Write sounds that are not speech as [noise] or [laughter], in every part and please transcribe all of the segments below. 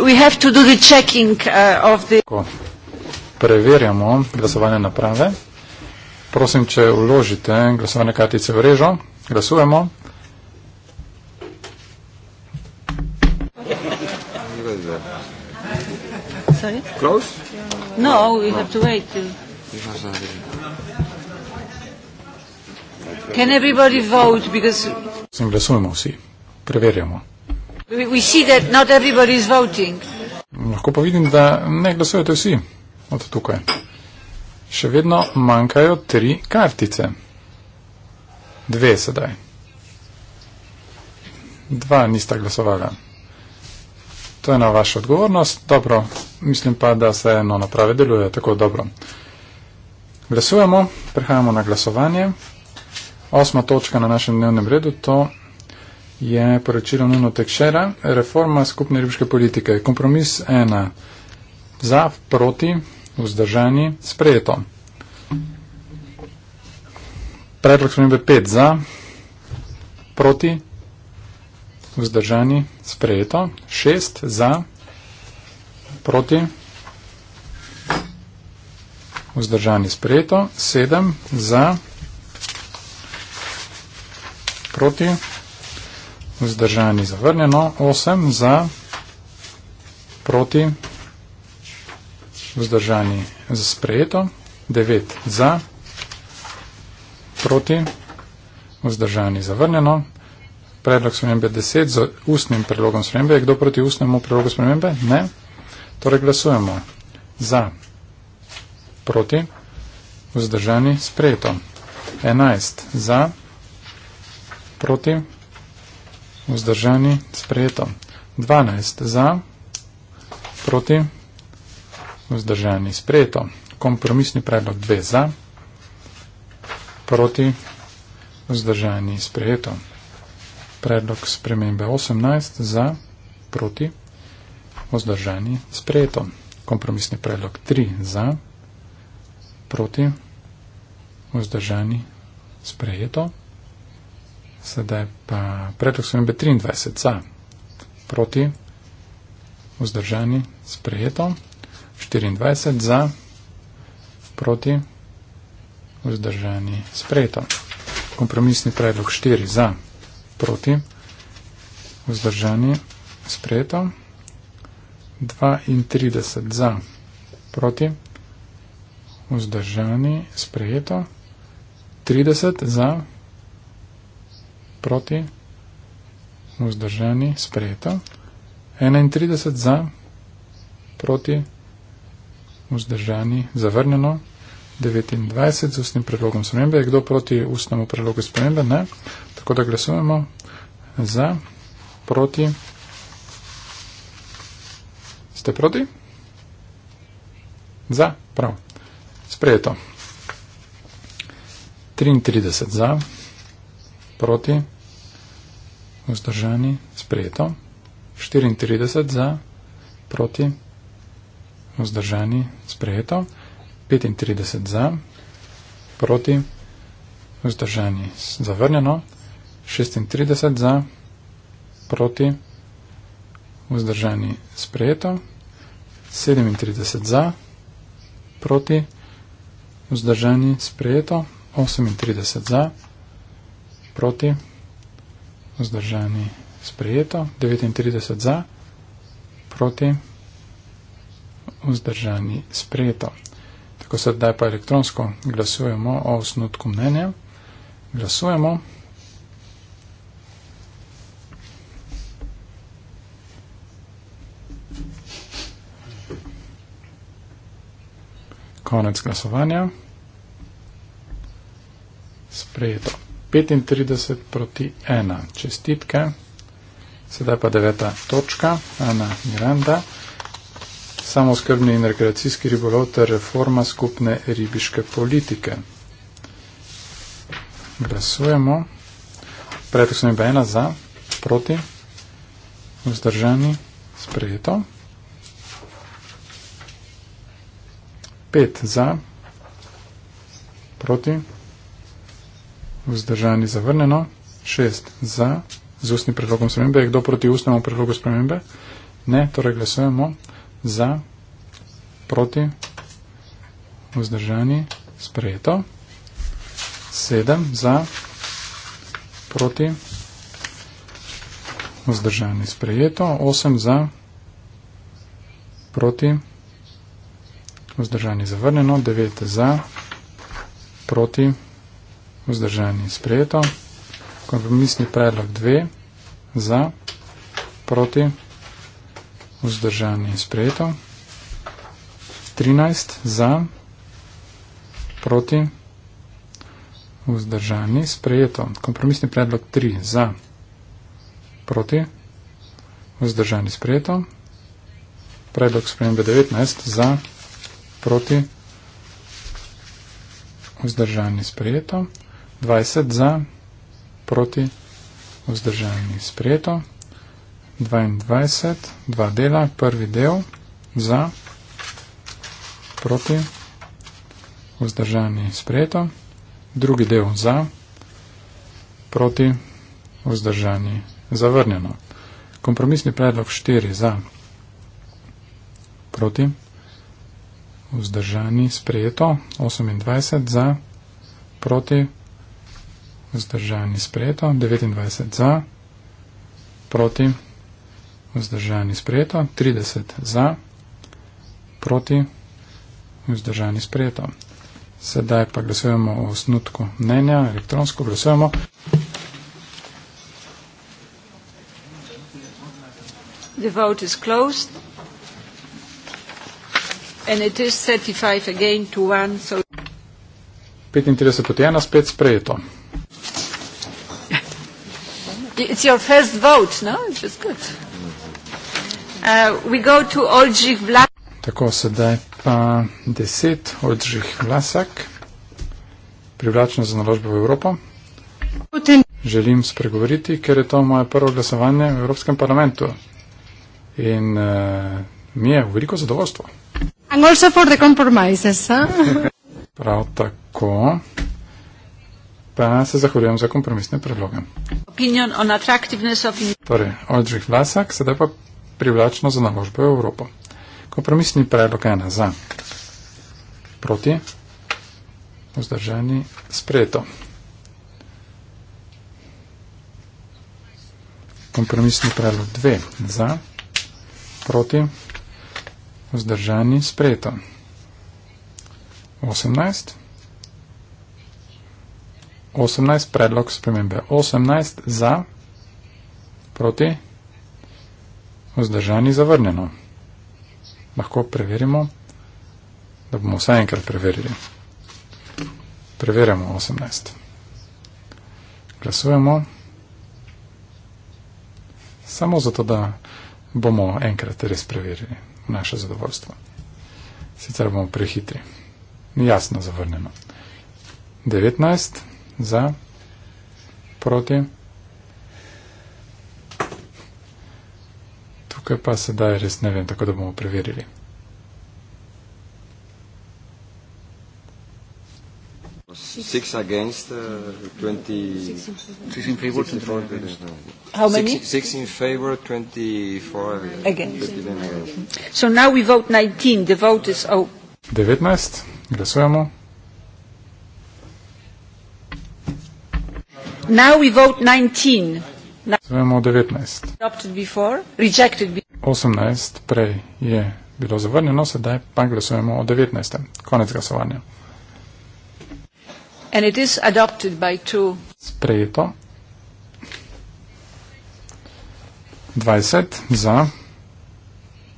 We have to do the checking uh, of the Preverjamo glasovanje naprave. Prosim, če vložite glasovanje kartice v režo. Glasujemo. Close? No, we no. have to wait. Can everybody vote because Sem glasujemo vsi. Preverjamo. Lahko pa vidim, da ne glasujete vsi od tukaj. Še vedno manjkajo tri kartice. Dve sedaj. Dva nista glasovala. To je na vašo odgovornost. Dobro, mislim pa, da se eno naprave deluje tako dobro. Glasujemo, prehajamo na glasovanje. Osma točka na našem dnevnem redu to je poročilo Nuno Tekšera, reforma skupne ribiške politike. Kompromis ena. Za, proti, vzdržani, sprejeto. Predlog spremembe pet. Za, proti, vzdržani, sprejeto. Šest. Za, proti, vzdržani, sprejeto. Sedem. Za, proti, vzdržani, sprejeto vzdržani zavrnjeno, 8 za proti vzdržani za sprejeto, 9 za proti vzdržani zavrnjeno, predlog spremembe 10 za ustnim predlogom spremembe, je kdo proti ustnemu predlogu spremembe? Ne. Torej glasujemo za proti vzdržani sprejeto, 11 za proti vzdržani zavrnjeno, Vzdržani, sprejeto. 12 za, proti, vzdržani, sprejeto. Kompromisni predlog 2 za, proti, vzdržani, sprejeto. Predlog spremembe 18 za, proti, vzdržani, sprejeto. Kompromisni predlog 3 za, proti, vzdržani, sprejeto. Sprejeto. Sedaj pa predlog spremembe 23. Za, proti, vzdržani, sprejeto. 24. Za, proti, vzdržani, sprejeto. Kompromisni predlog 4. Za, proti, vzdržani, sprejeto. 32. Za, proti, vzdržani, sprejeto. 30. Za, proti, vzdržani, sprejeto proti, vzdržani, sprejeta. 31 za, proti, vzdržani, zavrnjeno. 29 z ustnim predlogom spremembe. Je kdo proti ustnemu predlogu spremembe? Ne. Tako da glasujemo za, proti. Ste proti? Za, prav. Sprejeto. 33 za, proti vzdržani, sprejeto, 34 za, proti, vzdržani, sprejeto, 35 za, proti, vzdržani, zavrnjeno, 36 za, proti, vzdržani, sprejeto, 37 za, proti, vzdržani, sprejeto, 38 za, proti, vzdržani, sprejeto, vzdržani, sprejeto, 39 za, proti, vzdržani, sprejeto. Tako sedaj pa elektronsko glasujemo o osnutku mnenja. Glasujemo. Konec glasovanja. Sprejeto. 35 proti 1. Čestitke. Sedaj pa deveta točka, Ana Miranda. Samoskrbni in rekreacijski ribolov ter reforma skupne ribiške politike. Glasujemo. Predlog sem imel za, proti, vzdržani, sprejeto. Pet za, proti, vzdržani zavrneno, šest za, z ustnim predlogom spremembe. Je kdo proti ustnemu predlogu spremembe? Ne, torej glasujemo za, proti, vzdržani, sprejeto. Sedem za, proti, vzdržani, sprejeto. Osem za, proti, vzdržani, zavrneno. Devet za, proti, vzdržani vzdržani sprejeto. Kompromisni predlog 2 za, proti, vzdržani sprejeto. 13 za, proti, vzdržani sprejeto. Kompromisni predlog 3 za, proti, vzdržani sprejeto. Predlog spremembe 19 za, proti, vzdržani sprejeto. 20 za, proti, vzdržani sprejeto. 22, dva dela, prvi del, za, proti, vzdržani sprejeto. Drugi del za, proti, vzdržani zavrnjeno. Kompromisni predlog 4 za, proti, vzdržani sprejeto. 28 za, proti, vzdržani sprejeto vzdržani sprejeto, 29 za, proti, vzdržani sprejeto, 30 za, proti, vzdržani sprejeto. Sedaj pa glasujemo o osnutku mnenja, elektronsko glasujemo. The vote is closed and it is 35 again to 1. So 35 proti 1, spet sprejeto. It's your first vote, no? Which is good. Uh, we go to Oldřich Vlasak. Tako, sedaj pa deset, Oldřich Vlasak. Privlačno za naložbo v Evropo. Putin. Želim spregovoriti, ker je to moje prvo glasovanje v Evropskem parlamentu. In uh, mi je veliko zadovoljstvo. And also for the compromises, huh? Prav tako pa se zahvaljujem za kompromisne predloge. Torej, Oldrich Vlasak, sedaj pa privlačno za naložbo v Evropo. Kompromisni predlog ena za, proti, vzdržani, sprejeto. Kompromisni predlog dve za, proti, vzdržani, sprejeto. 18. 18, predlog spremembe 18 za, proti, vzdržani zavrnjeno. Lahko preverimo, da bomo vsaj enkrat preverili. Preverjamo 18. Glasujemo. Samo zato, da bomo enkrat res preverili naše zadovoljstvo. Sicer bomo prehitri. Jasno zavrnjeno. 19 za, proti. Tukaj pa sedaj res ne vem, tako da bomo preverili. Six against uh, 20. Six in favor, 24 against. How many? Six, six in favor, 24 against. against. So now we vote 19. The vote is open. 19. Glasujemo. Now we vote 19. 19. 18 prej je bilo zavrnjeno, sedaj pa glasujemo o 19. Konec glasovanja. And it is adopted by two. Sprejeto. 20 za,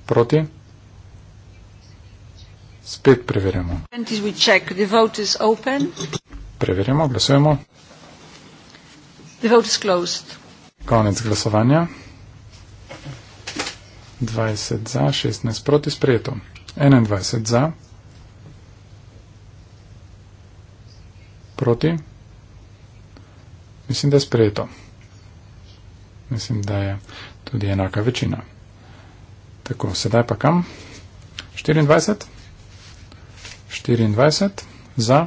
proti. Spet preverjamo. Preverjamo, glasujemo. The vote is closed. Konec glasovanja. 20 za, 16 proti sprejeto. 21 za. Proti. Mislim, da je sprejeto. Mislim, da je tudi enaka večina. Tako, sedaj pa kam? 24. 24 za.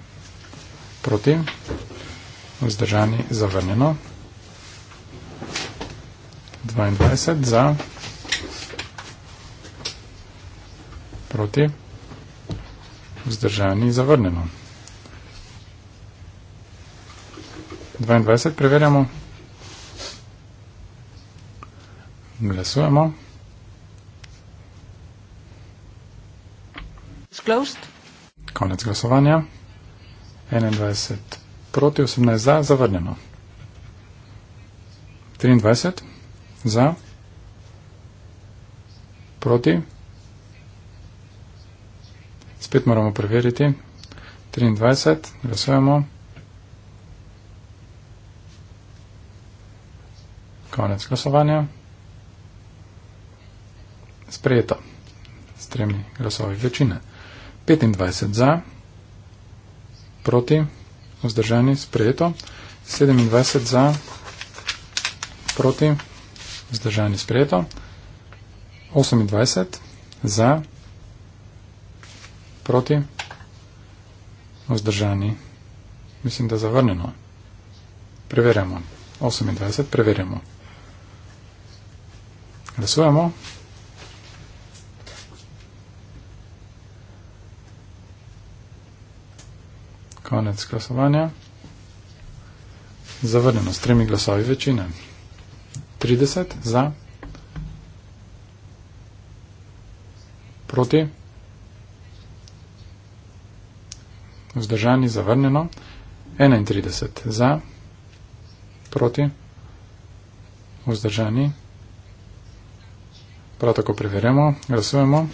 proti, vzdržani zavrnjeno, 22 za, proti, vzdržani zavrnjeno. 22 preverjamo, glasujemo. Konec glasovanja. 21 proti 18 za, zavrnjeno. 23 za, proti. Spet moramo preveriti. 23, glasujemo. Konec glasovanja. Sprejeto. S tremi glasovi večine. 25 za proti, vzdržani, sprejeto. 27 za, proti, vzdržani, sprejeto. 28 za, proti, vzdržani. Mislim, da zavrnjeno. Preverjamo. 28, preverjamo. Glasujemo. Konec glasovanja. Zavrnjeno s tremi glasovi večine. 30 za. Proti. Vzdržani zavrnjeno. 31 za. Proti. Vzdržani. Prav tako preverjamo. Glasujemo.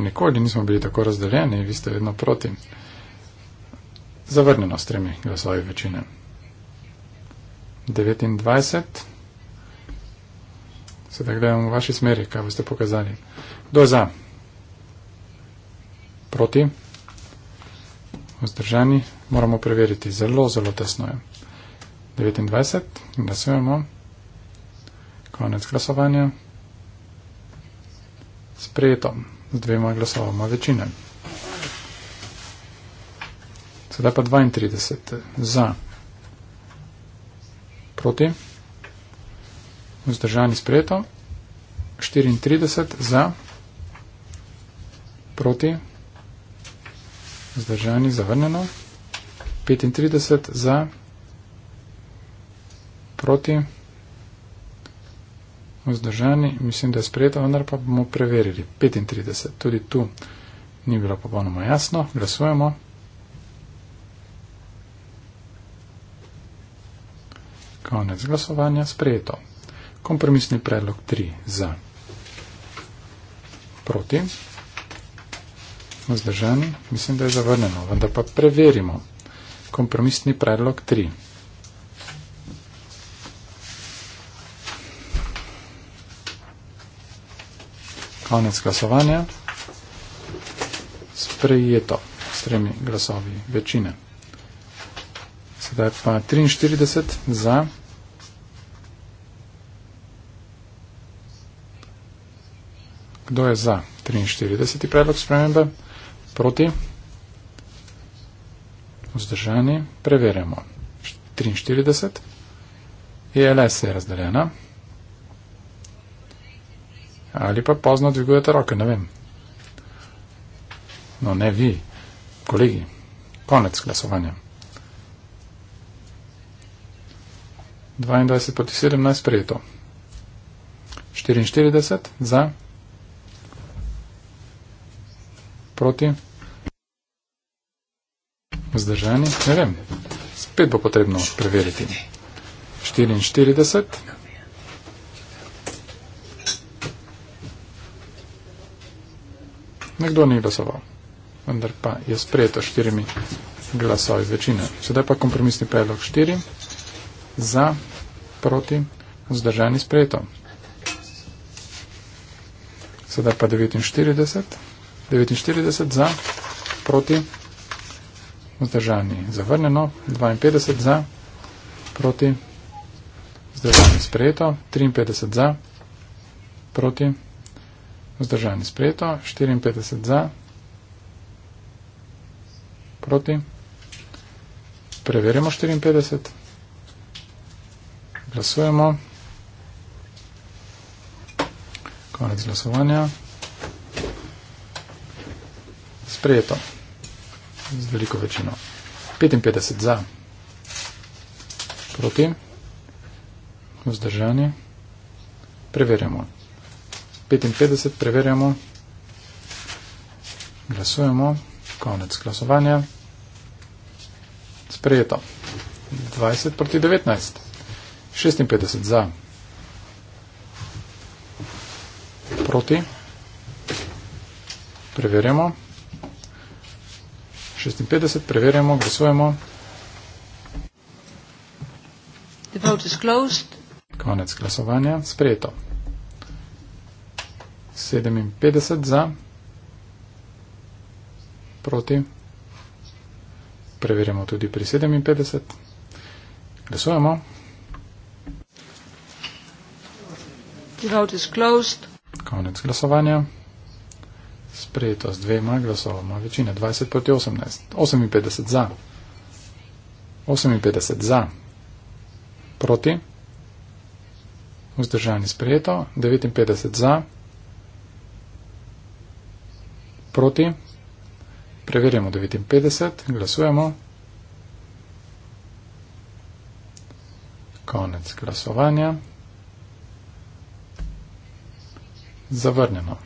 nikoli nismo bili tako razdeljeni, vi ste vedno proti. Zavrnjeno s tremi glasovi večine. 29. Sedaj gledamo v vaši smeri, kaj boste pokazali. Kdo za? Proti? Vzdržani? Moramo preveriti. Zelo, zelo tesno je. 29. Glasujemo. Konec glasovanja. Sprejeto z dvema glasovama večine. Sedaj pa 32 za, proti, vzdržani sprejeto, 34 za, proti, vzdržani zavrnjeno, 35 za, proti, vzdržani zavrnjeno, smo zdržani, mislim, da je sprejeta, vendar pa bomo preverili. 35. Tudi tu ni bilo popolnoma jasno. Glasujemo. Konec glasovanja. Sprejeto. Kompromisni predlog 3 za. Proti. Zdržani. Mislim, da je zavrnjeno. Vendar pa preverimo. Kompromisni predlog 3. Konec glasovanja. Sprejeto s tremi glasovi večine. Sedaj pa 43 za. Kdo je za 43. predlog spremembe? Proti? Vzdržani? Preverjamo. 43. ELS je razdeljena ali pa pozno dvigujete roke, ne vem. No, ne vi, kolegi, konec glasovanja. 22 proti 17 prijeto. 44 za. Proti. Zdržani. Ne vem. Spet bo potrebno preveriti. 44. nekdo ni glasoval, vendar pa je sprejeto štirimi glasovi večine. Sedaj pa kompromisni predlog štiri za, proti, vzdržani sprejeto. Sedaj pa 49, 49 za, proti, vzdržani zavrnjeno, 52 za, proti, vzdržani sprejeto, 53 za, proti, vzdržani sprejeto. Vzdržanje sprejeto. 54 za. Proti. Preverimo 54. Glasujemo. Konec glasovanja. Sprejeto. Z veliko večino. 55 za. Proti. Vzdržanje. Preverjamo. 55, preverjamo. Glasujemo. Konec glasovanja. Sprejeto. 20 proti 19. 56 za. Proti. Preverjamo. 56, preverjamo, glasujemo. The vote is closed. Konec glasovanja. Sprejeto. 57 za, proti. Preverjamo tudi pri 57. Glasujemo. Konec glasovanja. Sprejeto z dvema glasovoma večine. 20 proti 18. 58 za. 58 za. Proti. Vzdržani sprejeto. 59 za proti. Preverjamo 59, glasujemo. Konec glasovanja. Zavrnjeno.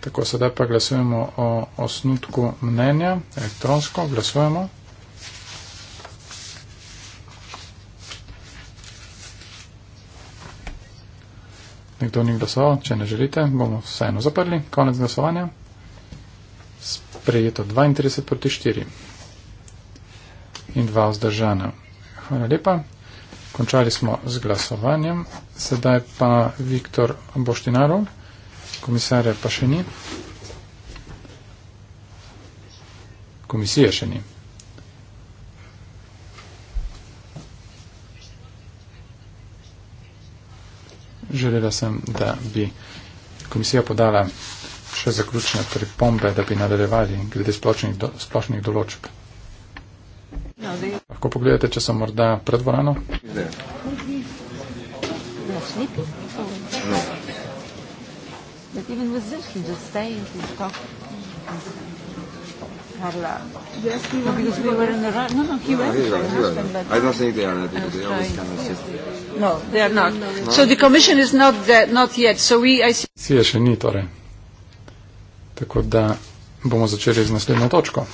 Tako sedaj pa glasujemo o osnutku mnenja elektronsko. Glasujemo. Nekdo ni glasoval, če ne želite, bomo vseeno zaprli. Konec glasovanja prejeto 32 proti 4 in dva vzdržana. Hvala lepa. Končali smo z glasovanjem. Sedaj pa Viktor Boštinarov, komisarja pa še ni. Komisije še ni. Želela sem, da bi komisija podala še zaključne pripombe, da bi nadaljevali glede splošnih, do, splošnih določb. Lahko pogledate, če sem morda pred vorano. No, Sije še ni torej. Tako da bomo začeli z naslednjo točko.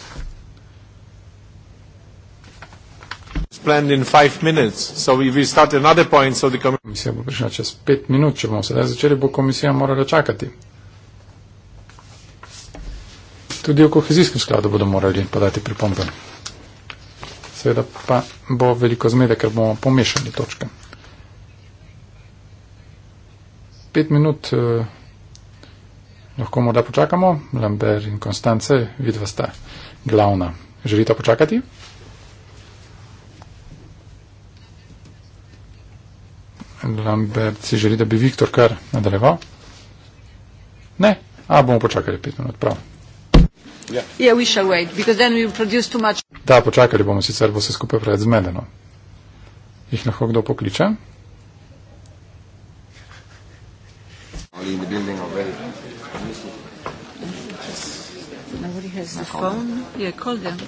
Komisija bo prišla čez pet minut, če bomo sedaj začeli, bo komisija morala čakati. Tudi v kohezijskem skladu bodo morali podati pripombe. Seveda pa bo veliko zmede, ker bomo pomešali točke. Pet minut. Uh, lahko morda počakamo. Lambert in Konstance, vidva sta glavna. Želite počakati? Lambert si želi, da bi Viktor kar nadaljeval. Ne, a bomo počakali pet minut, prav. Ja. Yeah. Yeah, wait, da, počakali bomo, sicer bo se skupaj preveč zmedeno. Jih lahko kdo pokliče? Ali in building already? his phone. Yeah, call them.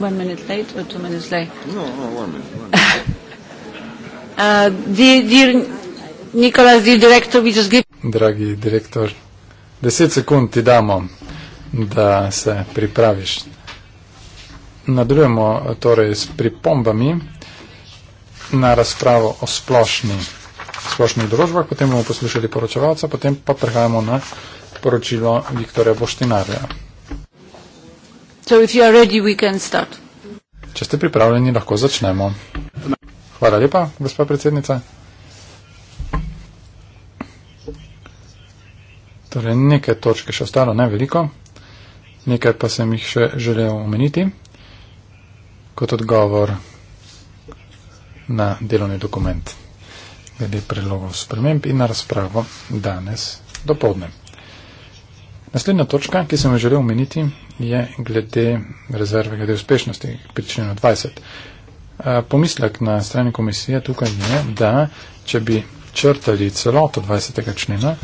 One minute late or two minutes late? No, no, one minute. One minute. [laughs] uh, dear, dear Nicolas, dear Dragi direktor, deset sekund ti damo, da se pripraviš. Nadaljujemo torej s pripombami na razpravo o splošni, splošni družbah, potem bomo poslušali poročevalca, potem pa prehajamo na poročilo Viktorja Boštinarja. So if you are ready, we can start. Če ste pripravljeni, lahko začnemo. Hvala lepa, gospa predsednica. Torej, nekaj točke še ostalo, ne veliko. Nekaj pa sem jih še želel omeniti kot odgovor na delovni dokument glede predlogov sprememb in na razpravo danes do povdne. Naslednja točka, ki sem jo želel omeniti, je glede rezerve, glede uspešnosti pri členu 20. Pomislek na strani komisije tukaj je, da če bi črtali celoto 20. člena,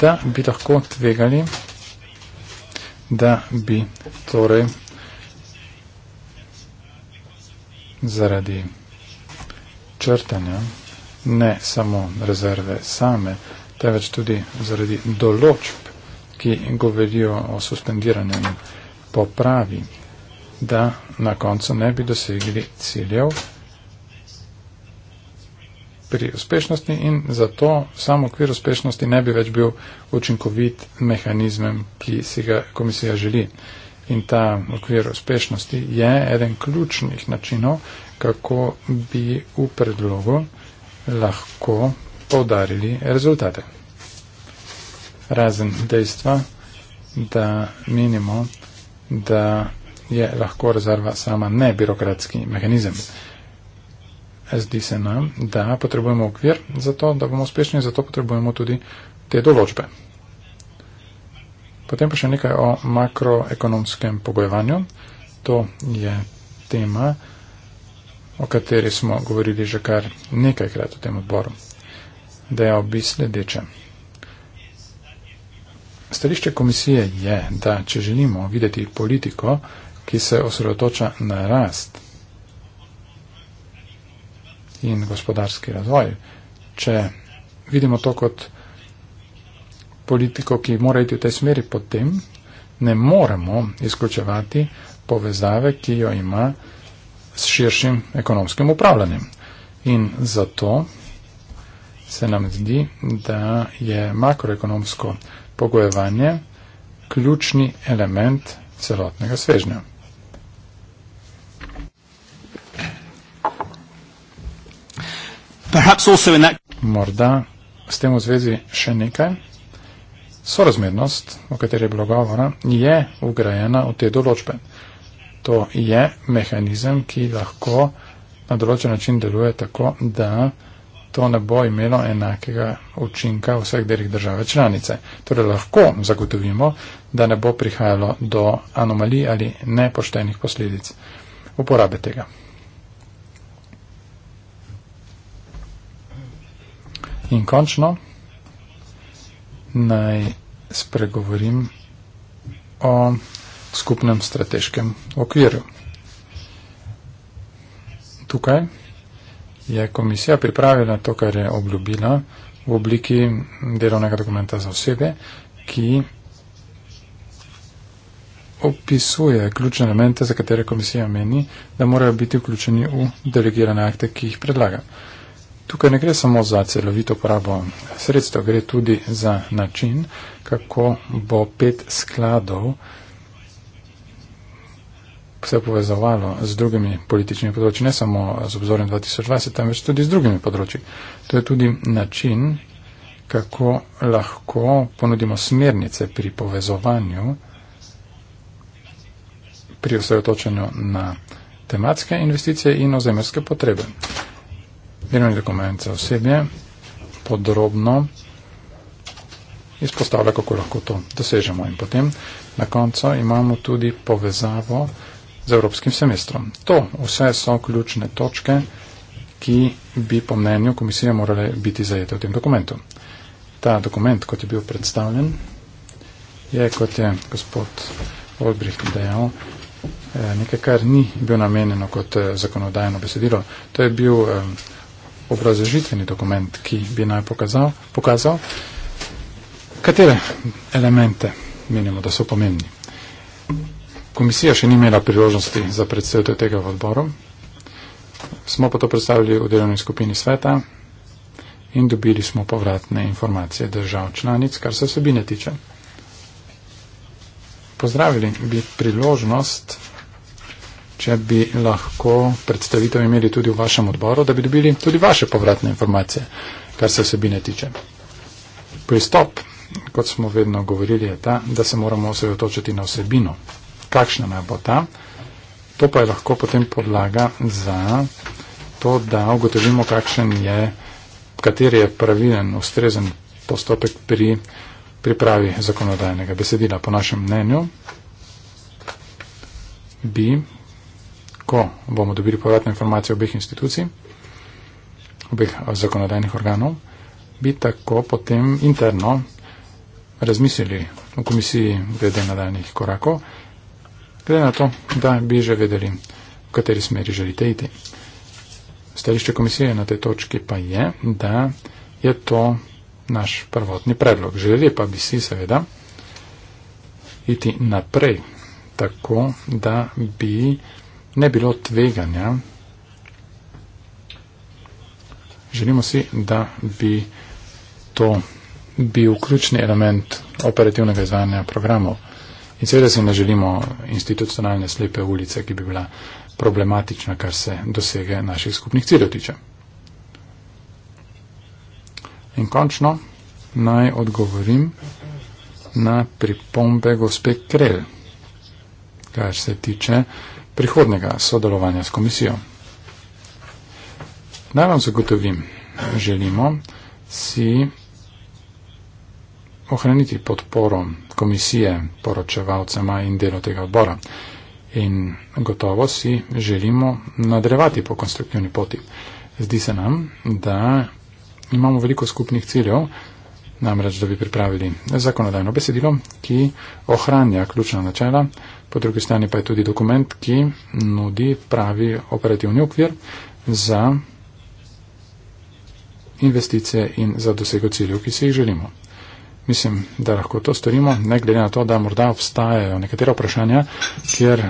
da bi lahko tvegali, da bi torej zaradi črtanja ne samo rezerve same, temveč tudi zaradi določb ki govorijo o suspendiranju in popravi, da na koncu ne bi dosegli ciljev pri uspešnosti in zato sam okvir uspešnosti ne bi več bil učinkovit mehanizmem, ki si ga komisija želi. In ta okvir uspešnosti je eden ključnih načinov, kako bi v predlogu lahko povdarili rezultate razen dejstva, da menimo, da je lahko rezerva sama ne birokratski mehanizem. Zdi se nam, da potrebujemo okvir za to, da bomo uspešni, zato potrebujemo tudi te določbe. Potem pa še nekaj o makroekonomskem pogojevanju. To je tema, o kateri smo govorili že kar nekajkrat v tem odboru. Dejal bi sledeče. Stališče komisije je, da če želimo videti politiko, ki se osredotoča na rast in gospodarski razvoj, če vidimo to kot politiko, ki mora iti v tej smeri, potem ne moremo izključevati povezave, ki jo ima s širšim ekonomskim upravljanjem. In zato se nam zdi, da je makroekonomsko pogojevanje ključni element celotnega svežnja. Morda s tem v zvezi še nekaj. Sorazmernost, o kateri je bilo govora, je ugrajena v te določbe. To je mehanizem, ki lahko na določen način deluje tako, da to ne bo imelo enakega učinka vseh delih države članice. Torej lahko zagotovimo, da ne bo prihajalo do anomalij ali nepoštenih posledic uporabe tega. In končno naj spregovorim o skupnem strateškem okviru. Tukaj je komisija pripravila to, kar je obljubila v obliki delovnega dokumenta za osebe, ki opisuje ključne elemente, za katere komisija meni, da morajo biti vključeni v delegirane akte, ki jih predlaga. Tukaj ne gre samo za celovito uporabo sredstev, gre tudi za način, kako bo pet skladov uh, vse povezovalo z drugimi političnimi področji, ne samo z obzorjem 2020, temveč tudi z drugimi področji. To je tudi način, kako lahko ponudimo smernice pri povezovanju, pri osredotočanju na tematske investicije in ozemerske potrebe. Delovni dokument za osebje podrobno izpostavlja, kako lahko to dosežemo. In potem na koncu imamo tudi povezavo, z evropskim semestrom. To vse so ključne točke, ki bi po mnenju komisije morale biti zajete v tem dokumentu. Ta dokument, kot je bil predstavljen, je, kot je gospod Olbrih dejal, eh, nekaj, kar ni bil namenjeno kot eh, zakonodajno besedilo. To je bil eh, obrazežitveni dokument, ki bi naj pokazal, pokazal, katere elemente menimo, da so pomembni komisija še ni imela priložnosti za predstavitev tega v odboru. Smo pa to predstavili v delovni skupini sveta in dobili smo povratne informacije držav članic, kar se vsebine tiče. Pozdravili bi priložnost, če bi lahko predstavitev imeli tudi v vašem odboru, da bi dobili tudi vaše povratne informacije, kar se vsebine tiče. Pristop, kot smo vedno govorili, je ta, da se moramo osredotočiti na vsebino kakšna naj bo ta. To pa je lahko potem podlaga za to, da ugotovimo, kakšen je, kateri je pravilen, ustrezen postopek pri pripravi zakonodajnega besedila. Po našem mnenju bi, ko bomo dobili povratne informacije obeh institucij, obeh zakonodajnih organov, bi tako potem interno razmislili v komisiji glede nadaljnih korakov glede na to, da bi že vedeli, v kateri smeri želite iti. Stališče komisije na tej točki pa je, da je to naš prvotni predlog. Želeli pa bi si seveda iti naprej, tako da bi ne bilo tveganja. Želimo si, da bi to bil ključni element operativnega izvajanja programov. In seveda si ne želimo institucionalne slepe ulice, ki bi bila problematična, kar se dosege naših skupnih ciljev tiče. In končno naj odgovorim na pripombe gospe Krel, kar se tiče prihodnega sodelovanja s komisijo. Naj vam zagotovim, želimo si ohraniti podporo komisije poročevalcema in delo tega odbora. In gotovo si želimo nadrevati po konstruktivni poti. Zdi se nam, da imamo veliko skupnih ciljev, namreč da bi pripravili zakonodajno besedilo, ki ohranja ključna načela, po drugi strani pa je tudi dokument, ki nudi pravi operativni okvir za investicije in za dosego ciljev, ki si jih želimo. Mislim, da lahko to storimo, ne glede na to, da morda obstajajo nekatera vprašanja, kjer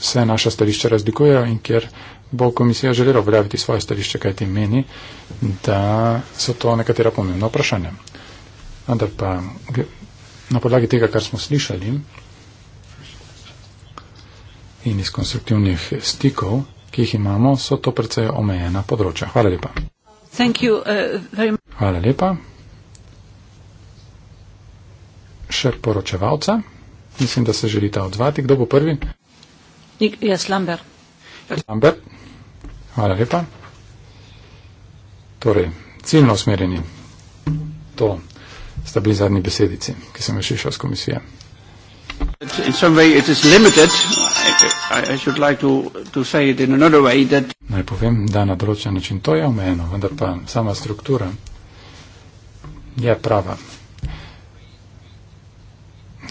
se naša stališča razlikujejo in kjer bo komisija želela uveljaviti svoje stališče, kaj ti meni, da so to nekatera pomembna vprašanja. Vendar pa na podlagi tega, kar smo slišali in iz konstruktivnih stikov, ki jih imamo, so to precej omejena področja. Hvala lepa. Uh, Hvala lepa še poročevalca. Mislim, da se želite odzvati. Kdo bo prvi? Jaz Lambert. Jaz Lambert. Hvala lepa. Torej, ciljno usmerjeni. To sta bili zadnji besedici, ki sem jo šišel z komisije. Naj povem, da na določen način to je omejeno, vendar pa sama struktura je prava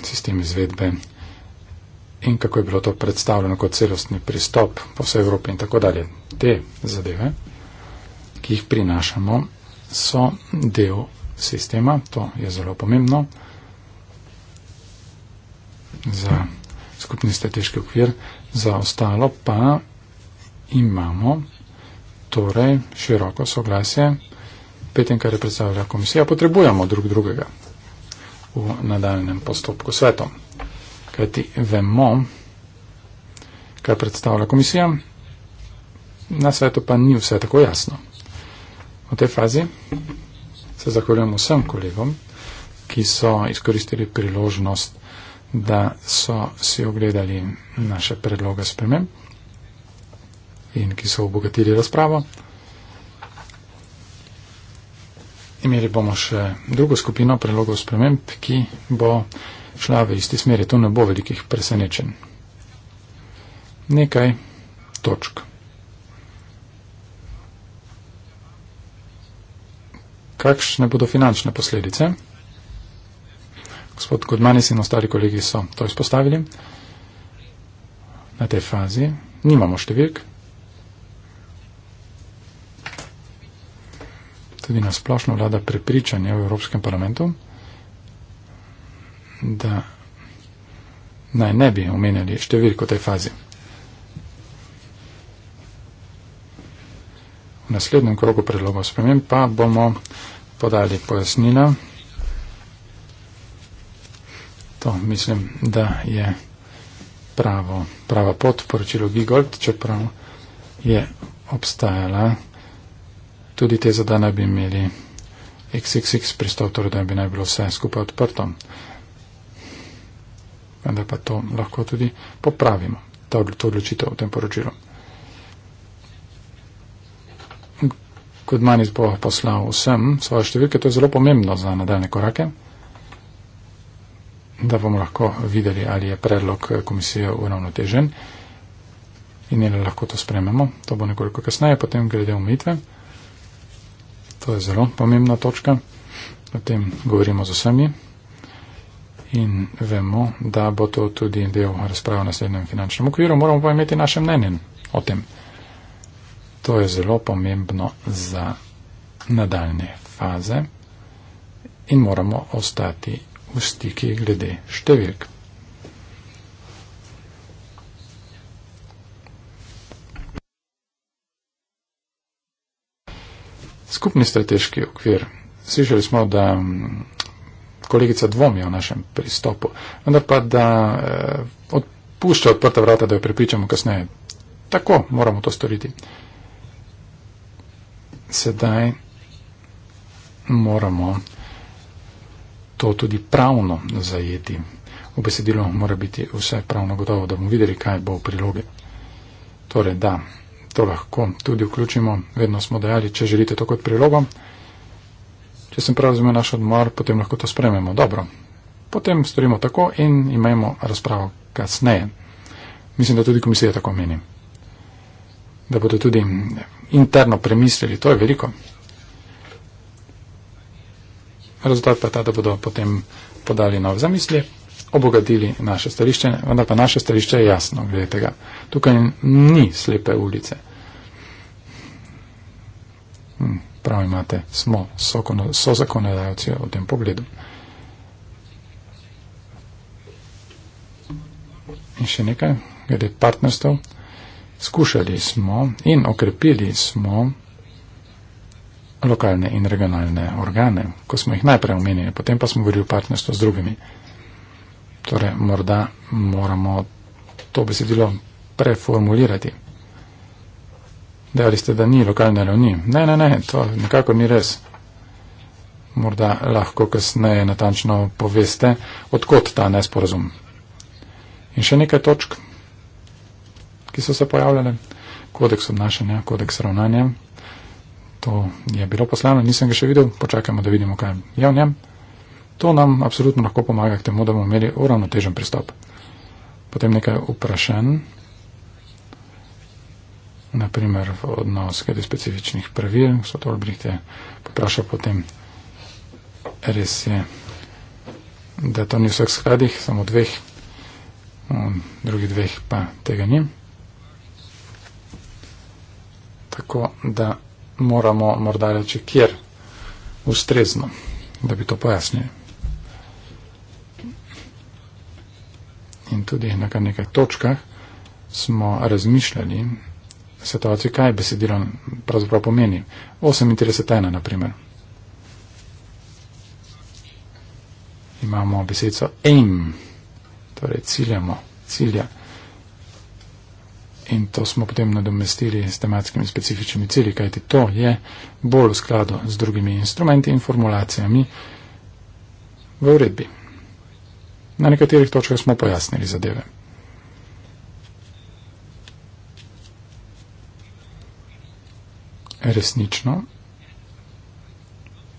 sistem izvedbe in kako je bilo to predstavljeno kot celostni pristop po vsej Evropi in tako dalje. Te zadeve, ki jih prinašamo, so del sistema, to je zelo pomembno za skupni strateški okvir, za ostalo pa imamo torej široko soglasje, pri tem, kar je predstavljala komisija, potrebujemo drug drugega v nadaljem postopku svetom. Kajti vemo, kaj predstavlja komisija, na svetu pa ni vse tako jasno. V tej fazi se zahvaljujem vsem kolegom, ki so izkoristili priložnost, da so si ogledali naše predloge spremem in ki so obogatili razpravo. imeli bomo še drugo skupino predlogov sprememb, ki bo šla v isti smeri. Tu ne bo velikih presenečenj. Nekaj točk. Kakšne bodo finančne posledice? Gospod Godmanis in ostali kolegi so to izpostavili. Na tej fazi nimamo številk, tudi nasplošno vlada prepričanje v Evropskem parlamentu, da naj ne bi omenjali številko tej fazi. V naslednjem krogu predlogov spremem pa bomo podali pojasnila. To mislim, da je pravo, prava pot poročilo Gigold, čeprav je obstajala tudi te zadane bi imeli XXX pristop, torej da bi naj bilo vse skupaj odprto. Vendar pa to lahko tudi popravimo, ta odločitev v tem poročilu. Kot manjiz bo poslal vsem svoje številke, to je zelo pomembno za nadaljne korake, da bomo lahko videli, ali je predlog komisije uravnotežen in ali lahko to sprememo. To bo nekoliko kasneje, potem glede omejitve. To je zelo pomembna točka. O tem govorimo z vsemi. In vemo, da bo to tudi del razprave v naslednjem finančnem okviru. Moramo pa imeti naše mnenje o tem. To je zelo pomembno za nadaljne faze in moramo ostati v stiki glede številk. Skupni strateški okvir. Slišali smo, da mm, kolegica dvomi o našem pristopu, vendar pa da eh, odpušča odprta vrata, da jo prepričamo kasneje. Tako moramo to storiti. Sedaj moramo to tudi pravno zajeti. V besedilo mora biti vse pravno gotovo, da bomo videli, kaj bo v prilogi. Torej, da, to lahko tudi vključimo. Vedno smo dejali, če želite to kot prilogo. Če sem prav razumel naš odmor, potem lahko to sprememo. Dobro. Potem storimo tako in imamo razpravo kasneje. Mislim, da tudi komisija tako meni. Da bodo tudi interno premislili, to je veliko. Rezultat pa je ta, da bodo potem podali nove zamisli, obogadili naše stališče, vendar pa naše stališče je jasno, gledajte ga. Tukaj ni slepe ulice. Mm, prav imate, smo sozakonodajalci v tem pogledu. In še nekaj, glede partnerstv. Skušali smo in okrepili smo lokalne in regionalne organe, ko smo jih najprej omenili, potem pa smo govorili o partnerstvu z drugimi. Torej, morda moramo to besedilo preformulirati. Dejali ste, da ni lokalne ravni. Ne, ne, ne, to nekako ni res. Morda lahko kasneje natančno poveste, odkot ta nesporazum. In še nekaj točk, ki so se pojavljale. Kodeks obnašanja, kodeks ravnanja. To je bilo poslano, nisem ga še videl, počakajmo, da vidimo, kaj je v njem. To nam absolutno lahko pomaga k temu, da bomo imeli uravnotežen pristop. Potem nekaj vprašanj naprimer v odnos glede specifičnih pravil, so to obrihte poprašal potem. Res je, da to ni v vseh skladih, samo dveh, mm, drugih dveh pa tega ni. Tako da moramo morda reči, kjer ustrezno, da bi to pojasnili. In tudi na kar nekaj točkah smo razmišljali, situacijo, kaj besedilo pravzaprav pomeni. 38.1. naprimer. Imamo besedico aim, torej ciljamo, cilja. In to smo potem nadomestili s tematskimi specifičnimi cilji, kajti to je bolj v skladu z drugimi instrumenti in formulacijami v uredbi. Na nekaterih točkah smo pojasnili zadeve. resnično,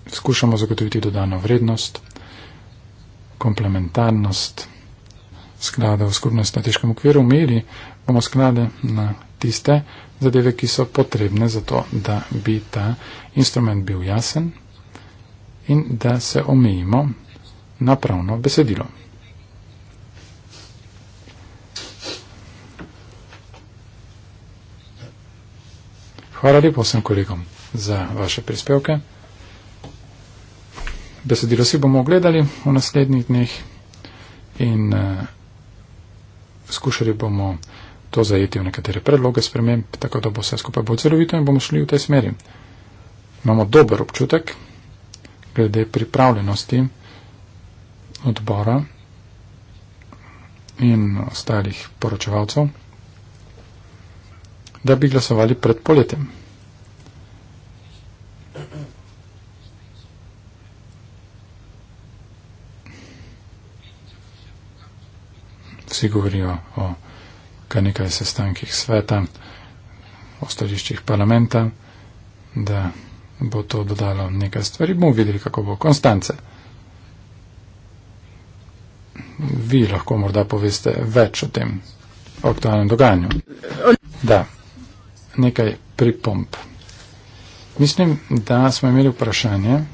skušamo zagotoviti dodano vrednost, komplementarnost sklada v skupnem strateškem okviru, meri bomo sklade na tiste zadeve, ki so potrebne za to, da bi ta instrument bil jasen in da se omejimo na pravno besedilo. Hvala lepo vsem kolegom za vaše prispevke. Besedilo si bomo ogledali v naslednjih dneh in uh, skušali bomo to zajeti v nekatere predloge sprememb, tako da bo vse skupaj bolj celovito in bomo šli v tej smeri. Imamo dober občutek glede pripravljenosti odbora in ostalih poročevalcev da bi glasovali pred poletjem. Vsi govorijo o kar nekaj sestankih sveta, o stališčih parlamenta, da bo to dodalo nekaj stvari. Bomo videli, kako bo Konstance. Vi lahko morda poveste več o tem aktualnem dogajanju. Da nekaj pripomp. Mislim, da smo imeli vprašanje.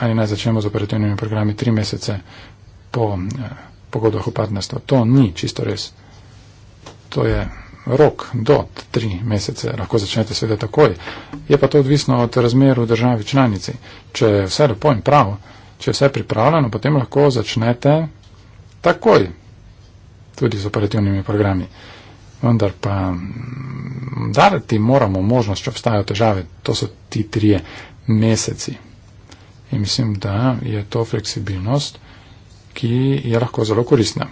Ali naj začnemo z operativnimi programi tri mesece po eh, pogodah v partnerstvo. To ni čisto res. To je rok do tri mesece. Lahko začnete seveda takoj. Je pa to odvisno od razmer v državi članici. Če je vse lepo in prav, če je vse pripravljeno, potem lahko začnete takoj tudi z operativnimi programi. Vendar pa mm, dati moramo možnost, če obstajajo težave, to so ti trije meseci. In mislim, da je to fleksibilnost, ki je lahko zelo koristna.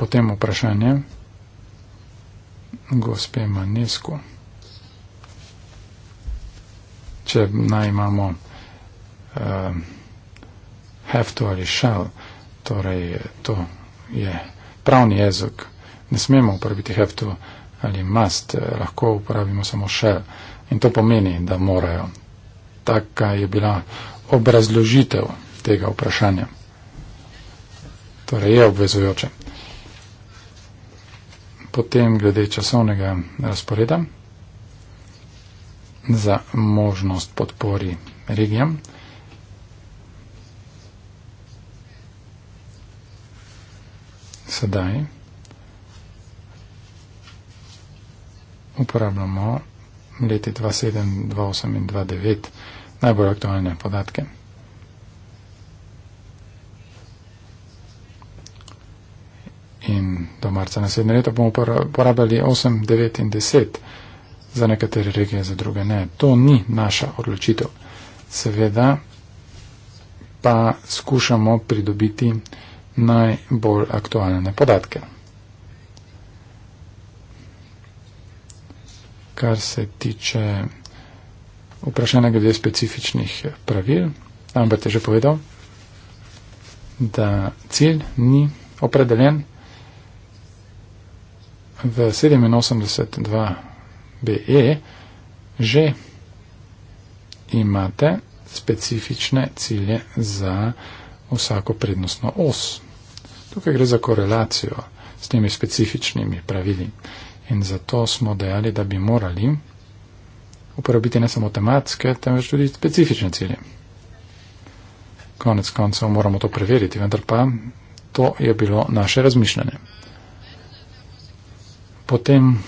Potem vprašanje gospe Manesku. Če naj imamo uh, eh, have to ali shall, torej to je. Yeah pravni jezik. Ne smemo uporabiti have to ali must, eh, lahko uporabimo samo shall. In to pomeni, da morajo. Taka je bila obrazložitev tega vprašanja. Torej je obvezujoče. Potem glede časovnega razporeda za možnost podpori regijam. sedaj uporabljamo leti 2007, 2008 in 2009 najbolj aktualne podatke. In do marca naslednje leto bomo uporabljali 8, 9 in 10 za nekatere regije, za druge ne. To ni naša odločitev. Seveda pa skušamo pridobiti uh, najbolj aktualne podatke. Kar se tiče vprašanja glede specifičnih pravil, Ambert je že povedal, da cilj ni opredeljen v 87.2.be že imate specifične cilje za vsako prednostno os. Tukaj gre za korelacijo s temi specifičnimi pravili. In zato smo dejali, da bi morali uporabiti ne samo tematske, temveč tudi specifične cilje. Konec koncev moramo to preveriti, vendar pa to je bilo naše razmišljanje. Potem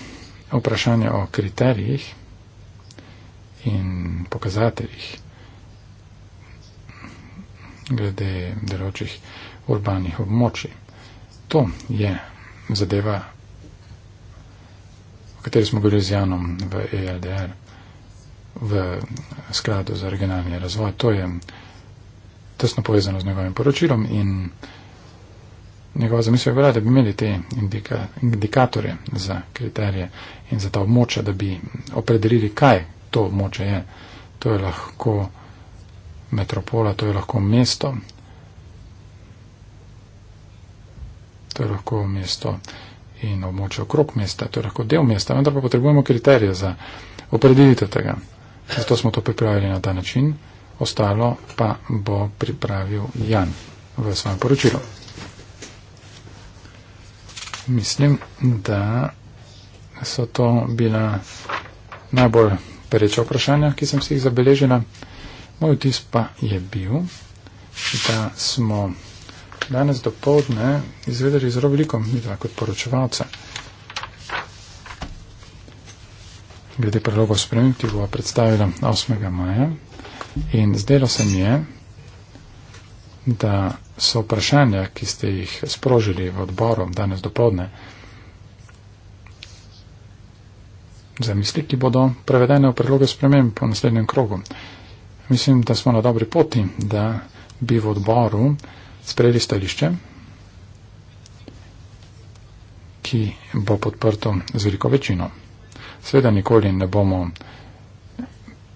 vprašanje o kriterijih in pokazateljih glede deročih urbanih območij. To je zadeva, o kateri smo bili z Janom v ELDR v skladu za regionalni razvoj. To je tesno povezano z njegovim poročilom in njegova zamisel je bila, da bi imeli te indika, indikatorje za kriterije in za ta območja, da bi opredelili, kaj to območje je. To je lahko metropola, to je lahko mesto, to je lahko mesto in območje okrog mesta, to je lahko del mesta, vendar pa potrebujemo kriterije za opredelitev tega. Zato smo to pripravili na ta način, ostalo pa bo pripravil Jan v svojem poročilu. Mislim, da so to bila najbolj pereča vprašanja, ki sem si jih zabeležila. Moj vtis pa je bil, da smo danes do povdne izvedeli zelo veliko, mi dva kot poročevalca. Glede prelogov sprememb, ki bova predstavila 8. maja. In zdelo se mi je, da so vprašanja, ki ste jih sprožili v odboru danes do povdne, zamisli, ki bodo prevedene v predloge sprememb po naslednjem krogu. Mislim, da smo na dobri poti, da bi v odboru uh, sprejeli stališče, ki bo podprto z veliko večino. Sveda nikoli ne bomo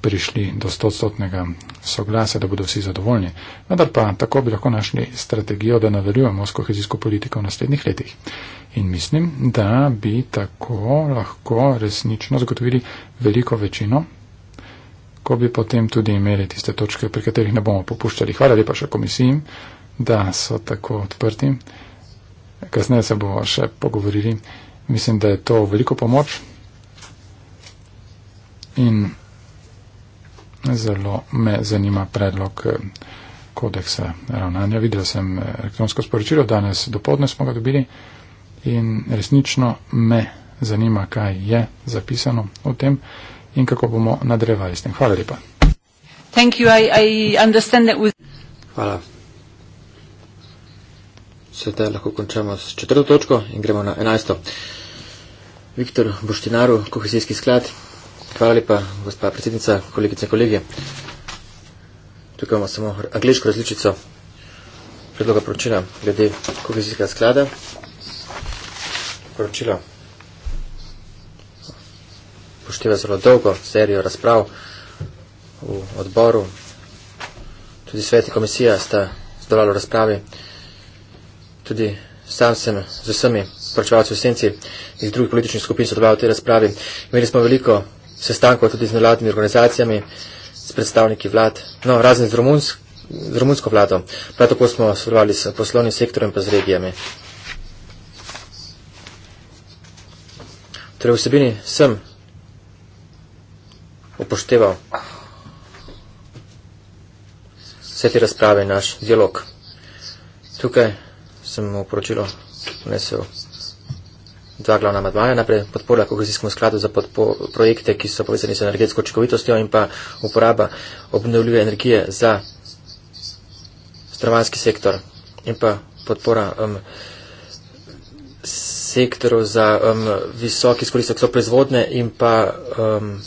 prišli do 100-stotnega soglasja, da bodo vsi zadovoljni. Vendar pa tako bi lahko našli strategijo, da nadaljujemo s kohezijsko politiko v naslednjih letih. In mislim, da bi tako lahko resnično zagotovili veliko večino, ko bi potem tudi imeli tiste točke, pri katerih ne bomo popuščali. Hvala lepa še komisijim da so tako odprti. Kasneje se bomo še pogovorili. Mislim, da je to veliko pomoč in zelo me zanima predlog eh, kodeksa ravnanja. Videla sem eh, elektronsko sporočilo, danes do podne smo ga dobili in resnično me zanima, kaj je zapisano o tem in kako bomo nadrevali s tem. Hvala lepa. Hvala sveta lahko končamo s četrto točko in gremo na enajsto. Viktor Boštinaru, kohezijski sklad. Hvala lepa, gospa predsednica, kolegice in kolegije. Tukaj imamo samo angliško različico predloga poročila glede kohezijskega sklada. Poročilo pošteva zelo dolgo serijo razprav v odboru. Tudi sveti komisija sta zdolali v razpravi tudi sam sem z vsemi poročevalci v senci iz drugih političnih skupin sodeloval v tej razpravi. Imeli smo veliko sestankov tudi z nevladnimi organizacijami, s predstavniki vlad, no, razen z, romunsk, z romunsko vlado. Prav tako smo sodelovali s poslovnim sektorjem pa z regijami. Torej, vsebini sem upošteval vse te razprave in naš dialog. Tukaj sem mu poročilo vnesel dva glavna madvaja. Najprej podpora kohezijskemu skladu za projekte, ki so povezani z energetsko očekovitostjo in pa uporaba obnovljive energije za stravanski sektor in pa podpora um, sektorov za um, visok izkoristek so proizvodne in pa um,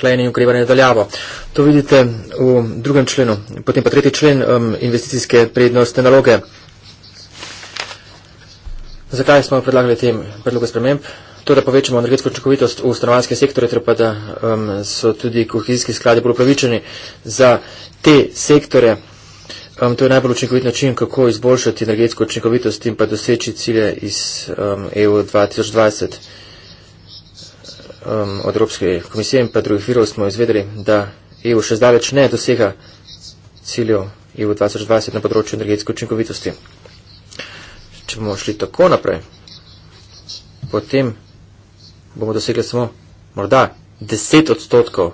klejenje in ukrivanje daljavo. To vidite v drugem členu. Potem pa tretji člen um, investicijske prednostne naloge. Zakaj smo predlagali tem predlogu sprememb? To, torej, da povečamo energetsko učinkovitost v stanovanjskem sektorju, ter torej pa da um, so tudi kohezijski skladi bolj upravičeni za te sektore. Um, to je najbolj učinkovit način, kako izboljšati energetsko učinkovitost in pa doseči cilje iz um, EU 2020. Um, od Evropske komisije in pa drugih virov smo izvedeli, da EU še zdaleč ne dosega ciljev EU 2020 na področju energetske učinkovitosti če bomo šli tako naprej, potem bomo dosegli samo morda 10 odstotkov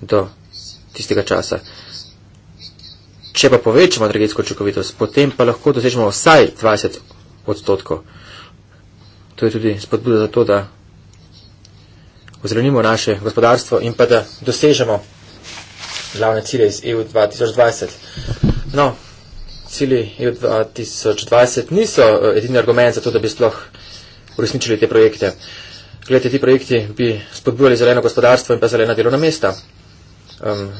do tistega časa. Če pa povečamo energetsko učinkovitost, potem pa lahko dosežemo vsaj 20 odstotkov. To je tudi spodbuda za to, da ozelenimo naše gospodarstvo in pa da dosežemo glavne cilje iz EU 2020. No, cilji EU 2020 niso e, edini argument za to, da bi sploh uresničili te projekte. Gledajte, ti projekti bi spodbujali zeleno gospodarstvo in pa zelena delovna mesta. Um,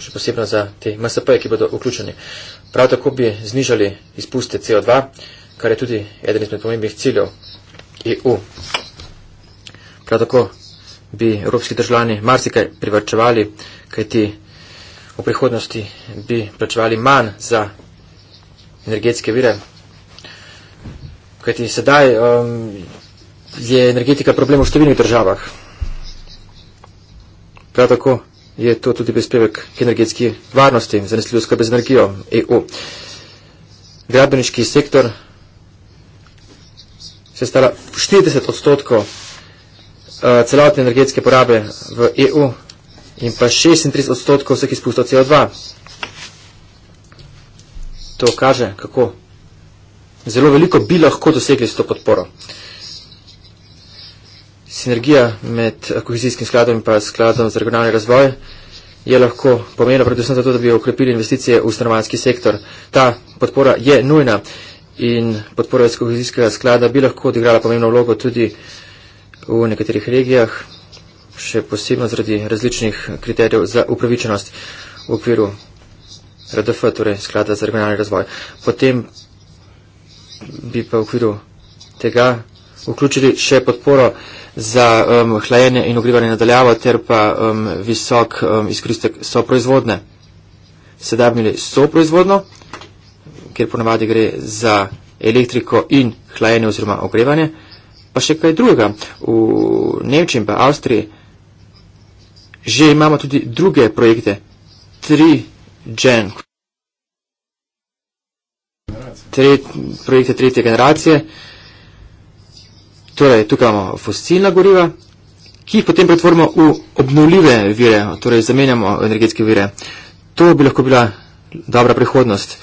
še posebno za te MSP, ki bodo vključeni. Prav tako bi znižali izpuste CO2, kar je tudi eden izmed pomembnih ciljev EU. Prav tako bi evropski državljani marsikaj privrčevali, kajti v prihodnosti bi plačevali manj za energetske vire. Kajti sedaj um, je energetika problem v številnih državah. Prav tako je to tudi prispevek k energetski varnosti, zanesljivo skrbe z energijo EU. Gradbeniški sektor se stala 40 odstotkov uh, celotne energetske porabe v EU in pa 36 odstotkov vseh izpustov CO2 to kaže, kako zelo veliko bi lahko dosegli s to podporo. Sinergija med kohezijskim skladom in pa skladom za regionalni razvoj je lahko pomena predvsem zato, da bi okrepili investicije v stanovanski sektor. Ta podpora je nujna in podpora iz kohezijskega sklada bi lahko odigrala pomembno vlogo tudi v nekaterih regijah, še posebno zaradi različnih kriterijev za upravičenost v okviru RDF, torej sklada za regionalni razvoj. Potem bi pa v okviru tega vključili še podporo za um, hlajenje in ogrivanje nadaljavo ter pa um, visok um, izkoristek soproizvodne. Sedaj bi imeli soproizvodno, ker ponavadi gre za elektriko in hlajenje oziroma ogrevanje, pa še kaj drugega. V Nemčiji in pa Avstriji že imamo tudi druge projekte, tri Gen. Tret, projekte tretje generacije. Torej, tukaj imamo fosilna goriva, ki jih potem pretvorimo v obnovljive vire, torej zamenjamo energetske vire. To bi lahko bila dobra prihodnost.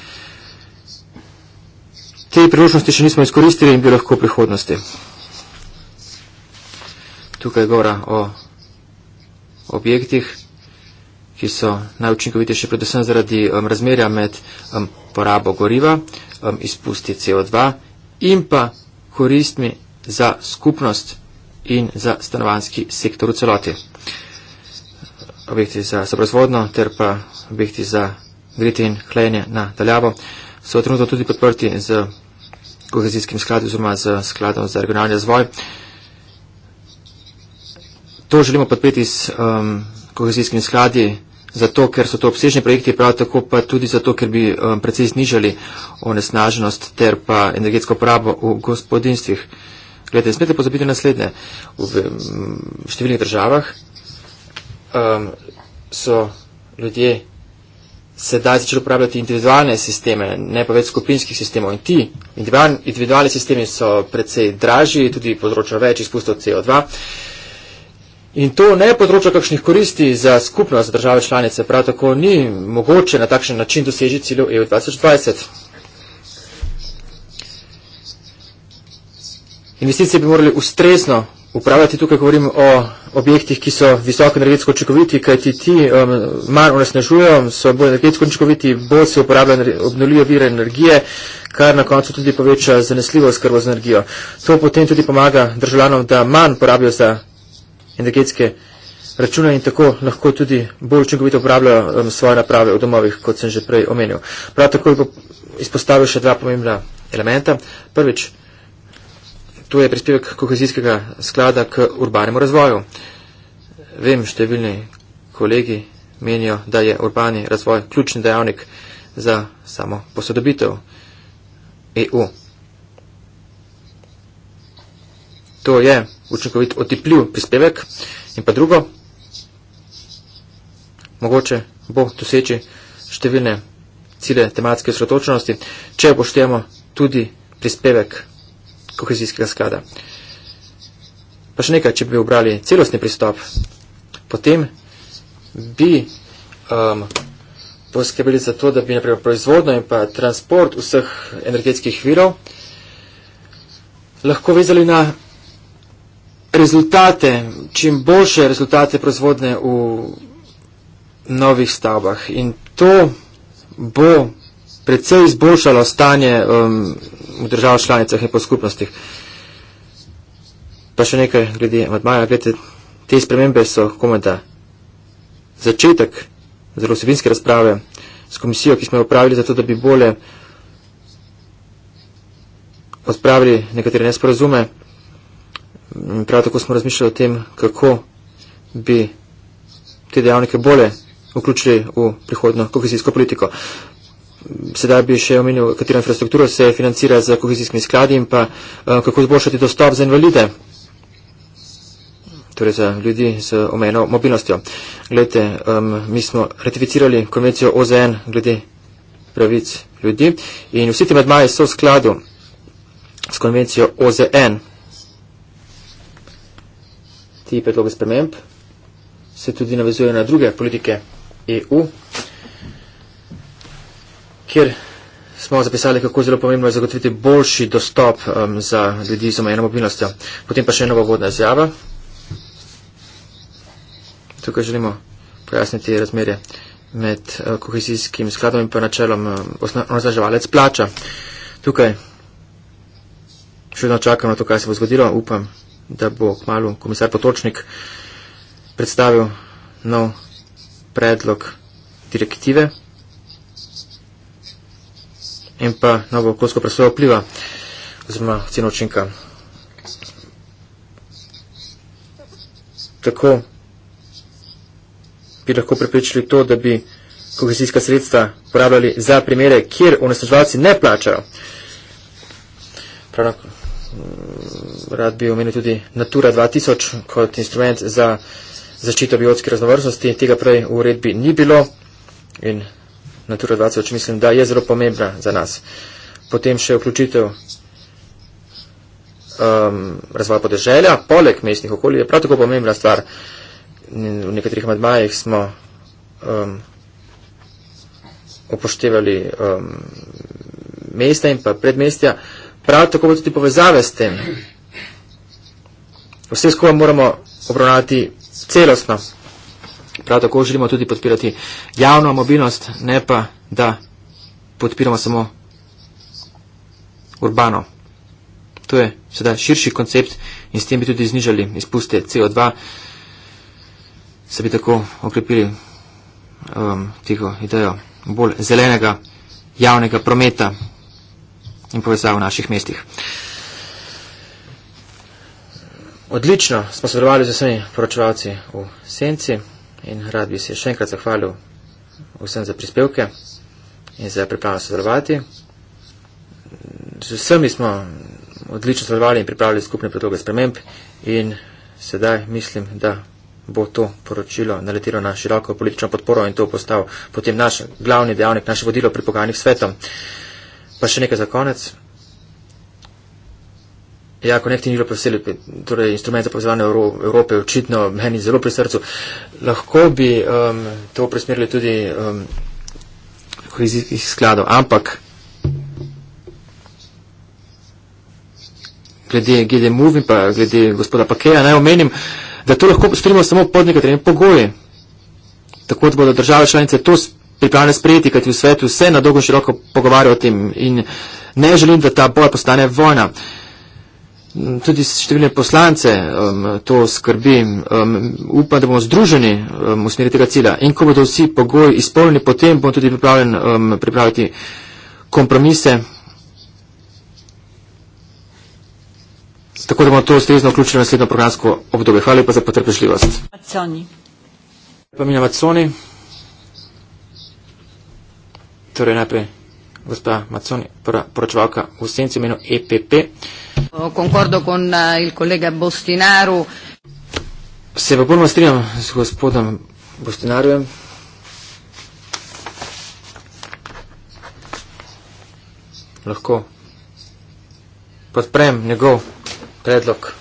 Te priložnosti še nismo izkoristili in bi lahko v prihodnosti. Tukaj je govora o objektih ki so najučinkovitejši predvsem zaradi um, razmerja med um, porabo goriva, um, izpusti CO2 in pa koristmi za skupnost in za stanovanski sektor v celoti. Objekti za soprozvodno ter pa objekti za gritje in hlajenje na daljavo so trenutno tudi podprti z kohezijskim skladom oziroma z skladom za regionalni razvoj. To želimo podpreti s um, kohezijskimi skladi, zato ker so to obsežni projekti, prav tako pa tudi zato, ker bi um, precej znižali onesnaženost ter pa energetsko porabo v gospodinstvih. Gledajte, smete pozabiti naslednje. V, v, v številnih državah um, so ljudje sedaj začeli uporabljati individualne sisteme, ne pa več skupinskih sistemov. In ti individualni sistemi so precej dražji, tudi področajo več izpustov CO2. In to ne področja kakšnih koristi za skupnost države članice, prav tako ni mogoče na takšen način doseži ciljev EU 2020. Investicije bi morali ustrezno upravljati, tukaj govorim o objektih, ki so visoko energetsko učinkoviti, kajti ti um, manj onesnažujejo, so bolj energetsko učinkoviti, bolj se uporabljajo obnovljive vire energije, kar na koncu tudi poveča zanesljivo skrbo z energijo. To potem tudi pomaga državljanom, da manj porabijo za energetske račune in tako lahko tudi bolj učinkovito uporabljajo um, svoje naprave v domovih, kot sem že prej omenil. Prav tako bi izpostavil še dva pomembna elementa. Prvič, to je prispevek kohezijskega sklada k urbanemu razvoju. Vem, številni kolegi menijo, da je urbani razvoj ključni dejavnik za samo posodobitev EU. To je učinkovit, otipljiv prispevek. In pa drugo, mogoče bo doseči številne cilje tematske osredotočenosti, če poštejemo tudi prispevek kohezijskega sklada. Pa še nekaj, če bi obrali celostni pristop, potem bi um, poskrbeli za to, da bi naprej proizvodno in pa transport vseh energetskih virov lahko vezali na rezultate, čim boljše rezultate proizvodne v novih stavbah. In to bo predvsej izboljšalo stanje um, v državah članicah in po skupnostih. Pa še nekaj glede Madmaja. Gledajte, te spremembe so komenda začetek zelo osebinske razprave s komisijo, ki smo jo upravili zato, da bi bolje odpravili nekatere nesporazume. Prav tako smo razmišljali o tem, kako bi te dejavnike bolje vključili v prihodno kohezijsko politiko. Sedaj bi še omenil, katera infrastruktura se financira z kohezijskimi skladi in pa eh, kako izboljšati dostop za invalide, torej za ljudi z omejeno mobilnostjo. Glede, um, mi smo ratificirali konvencijo OZN glede pravic ljudi in vsi ti medmaje so v skladu s konvencijo OZN. Ti predloge sprememb se tudi navezujejo na druge politike EU, kjer smo zapisali, kako zelo pomembno je zagotoviti boljši dostop um, za ljudi z omejeno mobilnostjo. Potem pa še eno vodno izjavo. Tukaj želimo pojasniti razmerje med uh, kohezijskim skladom in pa načelom uh, um, onazaževalec plača. Tukaj še vedno čakamo na to, kaj se bo zgodilo. Upam, da bo kmalo komisar Potočnik predstavil nov predlog direktive in pa novo okoljsko presojo vpliva oziroma ceno učinka. Tako bi lahko prepričali to, da bi kohezijska sredstva uporabljali za primere, kjer onesnaževalci ne plačajo. Pravno, Eh, rad bi omenil tudi Natura 2000 kot instrument za zaščito biotske raznovrstnosti. Tega prej v uredbi ni bilo in Natura 2000 mislim, da je zelo pomembna za nas. Potem še vključitev um, ehm, razvoja podeželja, poleg mestnih okolij je prav tako pomembna stvar. V nekaterih medmajih smo um, upoštevali um, mesta in pa predmestja. Uh, prav tako bo tudi povezave s tem. Vse skupaj moramo obravnavati celostno. Prav tako želimo tudi podpirati javno mobilnost, ne pa, da podpiramo samo urbano. To je sedaj širši koncept in s tem bi tudi znižali izpuste CO2, se bi tako okrepili um, tiho idejo bolj zelenega javnega prometa in povezav v naših mestih. Odlično smo sodelovali z vsemi poročevalci v Senci in rad bi se še enkrat zahvalil vsem za prispevke in za pripravljeno sodelovati. Z vsemi smo odlično sodelovali in pripravili skupne predloge sprememb in sedaj mislim, da bo to poročilo naletelo na široko politično podporo in to postal potem naš glavni dejavnik, naše vodilo pri pogajanjih svetom. Pa še nekaj za konec. Ja, konec ni bilo posebej, torej instrument za povezovanje Evro, Evrope je očitno meni zelo pri srcu. Lahko bi um, to presmerili tudi um, kohezijskih skladov, ampak glede GDM Movie in pa glede gospoda Pakeja naj omenim, da to lahko storimo samo pod nekaterimi pogoji. Tako da bodo države članice to pripravljene sprejeti, kajti v svetu se na dolgo široko pogovarja o tem in ne želim, da ta boj postane vojna. Tudi številne poslance um, to skrbi. Um, upam, da bomo združeni um, v smeri tega cilja. In ko bodo vsi pogoji izpolnjeni, potem bom tudi pripravljen um, pripraviti kompromise. Tako da bomo to ustrezno vključili v naslednjo programsko obdobje. Hvala lepa za potrpežljivost. Pa mi na Maconi. Torej najprej gospa Maconi, prva poročevalka v senci imenu EPP. Concordo con eh, il collega Bostinaru. Se pa bolj strinjam z gospodom Bostinarjem. Lahko podprem njegov predlog,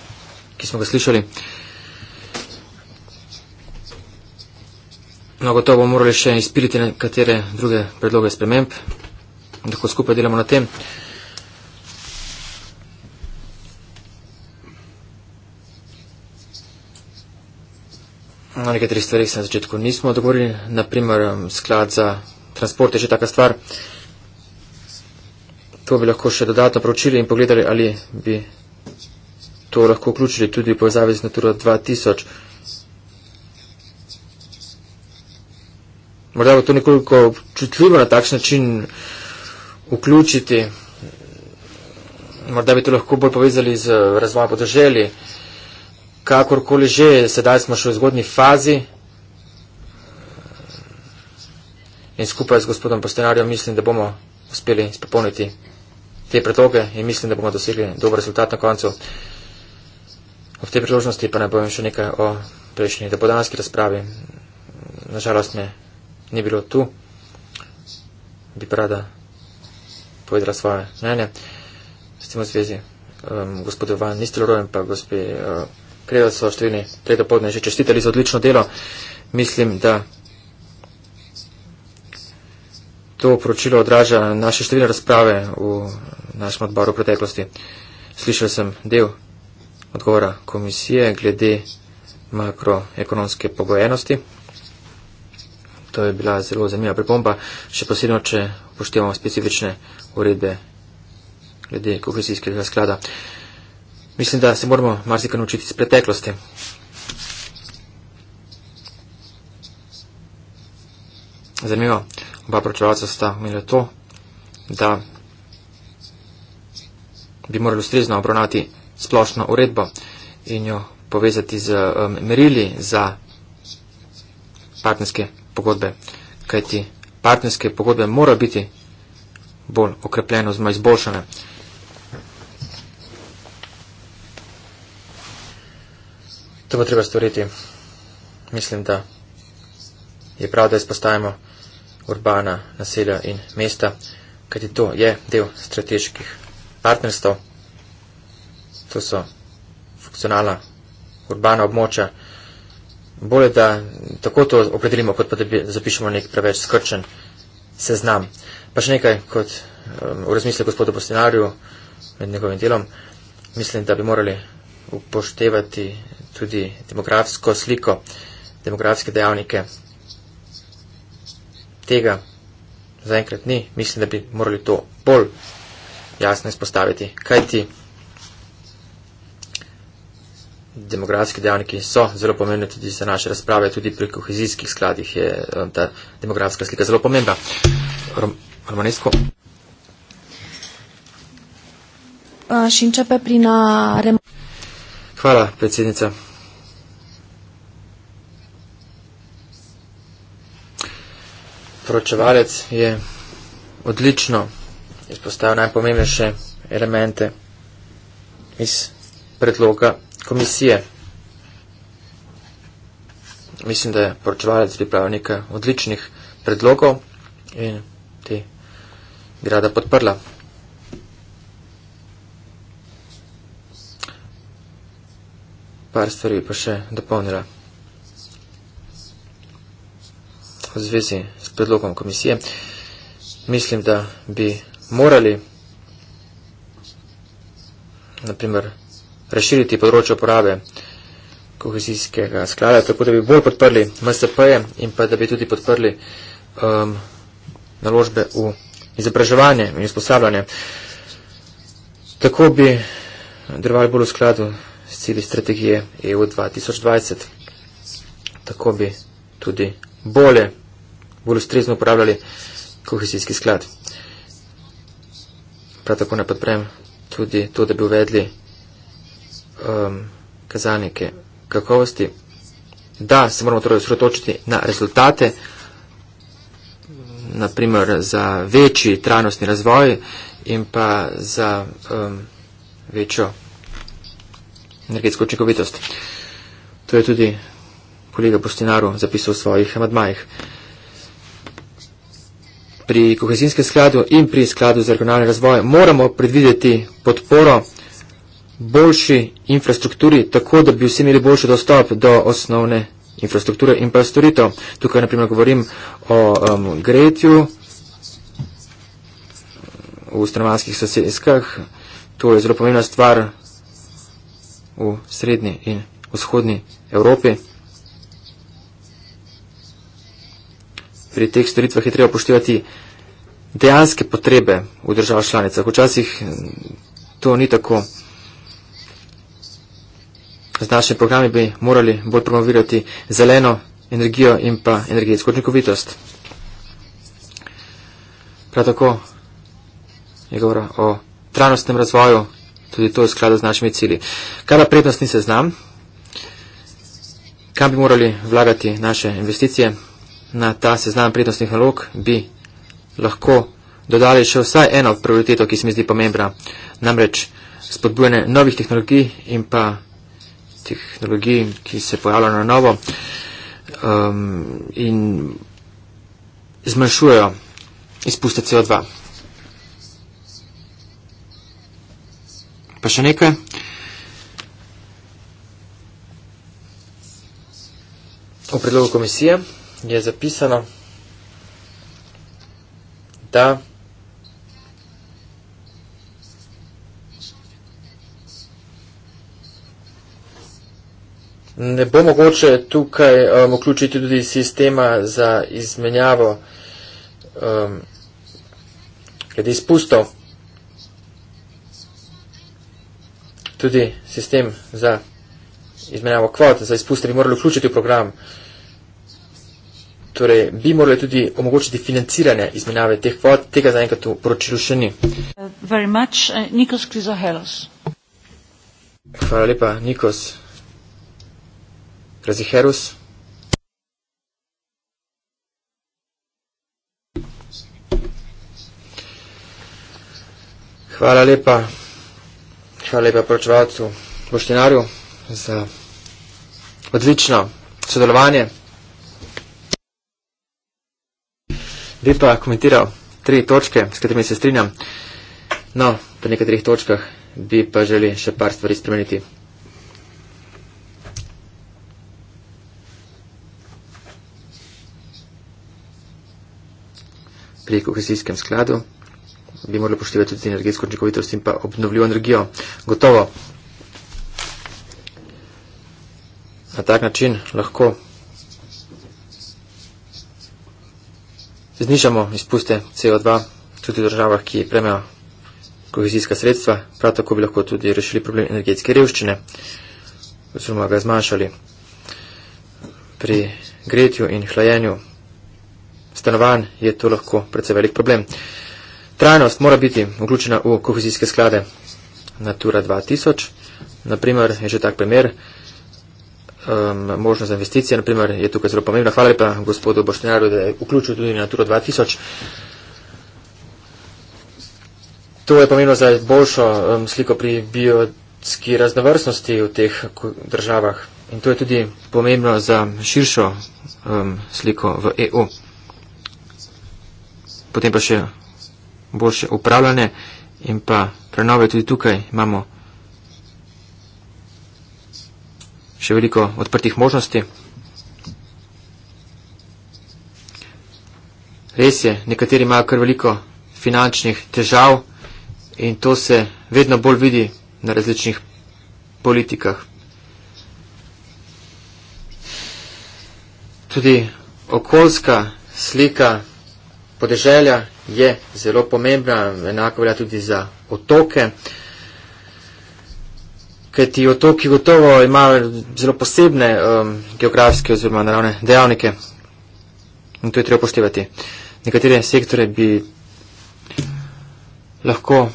ki smo ga slišali. Uh, No, gotovo bomo morali še izpiriti nekatere druge predloge sprememb, da lahko skupaj delamo na tem. Na nekaterih stvarih se na začetku nismo dogovorili, naprimer um, sklad za transport je že taka stvar. To bi lahko še dodatno pročili in pogledali, ali bi to lahko vključili tudi v povezavi z Natura 2000. morda bo to nekoliko občutljivo na takšen način vključiti. Morda bi to lahko bolj povezali z razvojem podeželi. Kakorkoli že, sedaj smo še v zgodni fazi in skupaj z gospodom postenarjem mislim, da bomo uspeli spopolniti te pretoke in mislim, da bomo dosegli dober rezultat na koncu. Ob tej priložnosti pa ne bom še nekaj o prejšnji, da po danski razpravi. Nažalost me ni bilo tu, bi prada povedala svoje mnenje. S tem v zvezi, um, gospod Jovan Nistelorov in pa gospod uh, eh, Kredo so številni tega podne že čestitali za odlično delo. Mislim, da to poročilo odraža naše številne razprave v našem odboru v preteklosti. Slišal sem del odgovora komisije glede makroekonomske pogojenosti to je bila zelo zanimiva pripomba, še posebno, če upoštevamo specifične uredbe glede kohezijskega sklada. Mislim, da se moramo marsikaj naučiti iz preteklosti. Zanimivo, oba pročevalca sta imela to, da bi morali ustrezno obravnati splošno uredbo in jo povezati z um, merili za partnerske pogodbe. Kajti partnerske pogodbe mora biti bolj okrepljeno, zma izboljšane. To bo treba storiti. Mislim, da je prav, da izpostavimo urbana naselja in mesta, kajti to je del strateških partnerstv. To so funkcionalna urbana območja bolje da tako to opredelimo, kot pa da zapišemo nek preveč skrčen seznam. Pa še nekaj, kot um, v razmisle gospodu Postenarju med njegovim delom, mislim, da bi morali upoštevati tudi demografsko sliko, demografske dejavnike. Tega zaenkrat ni, mislim, da bi morali to bolj jasno izpostaviti. Kaj ti? demografski dejavniki so zelo pomembni tudi za naše razprave, tudi pri kohezijskih skladih je um, ta demografska slika zelo pomembna. Romanesko. Uh, Šinča Peprina. Hvala, predsednica. Poročevalec je odlično izpostavil najpomembnejše elemente iz predloga komisije. Mislim, da je poročevalec pripravil nekaj odličnih predlogov in te bi rada podprla. Par stvari pa še dopolnila v zvezi s predlogom komisije. Mislim, da bi morali, naprimer, predlogom, razširiti področje uporabe kohezijskega sklada, tako da bi bolj podprli MSP-je in pa da bi tudi podprli um, naložbe v izobraževanje in usposabljanje. Tako bi delovali bolj v skladu s cilji strategije EU 2020. Tako bi tudi bolje, bolj ustrezno uporabljali kohezijski sklad. Prav tako ne podprem tudi to, da bi uvedli um, kazalnike kakovosti. Da, se moramo torej sretočiti na rezultate, naprimer za večji trajnostni razvoj in pa za um, večjo energetsko učinkovitost. To je tudi kolega Postinaru zapisal v svojih amadmajih. Pri kohezijskem skladu in pri skladu za regionalni razvoj moramo predvideti podporo boljši infrastrukturi, tako da bi vsi imeli boljši dostop do osnovne infrastrukture in pa storitev. Tukaj naprimer govorim o um, gretju v stranovanskih sosedskah. To je zelo pomembna stvar v srednji in vzhodni Evropi. Pri teh storitvah je treba poštevati dejanske potrebe v državah članicah. Včasih to ni tako z našimi programi bi morali bolj promovirati zeleno energijo in pa energetsko učinkovitost. Prav tako je govora o trajnostnem razvoju, tudi to je sklado z našimi cilji. Kaj pa prednostni seznam? Kam bi morali vlagati naše investicije? Na ta seznam prednostnih nalog bi lahko dodali še vsaj eno prioriteto, ki se mi zdi pomembna, namreč spodbujanje novih tehnologij in pa tehnologij, ki se pojavljajo na novo um, in zmanjšujejo izpuste CO2. Pa še nekaj. V predlogu komisije je zapisano, da ne bo mogoče tukaj um, vključiti tudi sistema za izmenjavo um, glede izpustov. Tudi sistem za izmenjavo kvot za izpuste bi morali vključiti v program. Torej, bi morali tudi omogočiti financiranje izmenjave teh kvot, tega zaenkrat v poročilu še ni. Uh, Hvala lepa, Nikos. Razihirus. Hvala lepa, hvala lepa poročevalcu Boštinarju za odlično sodelovanje. Bi pa komentiral tri točke, s katerimi se strinjam. No, pri nekaterih točkah bi pa želi še par stvari spremeniti. pri kohezijskem skladu, bi morali poštevati tudi energetsko učinkovitost in pa obnovljivo energijo. Gotovo. Na tak način lahko znižamo izpuste CO2 tudi v državah, ki premejo kohezijska sredstva, prav tako bi lahko tudi rešili problem energetske revščine, oziroma ga zmanjšali pri gretju in hlajenju stanovanj, je to lahko predvsej velik problem. Trajnost mora biti vključena v kohezijske sklade Natura 2000. Naprimer, je že tak primer, um, možnost za investicije, naprimer, je tukaj zelo pomembna. Hvala lepa gospodu Boštenjaru, da je vključil tudi Natura 2000. To je pomembno za boljšo um, sliko pri biotski raznovrstnosti v teh državah. In to je tudi pomembno za širšo um, sliko v EU potem pa še boljše upravljanje in pa prenove tudi tukaj imamo še veliko odprtih možnosti. Res je, nekateri imajo kar veliko finančnih težav in to se vedno bolj vidi na različnih politikah. Tudi okoljska slika podeželja je zelo pomembna, enako velja tudi za otoke. Ker ti otoki gotovo imajo zelo posebne um, geografske oziroma naravne dejavnike in to je treba upoštevati. Nekatere sektore bi lahko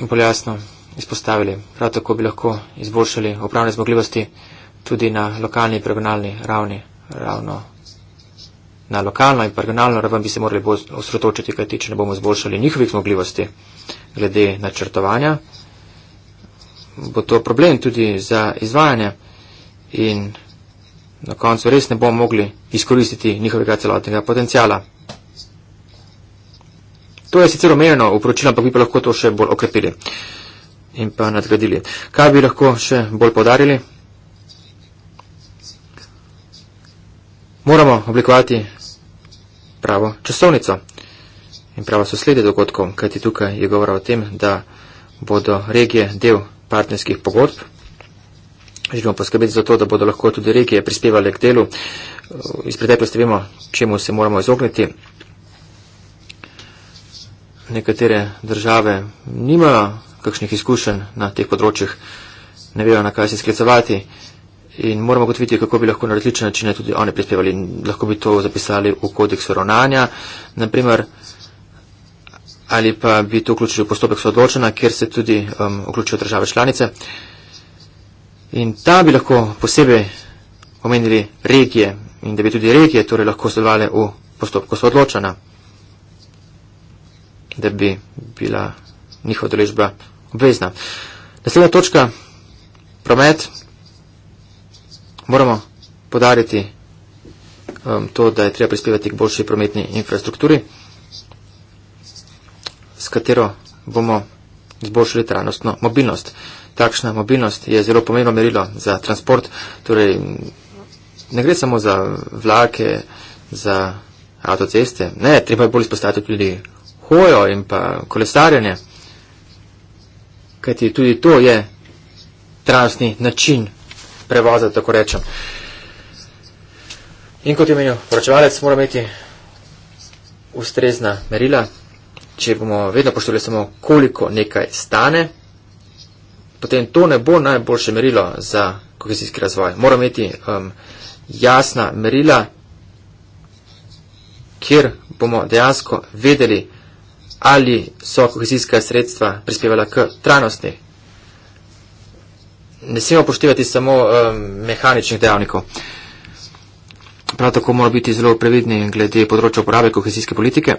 bolj jasno izpostavili, prav tako bi lahko izboljšali upravne zmogljivosti tudi na lokalni in regionalni ravni ravno na lokalno in regionalno raven bi se morali bolj osredotočiti, kaj tiče, ne bomo zboljšali njihovih zmogljivosti glede načrtovanja. Bo to problem tudi za izvajanje in na koncu res ne bomo mogli izkoristiti njihovega celotnega potencijala. To je sicer omejeno v poročilu, ampak bi pa lahko to še bolj okrepili in pa nadgradili. Kaj bi lahko še bolj podarili? Moramo oblikovati pravo časovnico in pravo sosledje dogodkov, kajti tukaj je govora o tem, da bodo regije del partnerskih pogodb. Želimo poskrbeti za to, da bodo lahko tudi regije prispevale k delu. Iz preteklosti vemo, čemu se moramo izogniti. Nekatere države nimajo kakšnih izkušenj na teh področjih, ne vejo, na kaj se sklicovati in moramo kot videti, kako bi lahko na različne načine tudi oni prispevali. Lahko bi to zapisali v kodeksu ravnanja, naprimer, ali pa bi to vključili v postopek soodločena, kjer se tudi um, vključijo države članice. In ta bi lahko posebej omenili regije in da bi tudi regije torej lahko sodelovali v postopku soodločena, da bi bila njihova deležba obvezna. Naslednja točka, promet. Moramo podariti um, to, da je treba prispevati k boljši prometni infrastrukturi, s katero bomo izboljšali trajnostno mobilnost. Takšna mobilnost je zelo pomembno merilo za transport, torej ne gre samo za vlake, za avtoceste, ne, treba je bolj izpostaviti tudi hojo in pa kolesarjenje, kajti tudi to je trajnostni način prevoza, tako rečem. In kot je menil poročevalec, mora imeti ustrezna merila, če bomo vedno poštovali samo, koliko nekaj stane, potem to ne bo najboljše merilo za kohezijski razvoj. Moramo imeti um, jasna merila, kjer bomo dejansko vedeli, ali so kohezijska sredstva prispevala k trajnostni ne smemo poštevati samo um, mehaničnih dejavnikov. Prav tako moramo biti zelo previdni glede področja uporabe kohezijske politike.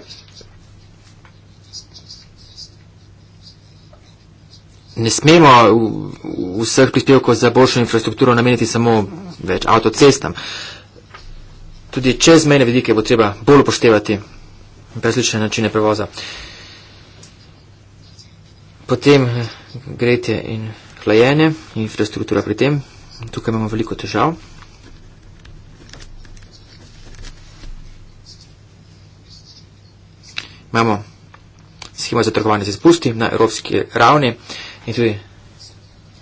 Ne smemo vseh prispevkov za boljšo infrastrukturo nameniti samo več avtocestam. Tudi čezmejne vidike bo treba bolj upoštevati različne načine prevoza. Potem eh, grejte in hlajenje, infrastruktura pri tem. Tukaj imamo veliko težav. Imamo schemo za trgovanje z izpusti na evropski ravni in tudi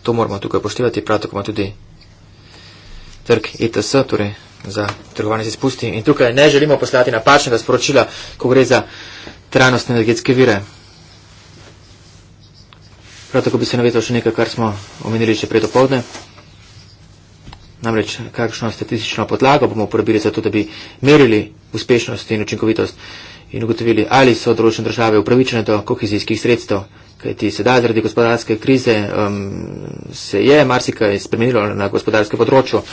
to moramo tukaj poštevati. Prav tako ima tudi trg ETS, torej za trgovanje z izpusti. In tukaj ne želimo poslati napačnega sporočila, ko gre za trajnostne energetske vire. Prav tako bi se navetal še nekaj, kar smo omenili še predopovdne. Namreč, kakšno statistično podlago bomo uporabili za to, da bi merili uspešnost in učinkovitost in ugotovili, ali so določene države upravičene do kohezijskih sredstev, kajti sedaj zaradi gospodarske krize um, se je marsikaj spremenilo na gospodarskem področju.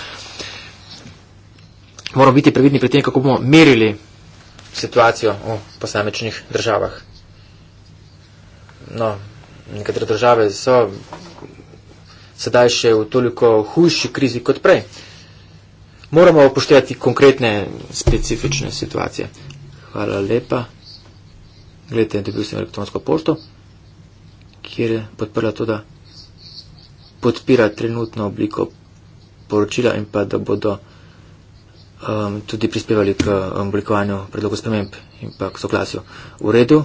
Moramo biti previdni pri tem, kako bomo merili situacijo v posamečnih državah. No, nekatere države so sedaj še v toliko hujši krizi kot prej. Moramo upoštevati konkretne specifične situacije. Hvala lepa. Gledajte, dobil sem elektronsko pošto, kjer je podprla to, da podpira trenutno obliko poročila in pa da bodo um, tudi prispevali k oblikovanju predlogov sprememb in pa k soglasju. V redu.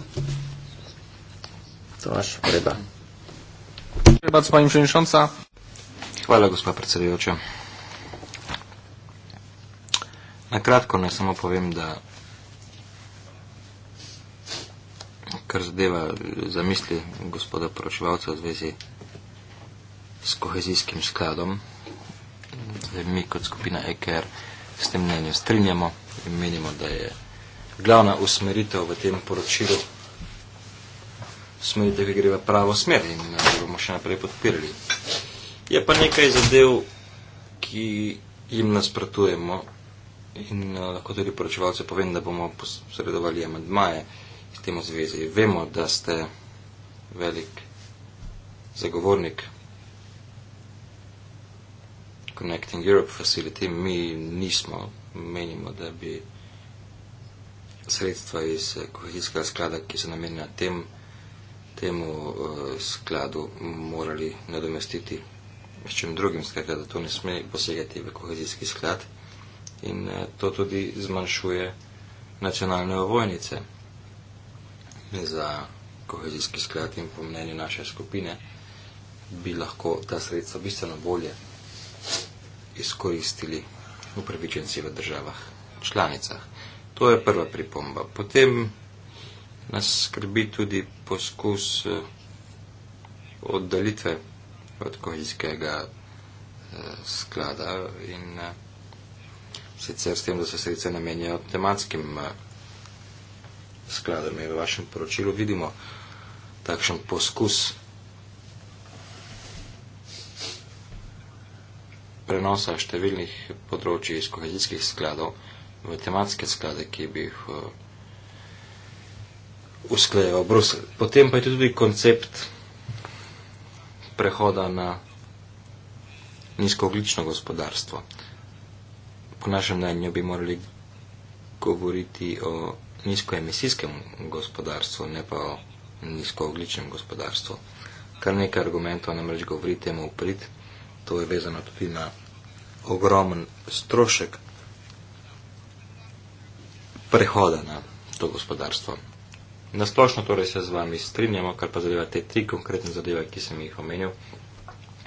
Co masz? Ryba. Dziękuję bardzo Pani Przewodnicząca. Chwalę Gospa Precedujocie. Na kratko, na samo powiem, da kar zadeva zamisli gospoda poročevalca v zvezi s kohezijskim skladom. Zdaj, mi kot skupina EKR s tem mnenjem strinjamo in menimo, da je glavna usmeritev v tem poročilu smerite, ki gre v pravo smer in da eh, uh, bomo še naprej podpirali. Je pa nekaj zadev, ki jim nasprotujemo in uh, lahko tudi poročevalce povem, da bomo posredovali amadmaje s tem v zvezi. Vemo, da ste velik zagovornik Connecting Europe Facility. Mi nismo, menimo, da bi sredstva iz kohezijskega sklada, ki se namenja temu, temu uh, skladu morali nadomestiti s čim drugim, skratka, da to ne sme posegati v kohezijski sklad in uh, to tudi zmanjšuje nacionalne ovojnice za kohezijski sklad in po mnenju naše skupine bi lahko ta sredstva bistveno bolje izkoristili upravičenci v državah članicah. To je prva pripomba. Potem nas skrbi tudi poskus eh, oddalitve od kohijskega eh, sklada in eh, sicer s tem, da se sredice namenjajo tematskim skladom. In v vašem poročilu vidimo takšen poskus prenosa številnih področji iz kohezijskih skladov v tematske sklade, ki bi jih uh, usklejeval Bruselj. Potem pa je tudi koncept prehoda na nizkooglično gospodarstvo. Po našem mnenju bi morali govoriti o nizkoemisijskem gospodarstvu, ne pa o nizkoogličnem gospodarstvu. Kar nekaj argumentov namreč govori temu uprit, to je vezano tudi na ogromen strošek prehoda na to gospodarstvo. Nasplošno torej se z vami strinjamo, kar pa zadeva te tri konkretne zadeve, ki sem jih omenil,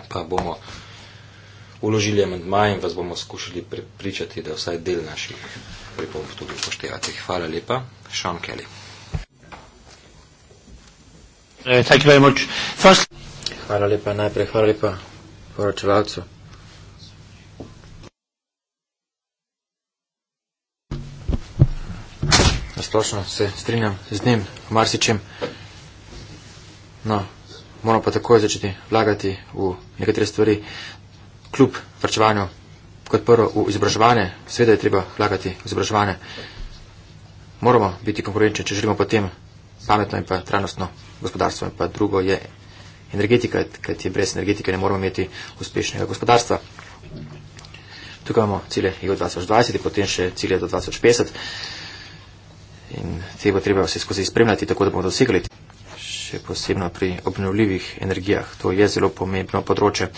pa bomo uložili amandma in vas bomo skušali pripričati, da vsaj del naših pripomb tudi upoštevate. Hvala lepa. Sean Kelly. Eh, hvala lepa najprej, hvala lepa poročevalcu. splošno se strinjam z njim, marsičem. No, moramo pa takoj začeti vlagati v nekatere stvari, kljub vrčevanju. Kot prvo, v izobraževanje, sveda je treba vlagati v izobraževanje. Moramo biti konkurenčni, če želimo potem pametno in pa trajnostno gospodarstvo. In pa drugo je energetika, kajti brez energetike ne moramo imeti uspešnega gospodarstva. Tukaj imamo cilje EU 2020, potem še cilje do 2050 in te bo treba vse skozi spremljati, tako da bomo dosegali, še posebno pri obnovljivih energijah. To je zelo pomembno področje.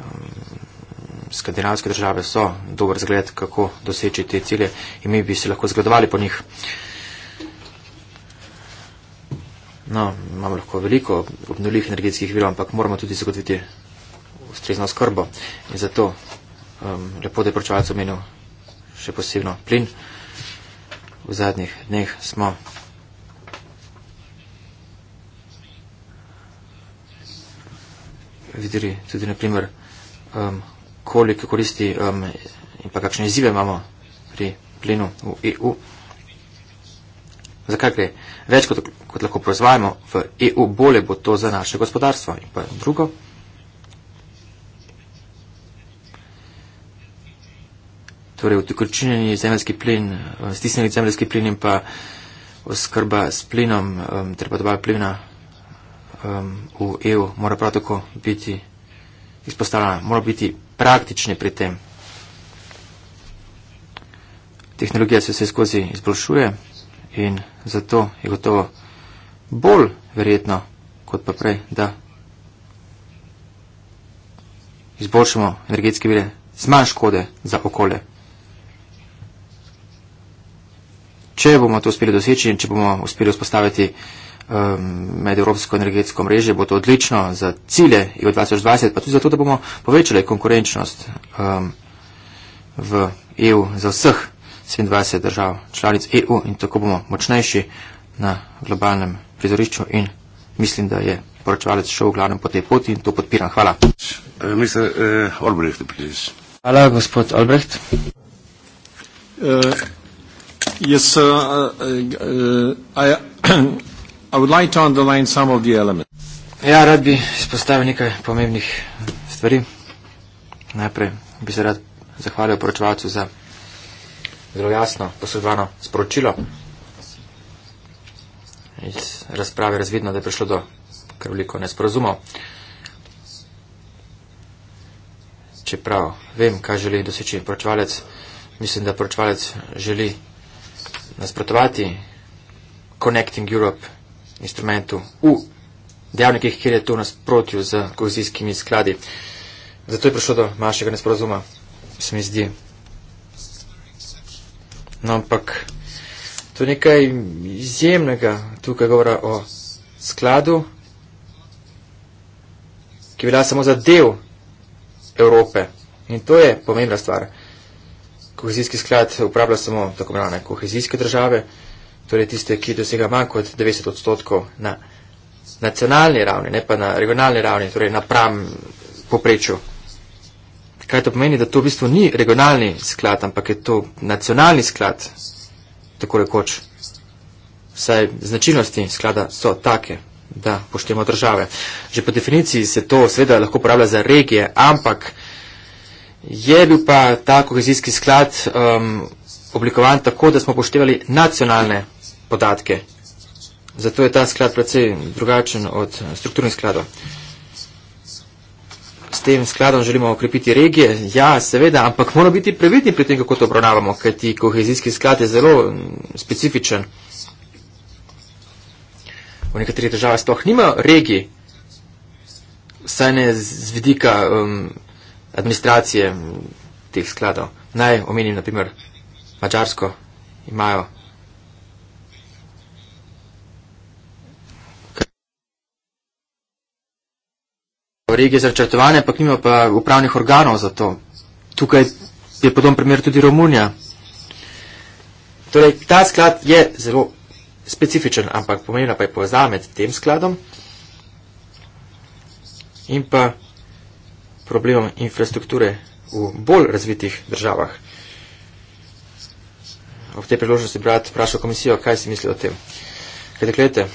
Um, skandinavske države so dober zgled, kako doseči te cilje in mi bi se lahko zgledovali po njih. No, imamo lahko veliko obnovljivih energetskih virov, ampak moramo tudi zagotoviti ustrezno skrbo. In zato um, lepo, da je pročevalec omenil še posebno plin v zadnjih dneh smo. Videli tudi naprimer, um, koliko koristi um, in pa kakšne izzive imamo pri plinu v EU. Zakaj gre? Več kot, kot lahko proizvajamo v EU, bolje bo to za naše gospodarstvo. In pa drugo. torej utekočinjeni zemljski plin, eh, stisnjeni zemljski plin in pa oskrba s plinom, um, treba dobava plina um, v EU, mora prav tako biti izpostavljena, mora biti praktični pri tem. Tehnologija se vse skozi izboljšuje in zato je gotovo bolj verjetno kot pa prej, da izboljšamo energetske vire z manj škode za okolje. če bomo to uspeli doseči in če bomo uspeli vzpostaviti um, medevropsko energetsko mrežje, bo to odlično za cilje EU 2020, pa tudi zato, da bomo povečali konkurenčnost um, v EU za vseh 27 držav članic EU in tako bomo močnejši na globalnem prizorišču in mislim, da je poročevalec šel v glavnem po tej poti in to podpiram. Hvala. Mr. Uh, uh Hvala, gospod Albrecht. Uh, Yes, sir. Uh, uh, uh I, [clears throat] I would like to underline some of the elements. Ja, rad bi izpostavil nekaj pomembnih stvari. Najprej bi se rad zahvalil poročevalcu za zelo jasno posredovano sporočilo. Iz razprave je razvidno, da je prišlo do kar veliko nesporazumov. Čeprav vem, kaj želi doseči poročevalec, mislim, da poročevalec želi nasprotovati Connecting Europe instrumentu v dejavnikih, kjer je to nasprotju z kozijskimi skladi. Zato je prišlo do manjšega nesporazuma, se mi zdi. No, ampak to je nekaj izjemnega. Tukaj govora o skladu, ki je bila samo za del Evrope. In to je pomembna stvar kohezijski sklad upravlja samo tako imenovane kohezijske države, torej tiste, ki dosega manj kot 90 odstotkov na nacionalni ravni, ne pa na regionalni ravni, torej na pram poprečju. Kaj to pomeni, da to v bistvu ni regionalni sklad, ampak je to nacionalni sklad, tako rekoč. Vsaj značilnosti sklada so take, da poštemo države. Že po definiciji se to sveda lahko uporablja za regije, ampak Je bil pa ta kohezijski sklad um, oblikovan tako, da smo poštevali nacionalne podatke. Zato je ta sklad precej drugačen od eh, strukturnih skladov. S tem skladom želimo okrepiti regije, ja, seveda, ampak moramo biti previdni pri tem, kako to obravnavamo, kajti kohezijski sklad je zelo specifičen. V nekaterih državah sploh nima regij, saj ne z vidika um, administracije teh skladov. Naj omenim, naprimer, Mačarsko imajo. Regije zračrtovane, pa nima pa upravnih organov za to. Tukaj je podoben primer tudi Romunija. Torej, ta sklad je zelo specifičen, ampak pomembna pa je povezava med tem skladom in pa problemom infrastrukture v bolj razvitih državah. Ob tej priložnosti brat vprašal komisijo, kaj si misli o tem. Kaj deklete,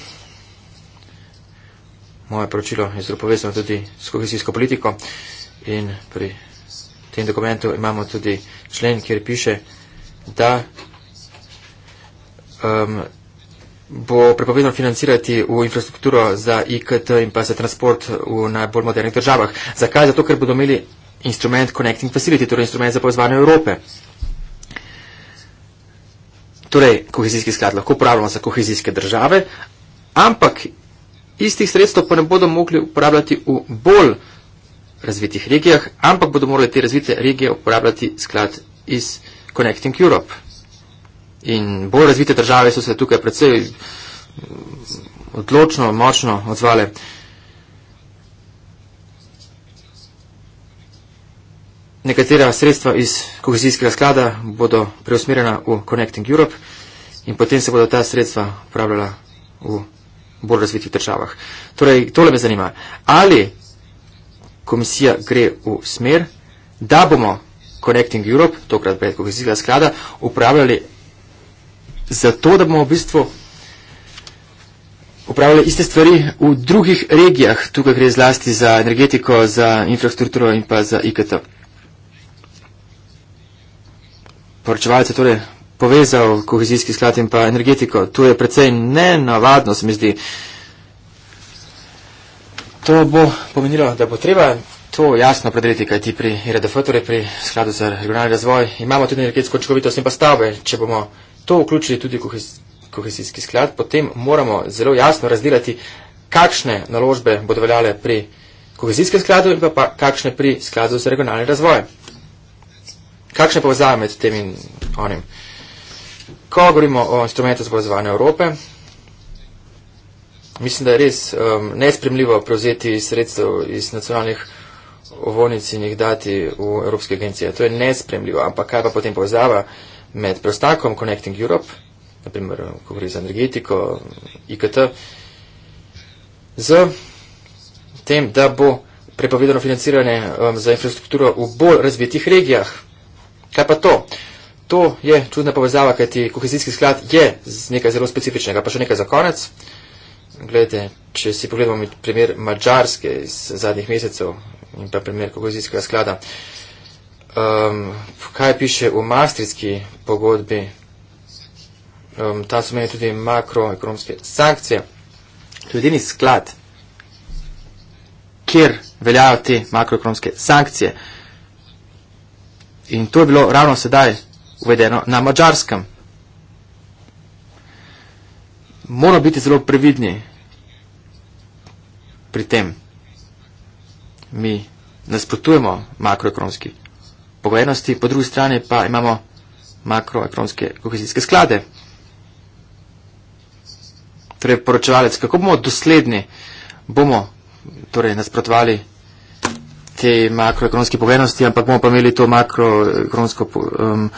moje poročilo je zelo povezano tudi s kohezijsko politiko in pri tem dokumentu imamo tudi člen, kjer piše, da um, bo prepovedano financirati v infrastrukturo za IKT in pa za transport v najbolj modernih državah. Zakaj? Zato, ker bodo imeli instrument Connecting Facility, torej instrument za povezovanje Evrope. Torej, kohezijski sklad lahko uporabljamo za kohezijske države, ampak istih sredstev pa ne bodo mogli uporabljati v bolj razvitih regijah, ampak bodo morali te razvite regije uporabljati sklad iz Connecting Europe. In bolj razvite države so se tukaj predvsej odločno, močno odzvale. Nekatera sredstva iz kohezijskega sklada bodo preusmerjena v Connecting Europe in potem se bodo ta sredstva uporabljala v bolj razvitih državah. Torej, tole me zanima. Ali komisija gre v smer, da bomo Connecting Europe, tokrat brez kohezijskega sklada, uporabljali zato, da bomo v bistvu upravljali iste stvari v drugih regijah. Tukaj gre zlasti za energetiko, za infrastrukturo in pa za IKT. Poročevalce torej povezal kohezijski sklad in pa energetiko. Tu je precej nenavadno, se mi zdi. To bo pomenilo, da bo treba to jasno predeliti, kaj ti pri RDF, torej pri skladu za regionalni razvoj. Imamo tudi energetsko očekovitost in pa stavbe, če bomo to vključili tudi kohesijski sklad, potem moramo zelo jasno razdelati, kakšne naložbe bodo veljale pri kohezijskem skladu in pa, pa kakšne pri skladu za regionalni razvoj. Kakšne povezave med tem in onim? Ko govorimo o instrumentu za povezovanje Evrope, mislim, da je res um, nespremljivo prevzeti sredstev iz nacionalnih ovojnic in jih dati v Evropske agencije. To je nespremljivo, ampak kaj pa potem povezava? med prostakom Connecting Europe, naprimer, ko gre za energetiko, IKT, z tem, da bo prepovedano financiranje um, za infrastrukturo v bolj razvitih regijah. Kaj pa to? To je čudna povezava, kajti kohezijski sklad je nekaj zelo specifičnega. Pa še nekaj za konec. Glede, če si pogledamo primer Mačarske iz zadnjih mesecev in pa primer kohezijskega sklada. Uh, um, kaj piše v mastrijski pogodbi. Um, ta so meni tudi makroekonomske sankcije. To je edini sklad, kjer veljajo te makroekonomske sankcije. In to je bilo ravno sedaj uvedeno na mačarskem. Moramo biti zelo previdni pri tem. Mi nasprotujemo makroekonomski pogojenosti, po drugi strani pa imamo makroekonomske kohezijske sklade. Torej, poročevalec, kako bomo dosledni, bomo torej, nasprotovali te makroekonomske pogojenosti, ampak bomo pa imeli to makroekonomsko um,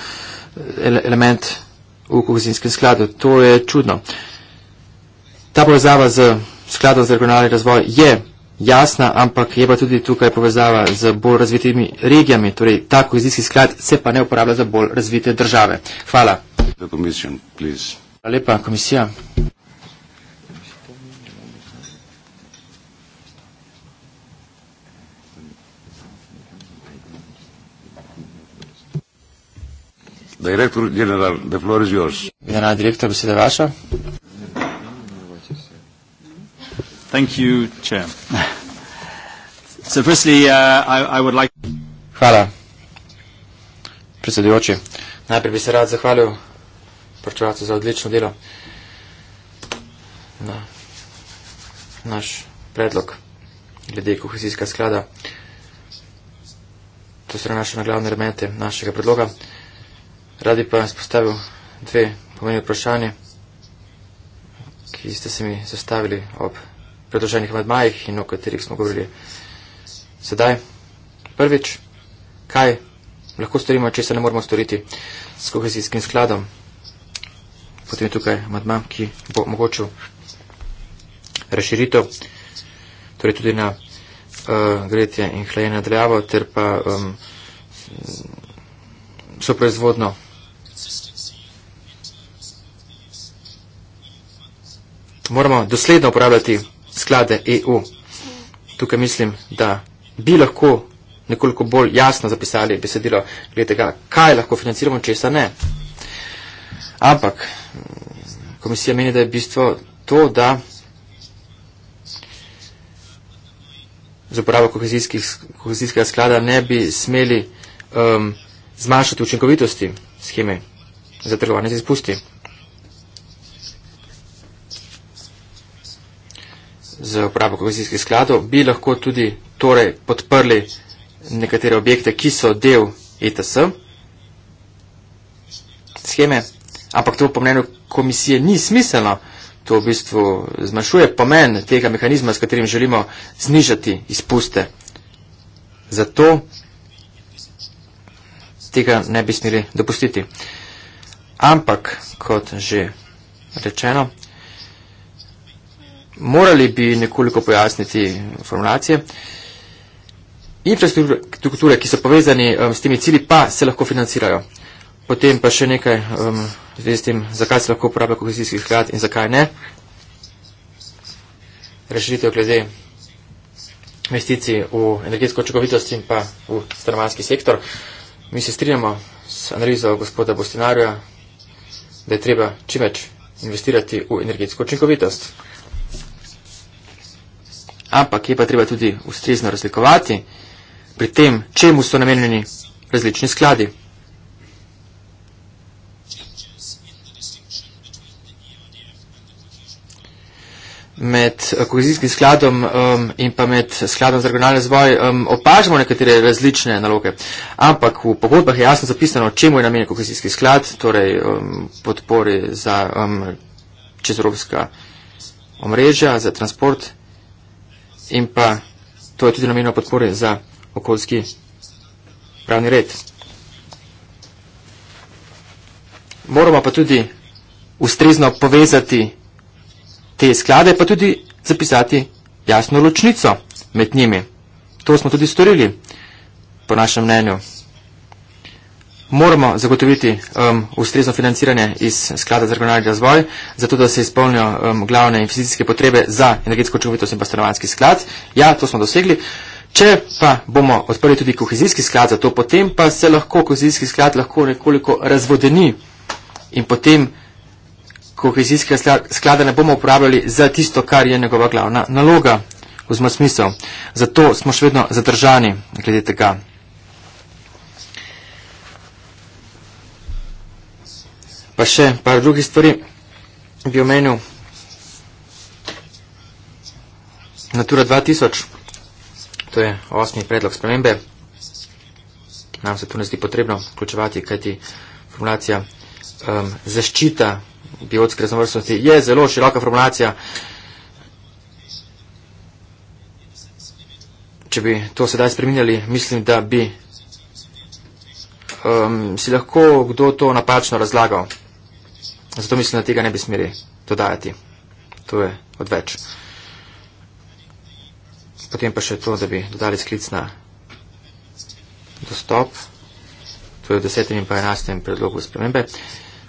element v kohezijskem skladu. To je čudno. Ta povezava z skladom za regionalni razvoj je jasna, ampak je pa tudi tukaj povezava z bolj razvitimi regijami. Torej, ta kohezijski sklad se pa ne uporablja za bolj razvite države. Hvala. Hvala lepa, komisija. Direktor general, the floor is yours. General direktor, beseda vaša. Thank you, chair. [laughs] So firstly, uh, I, I would like... Hvala, predsedujoči. Najprej bi se rad zahvalil portovacu za odlično delo na naš predlog glede kohezijska sklada. To so naše naglavne remete našega predloga. Radi pa vam spostavil dve pomeni vprašanje, ki ste se mi zastavili ob predloženih medmajih in o katerih smo govorili. Sedaj, prvič, kaj lahko storimo, če se ne moramo storiti s kohezijskim skladom. Potem je tukaj medma, ki bo omogočil razširitev, torej tudi na uh, gretje in hlajenje drevo, ter pa um, soproizvodno. Moramo dosledno uporabljati sklade EU. Tukaj mislim, da bi lahko nekoliko bolj jasno zapisali besedilo glede tega, kaj lahko financiramo, česa ne. Ampak mm, komisija meni, da je bistvo to, da z uporabo kohezijskega sklada ne bi smeli um, zmanjšati učinkovitosti scheme za trgovanje z izpusti. z uporabo kohezijskih skladov, bi lahko tudi torej podprli nekatere objekte, ki so del ETS scheme, ampak to po mnenju komisije ni smiselno. To v bistvu zmanjšuje pomen tega mehanizma, s katerim želimo znižati izpuste. Zato tega ne bi smeli dopustiti. Ampak, kot že rečeno, Morali bi nekoliko pojasniti formulacije. Infrastrukture, ki so povezani um, s temi cili, pa se lahko financirajo. Potem pa še nekaj um, z tem, zakaj se lahko uporablja kohezijski sklad in zakaj ne. Rešitev glede investicij v energetsko očekovitost in pa v stanovanski sektor. Mi se strinjamo s analizo gospoda Bostinarja, da je treba čim več investirati v energetsko očekovitost ampak je pa treba tudi ustrezno razlikovati pri tem, čemu so namenjeni različni skladi. Med eh, kohezijskim skladom um, in pa med skladom za regionalni razvoj um, opažamo nekatere različne naloge, ampak v pogodbah je jasno zapisano, čemu je namenjen kohezijski sklad, torej um, podpori za um, čezorovska omrežja, za transport in pa to je tudi namenjeno podpore za okoljski pravni red. Moramo pa tudi ustrezno povezati te sklade, pa tudi zapisati jasno ločnico med njimi. To smo tudi storili, po našem mnenju moramo zagotoviti um, ustrezno financiranje iz sklada za regionalni razvoj, zato da se izpolnijo um, glavne investicijske potrebe za energetsko učinkovitost in pa stanovanski sklad. Ja, to smo dosegli. Če pa bomo odprli tudi kohezijski sklad za to, potem pa se lahko kohezijski sklad lahko nekoliko razvodeni in potem kohezijskega sklada ne bomo uporabljali za tisto, kar je njegova glavna naloga. Vzmo smisel. Zato smo še vedno zadržani glede tega. Pa še par drugih stvari bi omenil. Natura 2000, to je osmi predlog spremembe. Nam se tu ne zdi potrebno vključevati, kajti formulacija um, zaščita biotske raznovrstnosti je zelo široka formulacija. Če bi to sedaj spremenjali, mislim, da bi um, si lahko kdo to napačno razlagal. Zato mislim, da tega ne bi smeli dodajati. To je odveč. Potem pa še to, da bi dodali sklic na dostop. To je v desetem in pa enajstem predlogu spremembe.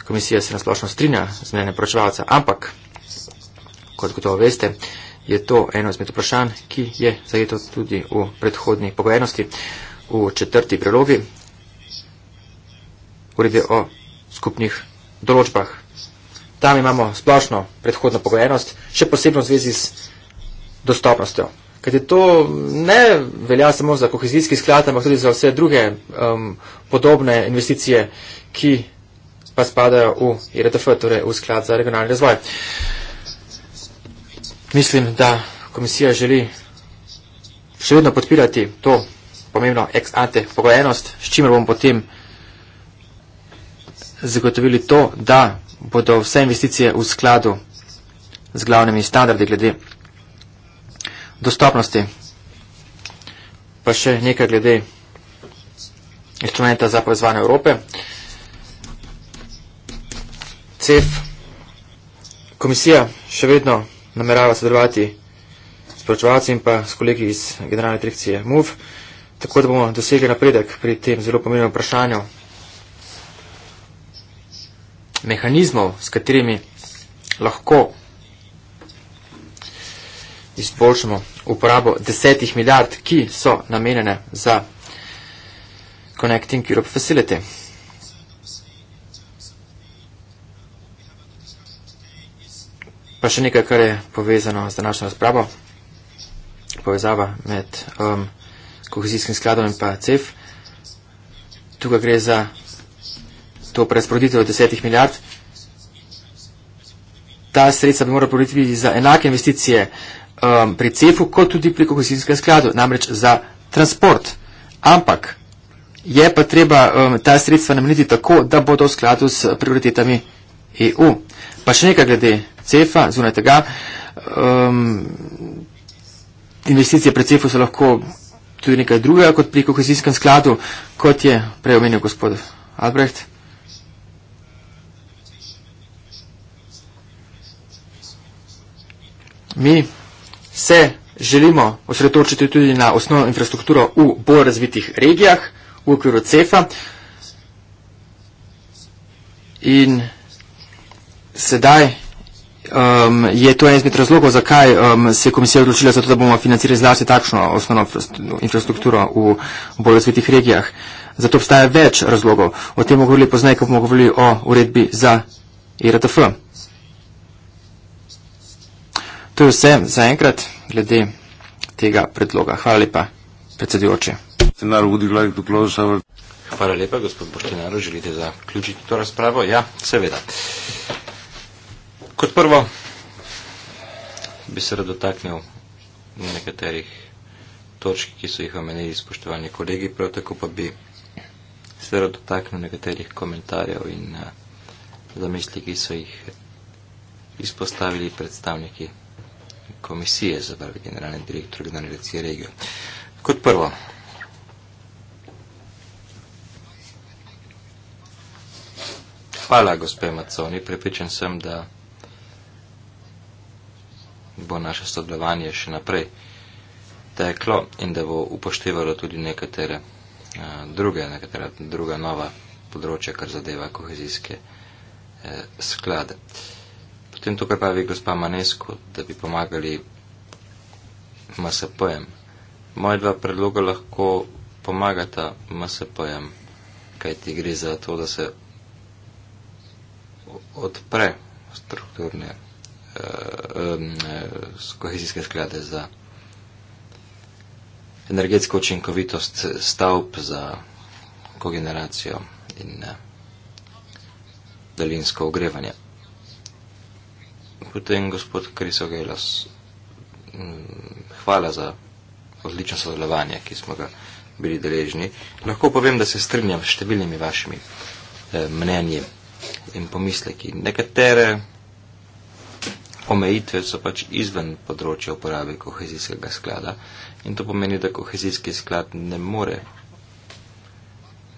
Komisija se nasplošno strinja z mnenjem poročevalca, ampak, kot gotovo veste, je to eno izmed vprašanj, ki je zajeto tudi v predhodni pogojenosti v četrti prelogi uredbe o skupnih določbah tam imamo splošno predhodno pogojenost, še posebno v zvezi z dostopnostjo. Ker to ne velja samo za kohezijski sklad, ampak tudi za vse druge um, podobne investicije, ki pa spadajo v IRTF, torej v sklad za regionalni razvoj. Mislim, da komisija želi še vedno podpirati to pomembno ex ante pogojenost, s čimer bomo potem zagotovili to, da bodo vse investicije v skladu z glavnimi standardi glede dostopnosti. Pa še nekaj glede instrumenta za proizvanje Evrope. CEF komisija še vedno namerava sodelovati s pročevalci in pa s kolegi iz generalne direkcije MUV, tako da bomo dosegli napredek pri tem zelo pomembnem vprašanju mehanizmov, s katerimi lahko izboljšamo uporabo desetih milijard, ki so namenjene za Connecting Europe Facility. Pa še nekaj, kar je povezano z današnjo razpravo, povezava med um, kohezijskim skladom in pa CEF. Tukaj gre za to prerasporeditev desetih milijard. Ta sredstva bi morala porediti za enake investicije um, pri CEF-u, kot tudi pri kohezijskem skladu, namreč za transport. Ampak je pa treba um, ta sredstva nameniti tako, da bodo v skladu s prioritetami EU. Pa še nekaj glede CEF-a, zunaj tega. Um, investicije pri CEF-u so lahko tudi nekaj drugega kot pri kohezijskem skladu, kot je prej omenil gospod Albrecht. mi se želimo osredotočiti tudi na osnovno infrastrukturo v bolj razvitih regijah v okviru CEFA in sedaj um, je to en izmed razlogov, zakaj um, se je komisija odločila za to, da bomo financirali zlasti takšno osnovno infrastrukturo v bolj razvitih regijah. Zato obstaja več razlogov. O tem bomo govorili poznaj, ko bomo govorili o uredbi za IRTF. E To je vse za enkrat glede tega predloga. Hvala lepa, predsedujoče. Hvala lepa, gospod Bortinaro, želite zaključiti to razpravo? Ja, seveda. Kot prvo bi se rad dotaknil nekaterih točk, ki so jih omenili spoštovani kolegi, prav tako pa bi se rad dotaknil nekaterih komentarjev in eh, zamisli, ki so jih izpostavili predstavniki komisije za prvi generalni direktor generalne direkcije regijo. Kot prvo, hvala gospe Maconi, prepričan sem, da bo naše sodelovanje še naprej teklo in da bo upoštevalo tudi nekatere uh, druge, nekatera druga nova področja, kar zadeva kohezijske uh, sklade. Uh, Potem tukaj pravi gospa Manesko, da bi pomagali MSP-jem. Moje dva predloga lahko pomagata MSP-jem, kaj ti gre za to, da se odpre strukturne uh, um, kohezijske sklade za energetsko učinkovitost stavb za kogeneracijo in uh, daljinsko ogrevanje potem gospod Krisogelos, mm, hvala za odlično sodelovanje, ki smo ga bili deležni. Lahko povem, da se strinjam s številnimi vašimi eh, mnenji in pomisleki. Nekatere omejitve so pač izven področja uporabe kohezijskega sklada in to pomeni, da kohezijski sklad ne more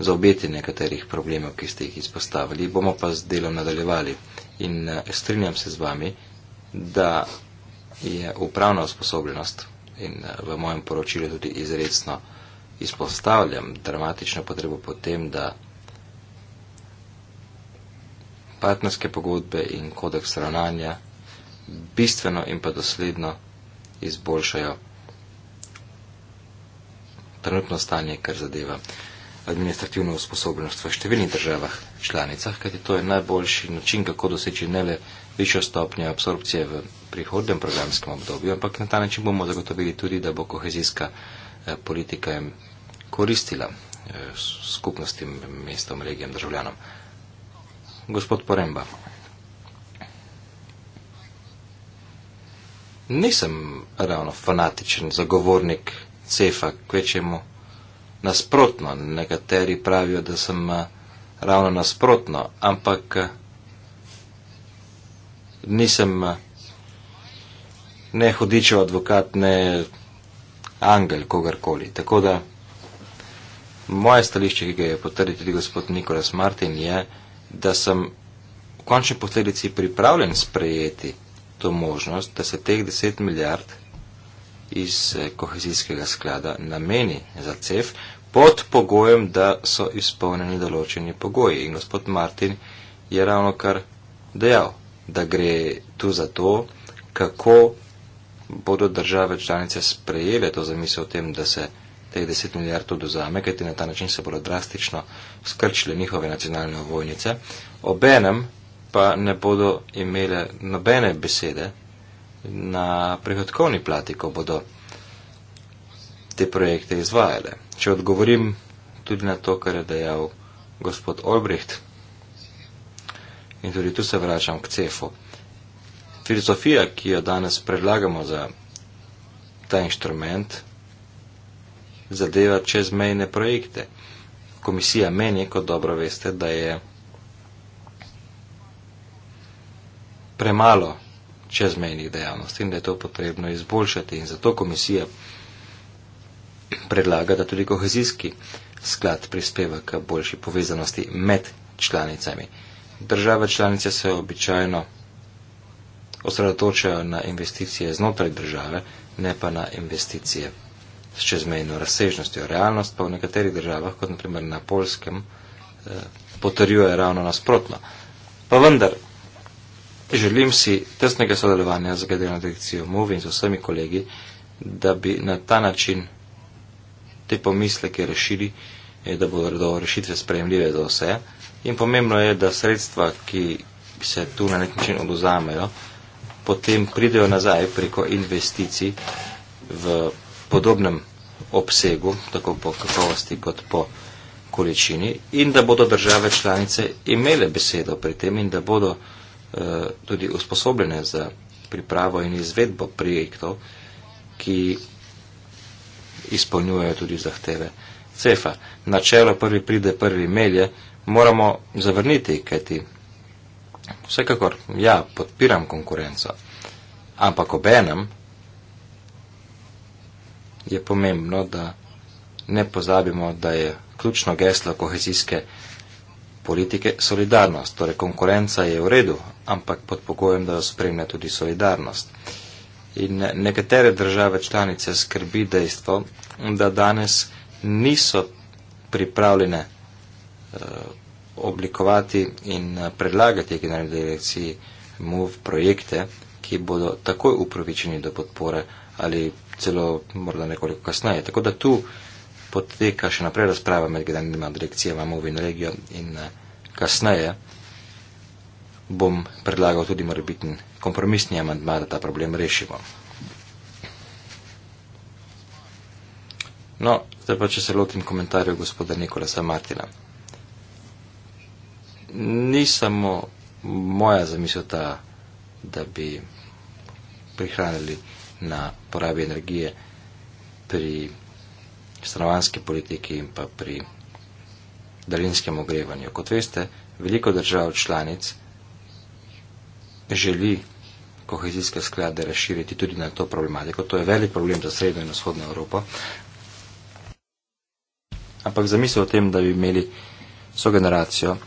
zaobjeti nekaterih problemov, ki ste jih izpostavili, bomo pa z delom nadaljevali in eh, strinjam se z vami, da je upravna usposobljenost in eh, v mojem poročilu tudi izredno izpostavljam dramatično potrebo po tem, da partnerske pogodbe in kodeks ravnanja bistveno in pa dosledno izboljšajo trenutno stanje, kar zadeva administrativno usposobljenost v številnih državah članicah, kajti to je najboljši način, kako doseči ne le višjo stopnjo absorpcije v prihodnem programskem obdobju, ampak na ta način bomo zagotovili tudi, da bo kohezijska eh, politika koristila eh, skupnostim, mestom, regijam, državljanom. Gospod Poremba. Nisem ravno fanatičen zagovornik CEFA, kvečemu nasprotno. Nekateri pravijo, da sem eh, ravno nasprotno, ampak eh, nisem eh, ne hudičev advokat, ne angel, kogarkoli. Tako da moje stališče, ki ga je potrdil tudi gospod Nikolas Martin, je, da sem v končni posledici pripravljen sprejeti to možnost, da se teh 10 milijard iz eh, kohezijskega sklada nameni za CEF pod pogojem, da so izpolnjeni določeni pogoji. In gospod Martin je ravno kar dejal, da gre tu za to, kako bodo države članice sprejele to zamisel o tem, da se teh 10 milijard tudi vzame, kajti na ta način se bodo drastično skrčile njihove nacionalne vojnice, obenem pa ne bodo imele nobene besede na prihodkovni plati, ko bodo te projekte izvajale. Če odgovorim tudi na to, kar je dejal gospod Olbricht in tudi tu se vračam k cefu. Filozofija, ki jo danes predlagamo za ta inštrument, zadeva čezmejne projekte. Komisija meni, kot dobro veste, da je premalo čezmejnih dejavnosti in da je to potrebno izboljšati. In zato komisija predlaga, da tudi kohezijski sklad prispeva k boljši povezanosti med članicami. Države članice se običajno osredotočajo na investicije znotraj države, ne pa na investicije s čezmejno razsežnostjo. Realnost pa v nekaterih državah, kot naprimer na polskem, eh, potrjuje ravno nasprotno. Pa vendar, Želim si tesnega sodelovanja z generalno direkcijo MOV in z vsemi kolegi, da bi na ta način te pomisleke rešili, eh, da bodo rešitve sprejemljive za vse. In pomembno je, da sredstva, ki se tu na nek način oduzamejo, potem pridejo nazaj preko investicij v podobnem obsegu, tako po kakovosti kot po količini, in da bodo države članice imele besedo pri tem in da bodo Eh, tudi usposobljene za pripravo in izvedbo projektov, ki izpolnjujejo tudi zahteve CEFA. Načelo prvi pride, prvi melje moramo zavrniti, kajti vsekakor ja, podpiram konkurenco, ampak obenem je pomembno, da ne pozabimo, da je ključno geslo kohezijske politike solidarnost. Torej, konkurenca je v redu, ampak pod pogojem, da jo spremlja tudi solidarnost. In nekatere države članice skrbi dejstvo, da danes niso pripravljene uh, oblikovati in eh, predlagati generalni direkciji MOV projekte, ki bodo takoj upravičeni do podpore ali celo morda nekoliko kasneje. Tako da tu uh, poteka še naprej razprava med generalnima direkcijama MOV in regijo in eh, kasneje bom predlagal tudi morebitni kompromisni amandma, da ta problem rešimo. No, zdaj pa če se lotim komentarjev gospoda Nikolasa Martina. Ni samo moja zamisel ta, da bi prihranili na porabi energije pri stravanski politiki in pa pri daljinskem ogrevanju. Kot veste, veliko držav članic želi kohezijske sklade razširiti tudi na to problematiko. To je velik problem za srednjo in vzhodno Evropo. Ampak zamisel o tem, da bi imeli sogeneracijo,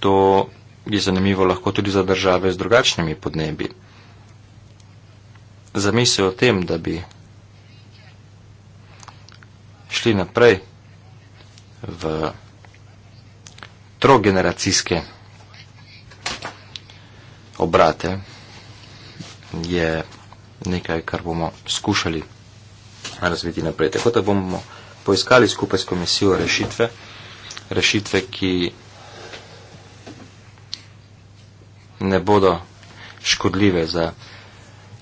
to je zanimivo lahko tudi za države z drugačnimi podnebi. Zamisel o tem, da bi šli naprej v trogeneracijske obrate, je nekaj, kar bomo skušali razviti naprej. Tako da bomo poiskali skupaj s komisijo rešitve, rešitve, ki ne bodo škodljive za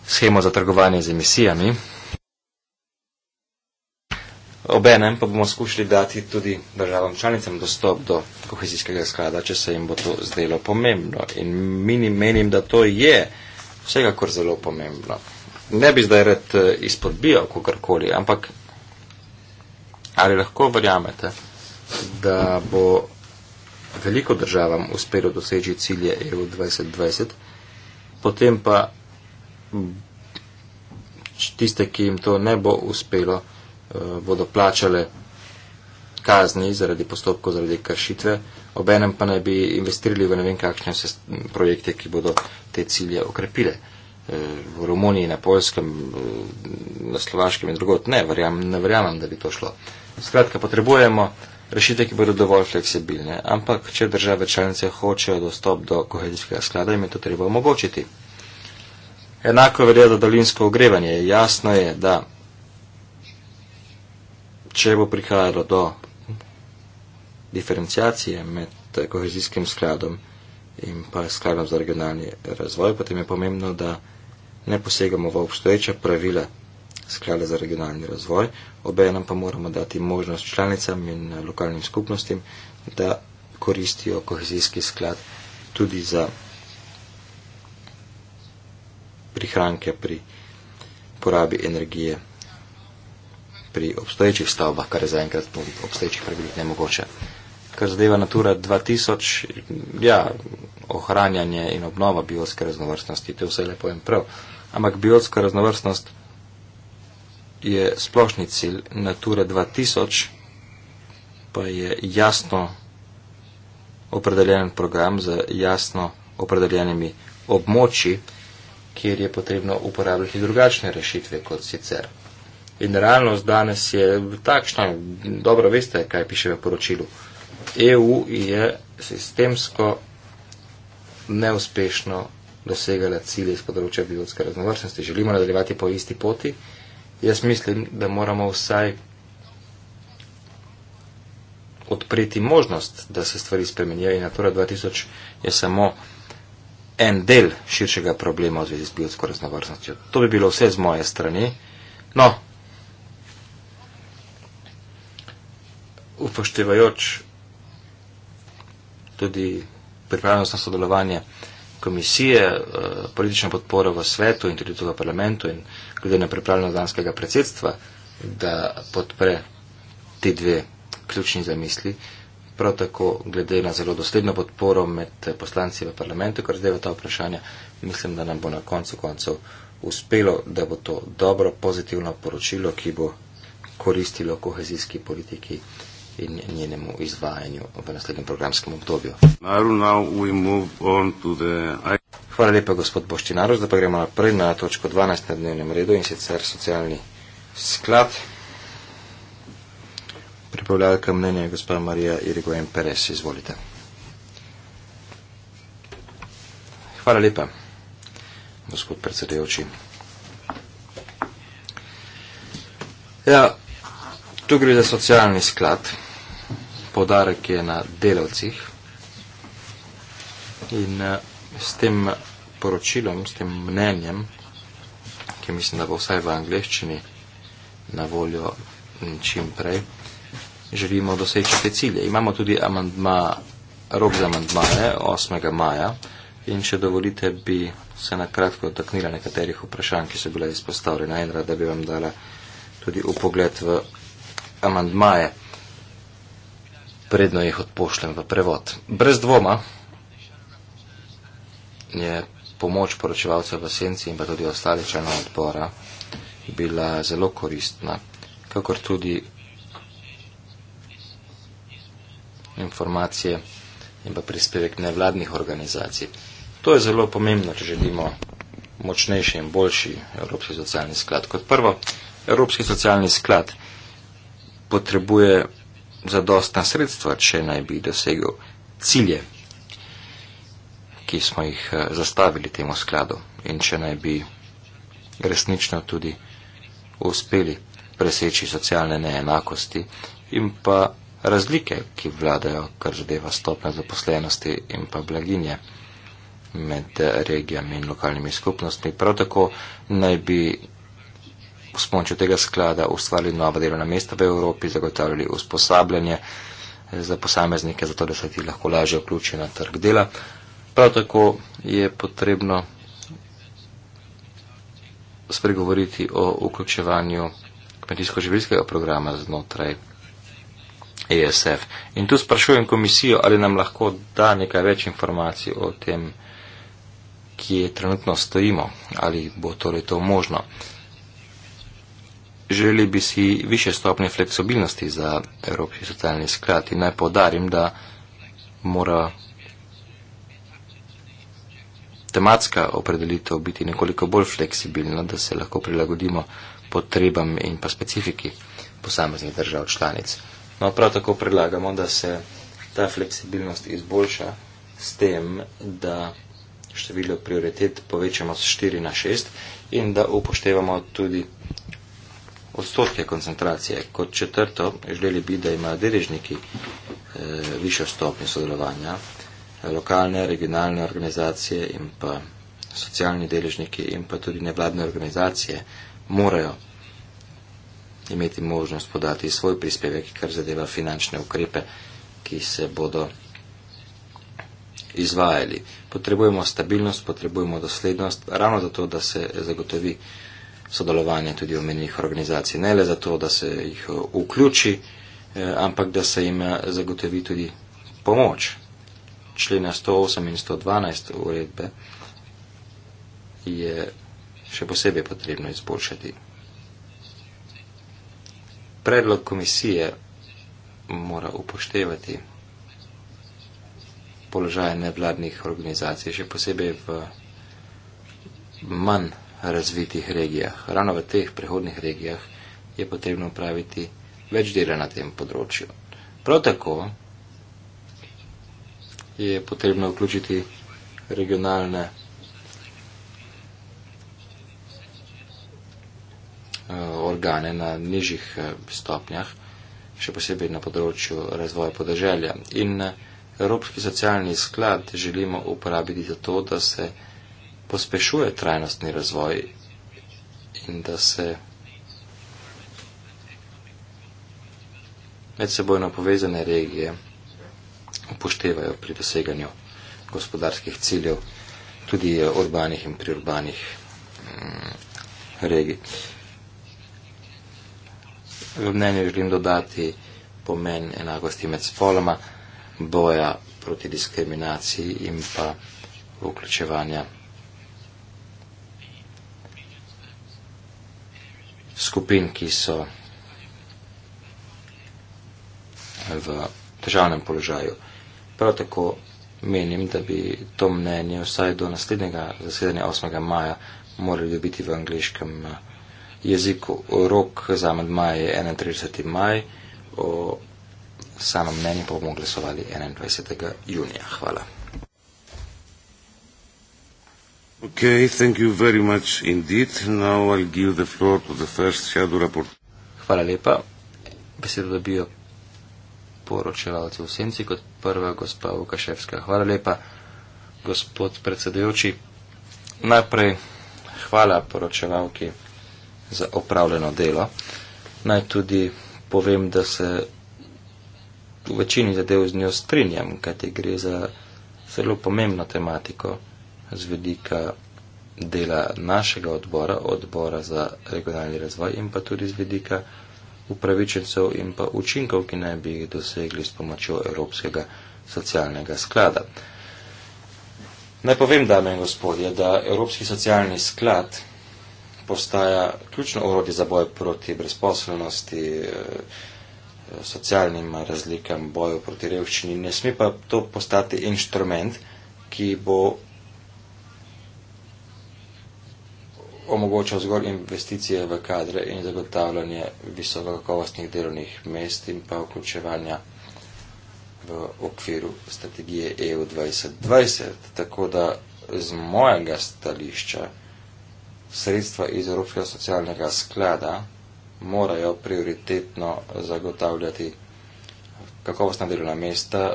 schemo za trgovanje z emisijami. Obenem pa bomo skušali dati tudi državam članicam dostop do kohezijskega sklada, če se jim bo to zdelo pomembno. In minim, menim, da to je vsekakor zelo pomembno. Ne bi zdaj red eh, izpodbijal kogarkoli, ampak ali lahko verjamete, da bo veliko državam uspelo doseči cilje EU 2020, potem pa tiste, ki jim to ne bo uspelo, Eh, bodo plačale kazni zaradi postopkov, zaradi kršitve, obenem pa naj bi investirali v ne vem kakšne projekte, ki bodo te cilje okrepile. Eh, v Romuniji, na Poljskem, eh, na Slovaškem in drugot. Ne, verjam, ne verjamem, da bi to šlo. Skratka, potrebujemo rešitve, ki bodo dovolj fleksibilne. Ampak, če države članice hočejo dostop do kohezijskega sklada, jim je to treba omogočiti. Enako velja za dolinsko ogrevanje. Jasno je, da če bo prihajalo do diferencijacije med kohezijskim skladom in pa skladom za regionalni razvoj, potem je pomembno, da ne posegamo v obstoječa pravila sklada za regionalni razvoj, obenem pa moramo dati možnost članicam in lokalnim skupnostim, da koristijo kohezijski sklad tudi za prihranke pri porabi energije pri obstoječih stavbah, kar je zaenkrat po obstoječih pravilih nemogoče. Kar zadeva Natura 2000, ja, ohranjanje in obnova biotske raznovrstnosti, to vse lepo in prav. Ampak biotska raznovrstnost je splošni cilj, Natura 2000 pa je jasno opredeljen program z jasno opredeljenimi območji, kjer je potrebno uporabljati drugačne rešitve kot sicer. In realnost danes je takšna, dobro veste, kaj piše v poročilu. EU je sistemsko neuspešno dosegala cilje iz področja biotske raznovrstnosti. Želimo nadaljevati po isti poti. Jaz mislim, da moramo vsaj odpreti možnost, da se stvari spremenijo in Natura 2000 je samo en del širšega problema v zvezi z biotsko raznovrstnostjo. To bi bilo vse z moje strani. No, upoštevajoč tudi pripravljenost na sodelovanje komisije, eh, politično podporo v svetu in tudi v parlamentu in glede na pripravljenost danskega predsedstva, da podpre te dve ključni zamisli. Prav tako glede na zelo dosledno podporo med poslanci v parlamentu, kar zdaj v ta vprašanja, mislim, da nam bo na koncu koncev uspelo, da bo to dobro, pozitivno poročilo, ki bo koristilo kohezijski politiki in njenemu izvajanju v naslednjem programskem obdobju. Hvala lepa, gospod Boščinaroš, da pa gremo naprej na točko 12 na dnevnem redu in sicer socialni sklad. Pripravljalka mnenja je gospod Marija Irigojen Perez, izvolite. Hvala lepa, gospod predsedujoči. Ja, tu gre za socialni sklad podarek je na delavcih in eh, s tem poročilom, s tem mnenjem, ki mislim, da bo vsaj v angleščini na voljo čim prej, želimo doseči te cilje. Imamo tudi amandma, rok za amandmaje 8. maja in če dovolite, bi se na kratko dotaknila nekaterih vprašanj, ki so bila izpostavljena in rada bi vam dala tudi upogled v amandmaje predno jih odpošljem v prevod. Brez dvoma je pomoč poročevalcev v senci in pa tudi ostalih članov odbora bila zelo koristna, kakor tudi informacije in pa prispevek nevladnih organizacij. To je zelo pomembno, če želimo močnejši in boljši Evropski socialni sklad. Kot prvo, Evropski socialni sklad potrebuje zadostna sredstva, če naj bi dosegel cilje, ki smo jih eh, zastavili temu skladu in če naj bi resnično tudi uspeli preseči socialne neenakosti in pa razlike, ki vladajo, kar zadeva stopne zaposlenosti in pa blaginje med regijami in lokalnimi skupnostmi. Prav tako naj bi s pomočjo tega sklada ustvarili nova delovna mesta v Evropi, zagotavljali usposabljanje za posameznike, zato da se ti lahko lažje vključijo na trg dela. Prav tako je potrebno spregovoriti o vključevanju kmetijsko-življenjskega programa znotraj ESF. In tu sprašujem komisijo, ali nam lahko da nekaj več informacij o tem, kje trenutno stojimo, ali bo torej to možno. Želeli bi si više stopnje fleksibilnosti za Evropski socialni sklad in naj podarim, da mora tematska opredelitev biti nekoliko bolj fleksibilna, da se lahko prilagodimo potrebam in pa specifiki posameznih držav članic. No, prav tako predlagamo, da se ta fleksibilnost izboljša s tem, da število prioritet povečamo z 4 na 6 in da upoštevamo tudi odstotke koncentracije. Kot četrto, želeli bi, da imajo deležniki e, višjo stopnjo sodelovanja, lokalne, regionalne organizacije in pa socialni deležniki in pa tudi nevladne organizacije morajo imeti možnost podati svoj prispevek, kar zadeva finančne ukrepe, ki se bodo izvajali. Potrebujemo stabilnost, potrebujemo doslednost, ravno zato, da se zagotovi sodelovanje tudi omenjenih organizacij. Ne le zato, da se jih eh, vključi, eh, ampak da se jim eh, zagotovi tudi pomoč. Člena 108 in 112 uredbe je še posebej potrebno izboljšati. Predlog komisije mora upoštevati položaj nevladnih organizacij, še posebej v manj razvitih regijah. Ravno v teh prehodnih regijah je potrebno upraviti več dela na tem področju. Prav tako je potrebno vključiti regionalne eh, organe na nižjih eh, stopnjah, še posebej na področju razvoja podeželja. In eh, Evropski socialni sklad želimo uporabiti za to, da se pospešuje trajnostni razvoj in da se medsebojno povezane regije upoštevajo pri doseganju gospodarskih ciljev, tudi urbanih in priurbanih mm, regij. V mnenju želim dodati pomen enakosti med spoloma, boja proti diskriminaciji in pa vključevanja. skupin, ki so v državnem položaju. Prav tako menim, da bi to mnenje vsaj do naslednjega zasedanja 8. maja morali dobiti v angliškem eh, jeziku. Rok za amandmaje je 31. maj, o samem mnenju pa bomo glasovali 21. junija. Hvala. Hvala lepa. Besedo dobijo poročevalci v senci kot prva gospa Vukaševska. Hvala lepa, gospod predsedujoči. Najprej hvala poročevalki za opravljeno delo. Naj tudi povem, da se v večini zadev z njo strinjam, kajti gre za zelo pomembno tematiko z vidika dela našega odbora, odbora za regionalni razvoj in pa tudi z vidika upravičencev in pa učinkov, ki naj bi jih dosegli s pomočjo Evropskega socialnega sklada. Naj povem, dame in gospodje, da Evropski socialni sklad postaja ključno orodje za boj proti brezposelnosti, eh, socialnim razlikam, boju proti revščini. Ne sme pa to postati inštrument, ki bo omogoča zgolj investicije v kadre in zagotavljanje visokokakovostnih delovnih mest in pa vključevanja v okviru strategije EU 2020. Tako da z mojega stališča sredstva iz Evropskega socialnega sklada morajo prioritetno zagotavljati kakovostna delovna mesta,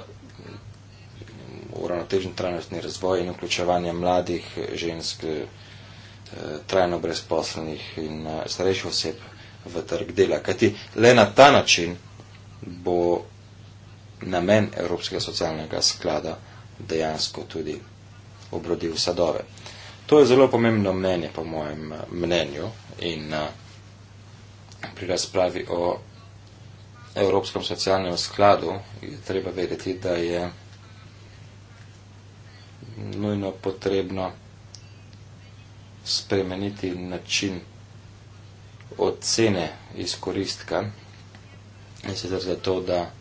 uravnotežen trajnostni razvoj in vključevanje mladih žensk Eh, trajno brezposlenih in eh, starejših oseb v trg dela. Kajti le na ta način bo namen Evropskega socialnega sklada dejansko tudi obrodil sadove. To je zelo pomembno mnenje, po mojem eh, mnenju, in pri razpravi o Evropskem socialnem skladu je treba vedeti, da je nujno potrebno spremeniti način ocene izkoristka in sicer zato, da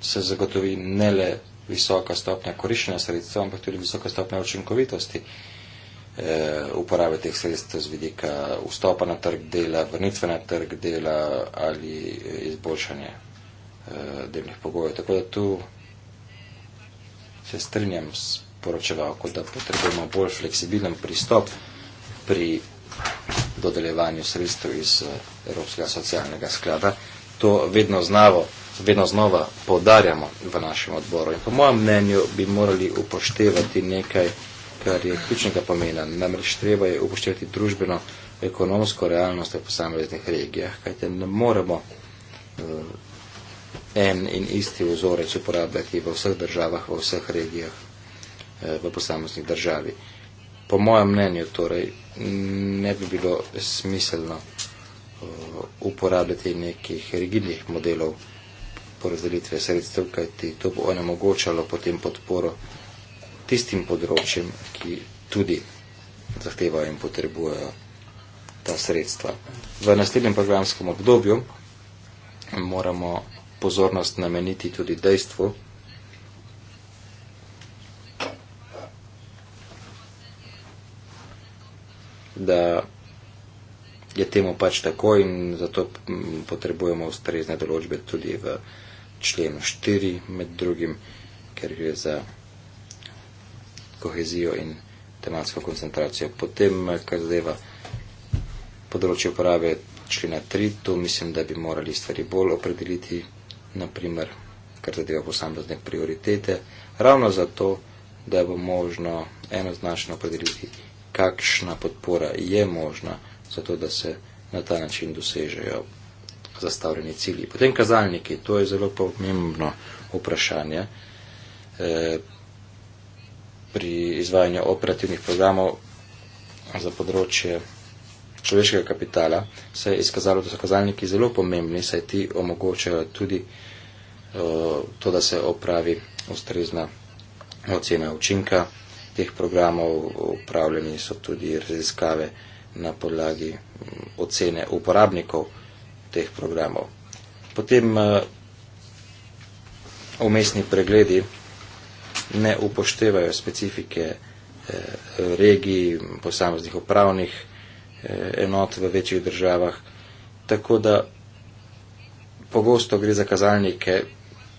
se zagotovi ne le visoka stopnja koriščenja sredstva, ampak tudi visoka stopnja učinkovitosti e, uporabe teh sredstev z vidika vstopa na trg dela, vrnitve na trg dela ali eh, izboljšanje e, eh, delnih pogojev. Tako da tu se strinjam s poročevalko, da potrebujemo bolj fleksibilen pristop pri dodeljevanju sredstev iz eh, Evropskega socialnega sklada. To vedno, znavo, vedno znova podarjamo v našem odboru in po mojem mnenju bi morali upoštevati nekaj, kar je ključnega pomena. Namreč treba je upoštevati družbeno ekonomsko realnost v posameznih regijah, kajte ne moremo eh, en in isti vzorec uporabljati v vseh državah, v vseh regijah, eh, v posameznih državi. Po mojem mnenju torej ne bi bilo smiselno eh, uporabljati nekih rigidnih modelov porazdelitve sredstev, kajti to bo onemogočalo potem podporo tistim področjem, ki tudi zahtevajo in potrebujejo ta sredstva. V naslednjem programskem obdobju moramo pozornost nameniti tudi dejstvu, da je temu pač tako in zato potrebujemo ustrezne določbe tudi v členu 4 med drugim, ker gre za kohezijo in tematsko koncentracijo. Potem, kar zadeva področje uporabe člena 3, tu mislim, da bi morali stvari bolj opredeliti naprimer, kar zadeva posamezne prioritete, ravno zato, da bo možno enoznačno opredeliti, kakšna podpora je možna, zato da se na ta način dosežejo zastavljeni cilji. Potem kazalniki, to je zelo pomembno vprašanje. E, pri izvajanju operativnih programov za področje človeškega kapitala, se je izkazalo, da so kazalniki zelo pomembni, saj ti omogočajo tudi uh, to, da se opravi ustrezna ocena učinka teh programov, upravljeni so tudi raziskave na podlagi mm, ocene uporabnikov teh programov. Potem eh, umestni uh, pregledi ne upoštevajo specifike uh, regij, posameznih upravnih, uh, Eh, enot v večjih državah. Tako da pogosto gre za kazalnike,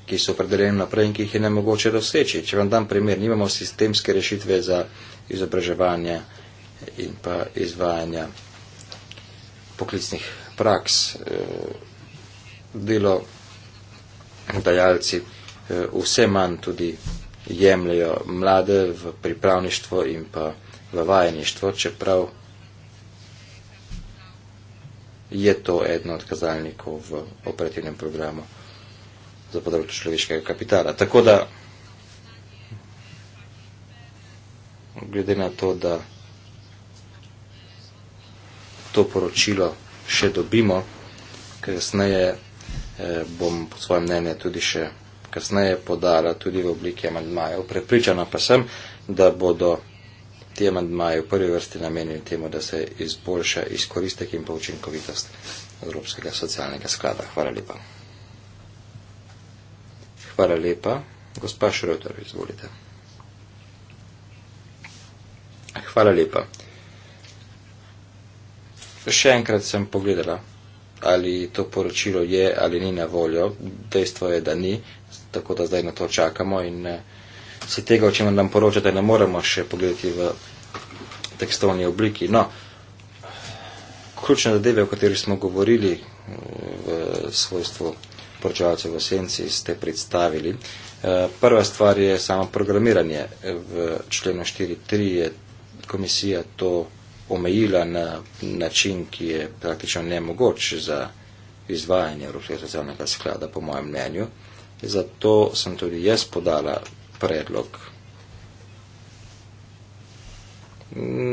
ki so predeljeni naprej in ki jih je ne mogoče doseči. Če vam dam primer, nimamo sistemske rešitve za izobraževanje in pa izvajanje poklicnih praks. Eh, delo dajalci eh, vse manj tudi jemljajo mlade v pripravništvo in pa v vajeništvo, čeprav je to eden od kazalnikov v operativnem programu za področje človeškega kapitala. Tako da, glede na to, da to poročilo še dobimo, kasneje eh, bom po svojem mnenju tudi še kasneje podala tudi v obliki amandmajev. Prepričana pa sem, da bodo ti amandmaji v prvi vrsti namenjeni temu, da se izboljša izkoristek in poučinkovitost Evropskega socialnega sklada. Hvala lepa. Hvala lepa. Gospa Šrotar, izvolite. Hvala lepa. Še enkrat sem pogledala, ali to poročilo je ali ni na voljo. Dejstvo je, da ni, tako da zdaj na to čakamo in uh, se tega, o čemer nam poročate, ne moremo še pogledati v tekstovni obliki. No, ključne zadeve, o katerih smo govorili eh, v svojstvu poročevalcev v senci, ste predstavili. Eh, prva stvar je samo programiranje. V členu 4.3 je komisija to omejila na način, ki je praktično nemogoč za izvajanje Evropskega socialnega sklada, po mojem mnenju. Zato sem tudi jaz podala predlog.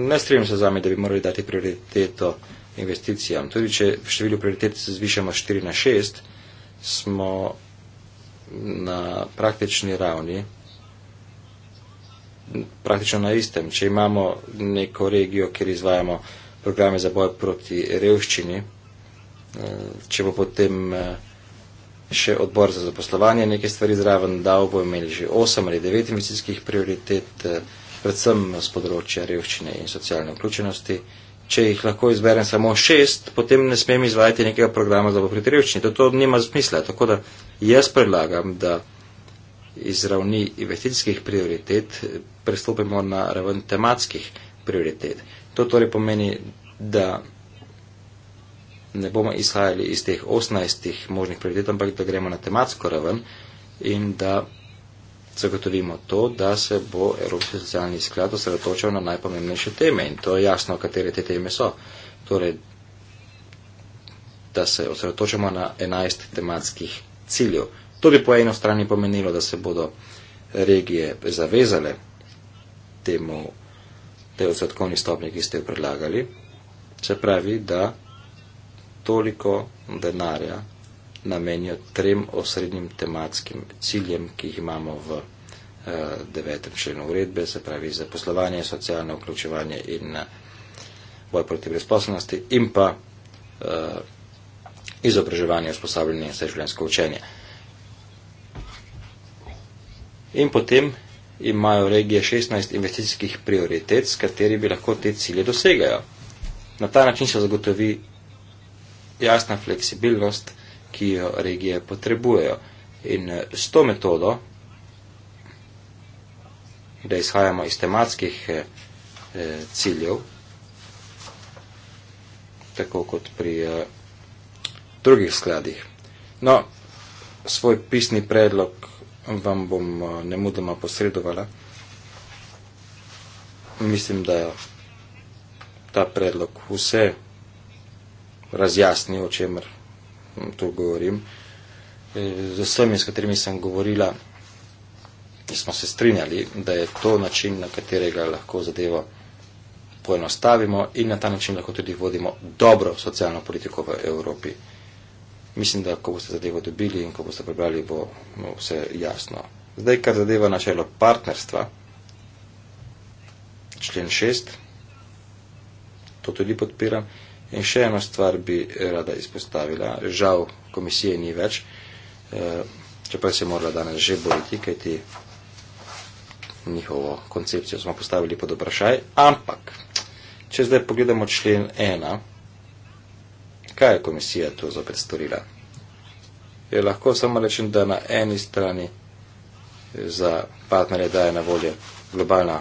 Ne strinjam se z vami, da bi morali dati prioriteto investicijam. Tudi če število prioritet zvišamo 4 na 6, smo na praktični ravni, praktično na istem. Če imamo neko regijo, kjer izvajamo programe za boj proti revščini, eh, če bo potem eh, še odbor za zaposlovanje neke stvari zraven dal, bo imeli že 8 ali 9 investicijskih prioritet, eh, predvsem z področja revščine in socialne vključenosti. Če jih lahko izberem samo šest, potem ne smem izvajati nekega programa za pokriti revščine. To, to nima smisla. Tako da jaz predlagam, da iz ravni investicijskih prioritet eh, prestopimo na raven tematskih prioritet. To torej pomeni, da ne bomo izhajali iz teh 18 možnih prioritet, ampak da gremo na tematsko raven in da zagotovimo to, da se bo Evropski socialni sklad osredotočal na najpomembnejše teme in to je jasno, katere te teme so. Torej, da se osredotočamo na 11 tematskih ciljev. To bi po eni strani pomenilo, da se bodo regije zavezale temu, te odsotkovni stopnje, ki ste jo predlagali, se pravi, da toliko denarja namenijo trem osrednjim tematskim ciljem, ki jih imamo v eh, devetem členu uredbe, se pravi zaposlovanje, socialno vključevanje in eh, boj proti brezposobnosti in pa eh, izobraževanje, usposabljanje in vseživljenjsko učenje. In potem imajo regije 16 investicijskih prioritet, s katerimi lahko te cilje dosegajo. Na ta način se zagotovi jasna fleksibilnost, ki jo regije potrebujejo. In eh, s to metodo, da izhajamo iz tematskih eh, eh, ciljev, tako kot pri eh, drugih skladih. No, svoj pisni predlog vam bom eh, nemudoma posredovala. Mislim, da ta predlog vse razjasnil, o čemer tu govorim. Z vsemi, s katerimi sem govorila, smo se strinjali, da je to način, na katerega lahko zadevo poenostavimo in na ta način lahko tudi vodimo dobro socialno politiko v Evropi. Mislim, da ko boste zadevo dobili in ko boste prebrali, bo vse jasno. Zdaj, kar zadeva načelo partnerstva, člen 6, to tudi podpiram. In še eno stvar bi rada izpostavila. Žal komisije ni več, eh, čeprav se je morala danes že boriti, kajti njihovo koncepcijo smo postavili pod vprašaj. Ampak, če zdaj pogledamo člen 1, kaj je komisija tu zopet storila? Je lahko samo rečem, da na eni strani za partnerje daje na voljo globalna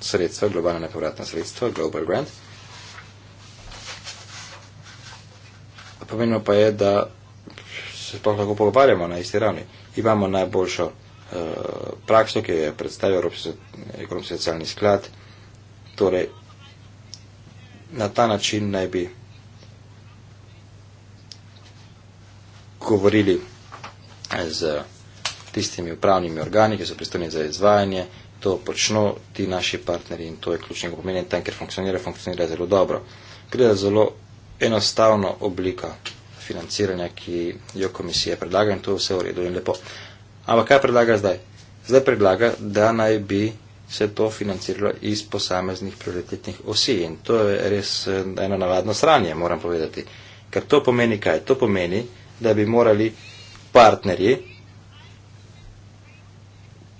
sredstva, globalna nepovratna sredstva, Global Grant. pomembno pa je, da se sploh lahko pogovarjamo na isti ravni. Imamo najboljšo uh, prakso, ki je predstavil Evropski ekonomski socialni sklad. Torej, na ta način naj bi govorili eh, z tistimi upravnimi organi, ki so pristojni za izvajanje, to počno ti naši partnerji in to je ključnega pomena in tam, ker funkcionira, funkcionira zelo dobro. Gre za zelo enostavno oblika financiranja, ki jo komisija predlaga in to vse v redu in lepo. Ampak kaj predlaga zdaj? Zdaj predlaga, da naj bi se to financiralo iz posameznih prioritetnih osi in to je res eh, eno navadno sranje, moram povedati. Ker to pomeni kaj? To pomeni, da bi morali partnerji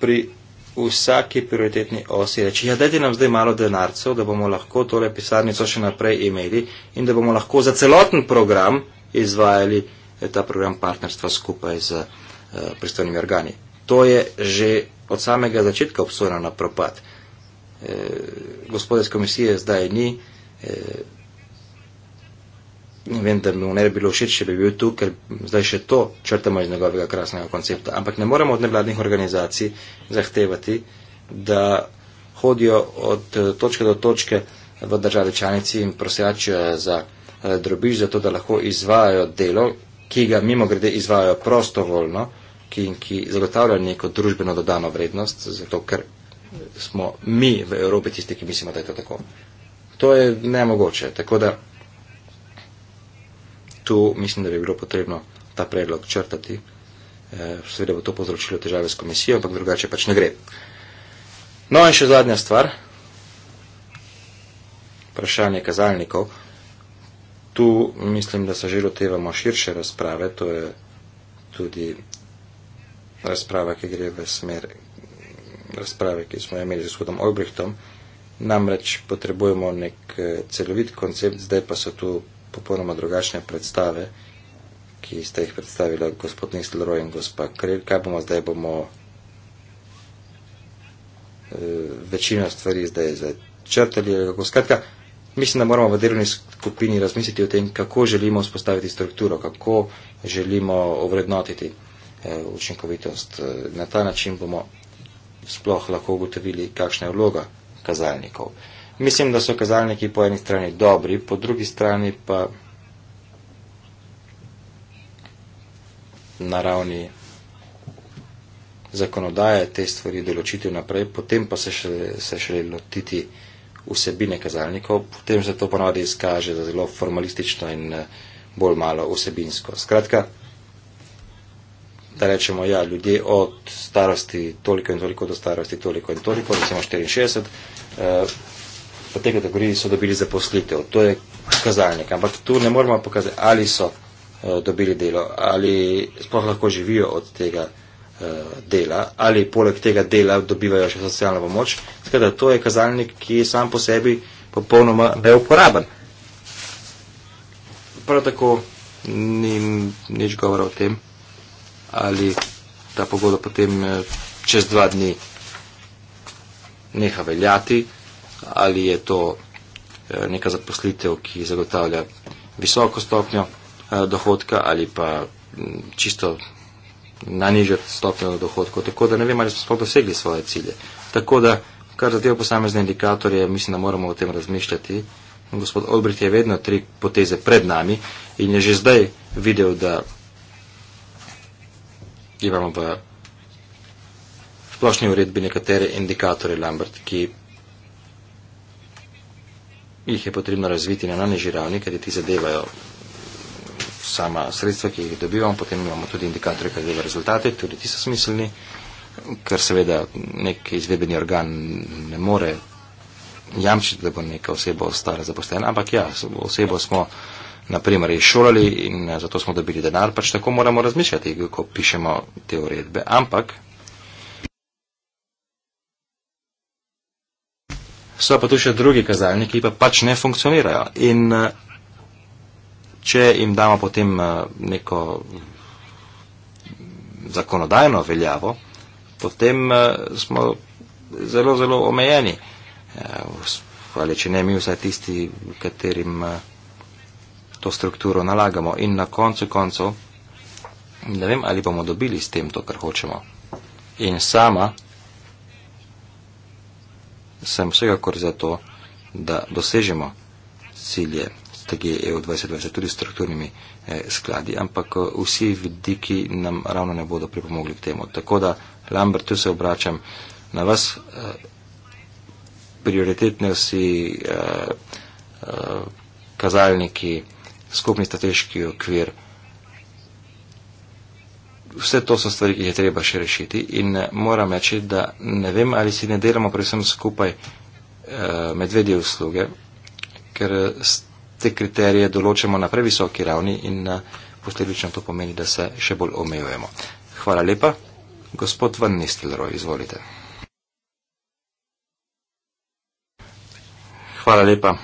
pri vsaki prioritetni osi reči, ja, dajte nam zdaj malo denarcev, da bomo lahko tole pisarnico še naprej imeli in da bomo lahko za celoten program izvajali eh, ta program partnerstva skupaj z uh, pristojnimi organi. To je že od samega začetka obsojeno na propad. E, gospodarske komisije zdaj ni. E, No, vem, da mi mu ne bi bilo všeč, če bi bil tu, ker zdaj še to črtamo iz njegovega krasnega koncepta. Ampak ne moramo od nevladnih organizacij zahtevati, da hodijo od eh, točke do točke v državi članici in prosjačijo za eh, drobiž, zato da lahko izvajajo delo, ki ga mimo grede izvajajo prostovoljno, ki, ki zagotavlja neko družbeno dodano vrednost, zato ker smo mi v Evropi tisti, ki mislimo, da je to tako. To je nemogoče. Tako da tu mislim, da bi bilo potrebno ta predlog črtati. Eh, seveda bo to povzročilo težave s komisijo, ampak drugače pač ne gre. No in še zadnja stvar, vprašanje kazalnikov. Tu mislim, da se že lotevamo širše razprave, to je tudi razprava, ki gre v smer razprave, ki smo imeli z gospodom Olbrichtom. Namreč potrebujemo nek eh, celovit koncept, zdaj pa so tu popolnoma drugačne predstave, ki ste jih predstavili gospod Nistelro in gospa Krelj. Kaj bomo zdaj, bomo e, večino stvari zdaj začrtali. Skratka, mislim, da moramo v delovni skupini razmisliti o tem, kako želimo spostaviti strukturo, kako želimo ovrednotiti e, učinkovitost. E, na ta način bomo sploh lahko ugotovili, kakšna je vloga kazalnikov. Mislim, da so kazalniki po eni strani dobri, po drugi strani pa na ravni zakonodaje te stvari določiti naprej, potem pa se šele, se šele lotiti vsebine kazalnikov, potem se to ponovadi izkaže za zelo formalistično in eh, bolj malo vsebinsko. Skratka, da rečemo, ja, ljudje od starosti toliko in toliko do starosti toliko in toliko, recimo 64, eh, v tej kategoriji so dobili zaposlitev. To je kazalnik, ampak tu ne moramo pokazati, ali so uh, dobili delo, ali sploh lahko živijo od tega uh, dela, ali poleg tega dela dobivajo še socialno pomoč. Skratka, to je kazalnik, ki je sam po sebi popolnoma neuporaben. Prav tako ni nič govora o tem, ali ta pogodba potem eh, čez dva dni neha veljati ali je to eh, neka zaposlitev, ki zagotavlja visoko stopnjo eh, dohodka ali pa mm, čisto na nižjo stopnjo dohodkov. Tako da ne vem, ali smo sploh dosegli svoje cilje. Tako da, kar zadeva posamezne indikatorje, mislim, da moramo o tem razmišljati. Gospod Olbrit je vedno tri poteze pred nami in je že zdaj videl, da imamo v splošni uredbi nekatere indikatorje Lambert, ki jih je potrebno razviti na najnižji ravni, ker ti zadevajo sama sredstva, ki jih dobivamo, potem imamo tudi indikatorje, kaj zadeva rezultate, tudi ti so smiselni, ker seveda nek izvedbeni organ ne more jamčiti, da bo neka oseba ostala zaposlena, ampak ja, osebo smo naprimer izšolali in eh, zato smo dobili denar, pač tako moramo razmišljati, ko pišemo te uredbe. Ampak so pa tu še drugi kazalniki, ki pa pač ne funkcionirajo. In eh, če jim damo potem eh, neko zakonodajno veljavo, potem eh, smo zelo, zelo omejeni. Ali če ne mi, vsaj tisti, katerim to strukturo nalagamo. In na koncu koncev, ne vem, ali bomo dobili s tem to, kar hočemo. In sama sem vsekakor za to, da dosežemo cilje strategije EU 2020 tudi s strukturnimi eh, skladi, ampak eh, vsi vidiki nam ravno ne bodo pripomogli k temu. Tako da, Lambert, tu se obračam na vas. Eh, prioritetne vsi eh, eh, kazalniki, skupni strateški okvir. Eh, vse to so stvari, ki jih je treba še rešiti in eh, moram reči, da ne vem, ali si ne delamo predvsem skupaj eh, medvedje usluge, ker eh, te kriterije določamo na previsoki ravni in posledično to pomeni, da se še bolj omejujemo. Hvala lepa. Gospod Van Nistelrooy, izvolite. Hvala lepa.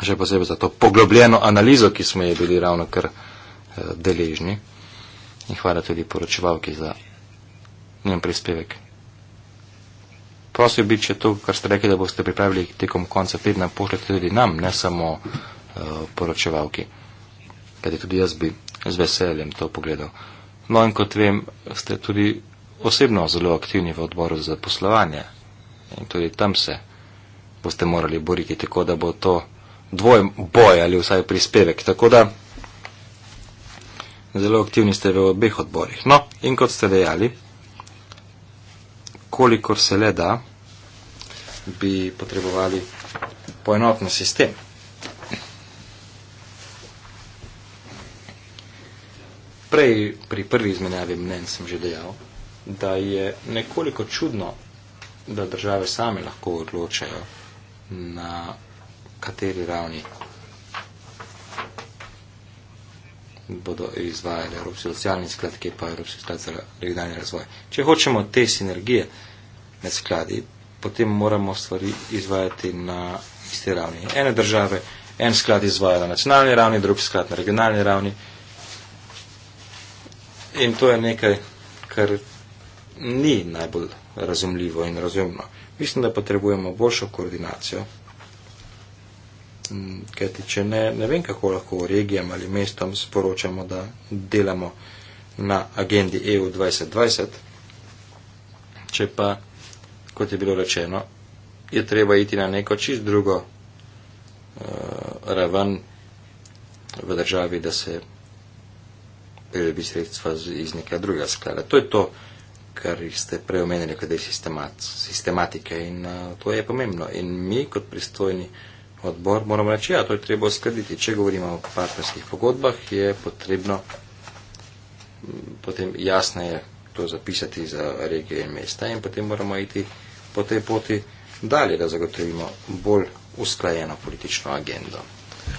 Že posebej za to poglobljeno analizo, ki smo je bili ravno kar deležni. In hvala tudi poročevalki za njen prispevek. Prosil bi, če to, kar ste rekli, da boste pripravili tekom konca tedna, pošljete tudi nam, ne samo uh, poročevalki. Kajti tudi jaz bi z veseljem to pogledal. No in kot vem, ste tudi osebno zelo aktivni v odboru za poslovanje. In tudi tam se boste morali boriti, tako da bo to dvoj boj ali vsaj prispevek. Tako da zelo aktivni ste v obeh odborih. No, in kot ste dejali, kolikor se le da, bi potrebovali poenotno sistem. Prej pri prvi izmenjavi mnen sem že dejal, da je nekoliko čudno, da države same lahko odločajo na kateri ravni bodo izvajali Evropski socialni sklad, ki je pa Evropski sklad za regionalni razvoj. Če hočemo te sinergije med skladi, potem moramo stvari izvajati na iste ravni. Ene države, en sklad izvaja na nacionalni ravni, drugi sklad na regionalni ravni. In to je nekaj, kar ni najbolj razumljivo in razumno. Mislim, da potrebujemo boljšo koordinacijo Mm, ker ti če ne, ne vem, kako lahko regijam ali mestom sporočamo, da delamo na agendi EU 2020, če pa, kot je bilo rečeno, je treba iti na neko čist drugo uh, raven v državi, da se pridobi sredstva iz nekega drugega sklada. To je to, kar ste preomenili, kaj je sistemat, sistematika in uh, to je pomembno. In mi kot pristojni odbor, moramo reči, ja, to je treba uskladiti. Če govorimo o partnerskih pogodbah, je potrebno mm, potem jasneje to zapisati za regije in mesta in potem moramo iti po tej poti dalje, da zagotovimo bolj usklajeno politično agendo.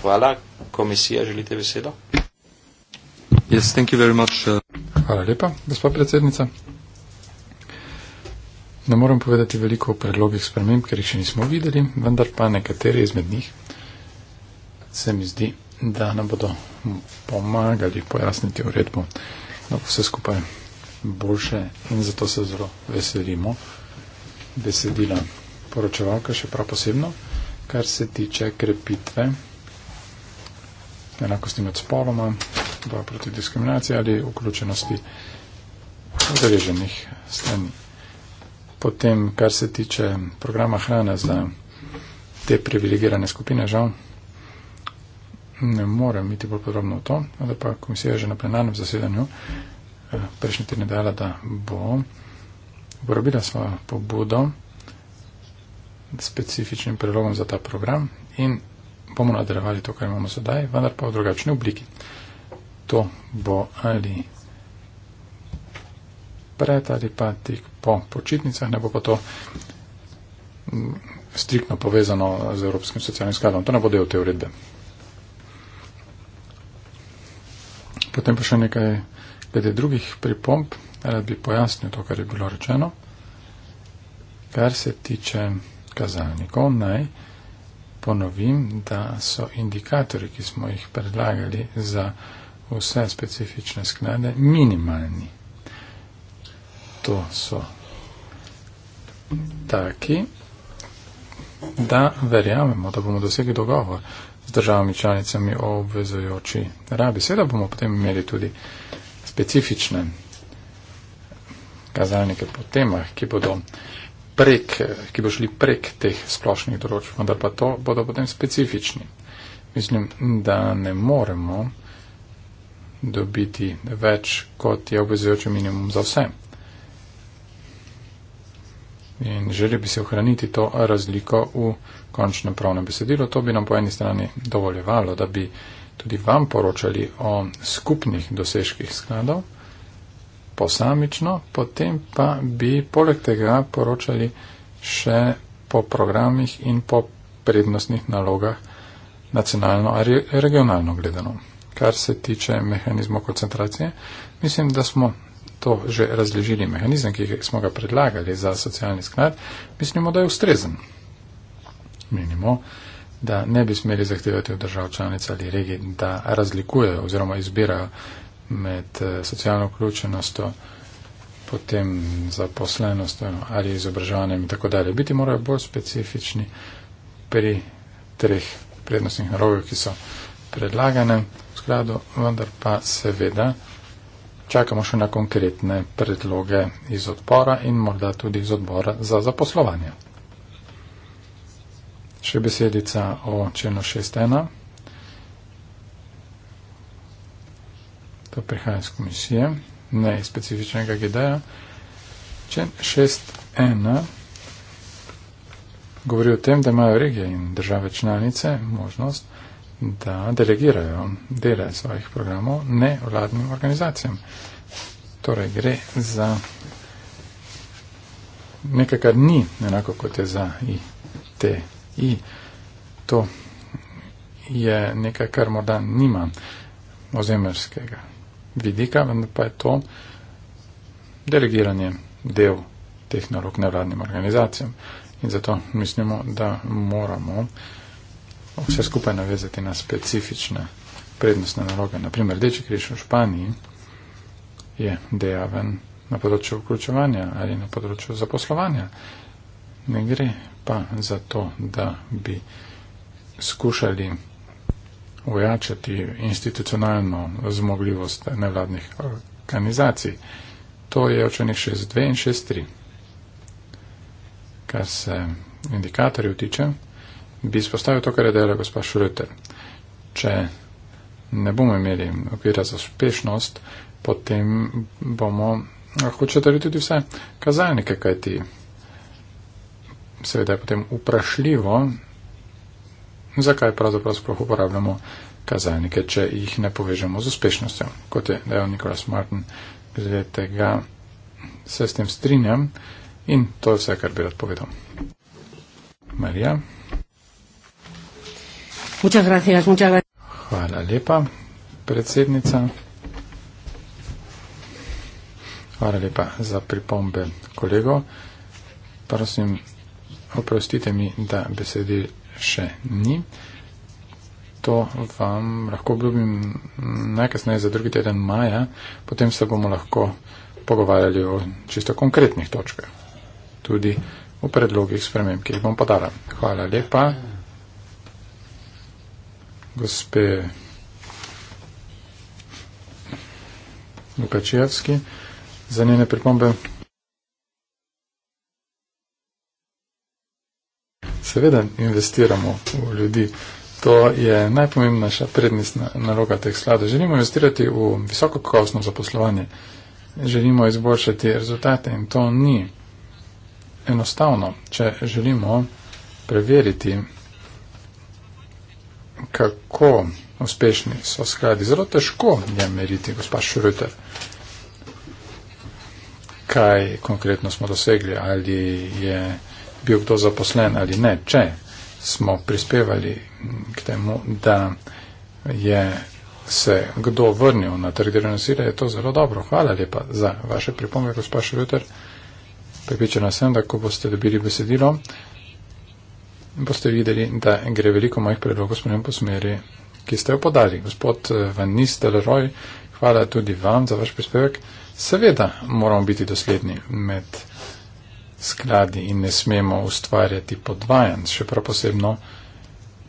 Hvala. Komisija, želite besedo? Yes, thank you very much. Uh. Hvala lepa, gospod predsednica. Ne morem povedati veliko o predlogih sprememb, ker jih še nismo videli, vendar pa nekateri izmed njih se mi zdi, da nam bodo pomagali pojasniti uredbo, da bo vse skupaj boljše in zato se zelo veselimo besedila poročevalka, še prav posebno, kar se tiče krepitve enakosti med spoloma, boja proti diskriminaciji ali vključenosti odreženih strani potem, kar se tiče programa hrane za te privilegirane skupine, žal ne morem iti bolj podrobno v to, da pa komisija že na plenarnem zasedanju eh, prejšnji teden dala, da bo uporabila svojo pobudo specifičnim prelogom za ta program in bomo nadaljevali to, kar imamo sedaj, vendar pa v drugačni obliki. To bo ali pred ali pa tik po počitnicah, ne bo pa to mm, striktno povezano z Evropskim socialnim skladom. To ne bo del te uredbe. Potem pa še nekaj glede drugih pripomp. Rad bi pojasnil to, kar je bilo rečeno. Kar se tiče kazalnikov, naj ponovim, da so indikatori, ki smo jih predlagali za vse specifične sklade, minimalni zato so taki, da verjamemo, da bomo dosegli dogovor z državami članicami o obvezujoči rabi. Seveda bomo potem imeli tudi specifične kazalnike po temah, ki bodo prek, ki bo šli prek teh splošnih določb, vendar pa to bodo potem specifični. Mislim, da ne moremo dobiti več, kot je obvezujoči minimum za vse in želel bi si ohraniti to razliko v končnem pravnem besedilu. To bi nam po eni strani dovoljevalo, da bi tudi vam poročali o skupnih dosežkih skladov posamično, potem pa bi poleg tega poročali še po programih in po prednostnih nalogah nacionalno ali regionalno gledano. Kar se tiče mehanizmov koncentracije, mislim, da smo to že razležili mehanizem, ki smo ga predlagali za socialni sklad, mislimo, da je ustrezen. Menimo, da ne bi smeli zahtevati od držav članic ali regij, da razlikujejo oziroma izbirajo med eh, socialno vključenostjo, potem zaposlenostjo ali izobraževanjem in tako dalje. Biti morajo bolj specifični pri treh prednostnih narogih, ki so predlagane v skladu, vendar pa seveda čakamo še na konkretne predloge iz odpora in morda tudi iz odbora za zaposlovanje. Še besedica o členu 6.1. To prihaja iz komisije, ne iz specifičnega GDA. Člen 6.1. Govori o tem, da imajo regije in države članice možnost, da delegirajo dele svojih programov nevladnim organizacijam. Torej gre za nekaj, kar ni enako kot je za ITI. To je nekaj, kar morda nima ozemerskega vidika, vendar pa je to delegiranje del teh nalog nevladnim organizacijam. In zato mislimo, da moramo uh, vse skupaj navezati na specifične prednostne naloge. Naprimer, Rdeči križ v Španiji je dejaven na področju vključevanja ali na področju zaposlovanja. Ne gre pa za to, da bi skušali ojačati institucionalno zmogljivost nevladnih organizacij. To je očenih 6.2 in 6.3. Kar se indikatorjev tiče, bi spostavil to, kar je delala gospa Šruter. Če ne bomo imeli okvira za uspešnost, potem bomo lahko četrli tudi vse kazalnike, kajti seveda je potem vprašljivo, zakaj pravzaprav sploh uporabljamo kazalnike, če jih ne povežemo z uspešnostjo. Kot je dejal Nikolas Martin, glede tega se s tem strinjam in to je vse, kar bi rad povedal. Marija. Muchas gracias, muchas gracias. Hvala lepa, predsednica. Hvala lepa za pripombe, kolego. Prosim, oprostite mi, da besedi še ni. To vam lahko obljubim najkasneje za drugi teden maja, potem se bomo lahko pogovarjali o čisto konkretnih točkah, tudi o predlogih sprememb, ki jih bom podala. Hvala lepa gospe Lukačevski za njene pripombe. Seveda investiramo v ljudi. To je najpomembnejša prednost naloga teh skladov. Želimo investirati v visoko kakovostno zaposlovanje. Želimo izboljšati rezultate in to ni enostavno, če želimo preveriti kako uspešni so skladi. Zelo težko je meriti, gospa Šrüter, kaj konkretno smo dosegli, ali je bil kdo zaposlen ali ne. Če smo prispevali k temu, da je se kdo vrnil na trg delovnosti, je to zelo dobro. Hvala lepa za vaše pripombe, gospa Šrüter. Pripričana sem, da ko boste dobili besedilo, in boste videli, da gre veliko mojih predlogov spremem po smeri, ki ste jo podali. Gospod eh, Vanis Delroj, hvala tudi vam za vaš prispevek. Seveda moramo biti dosledni med skladi in ne smemo ustvarjati podvajanj, še prav posebno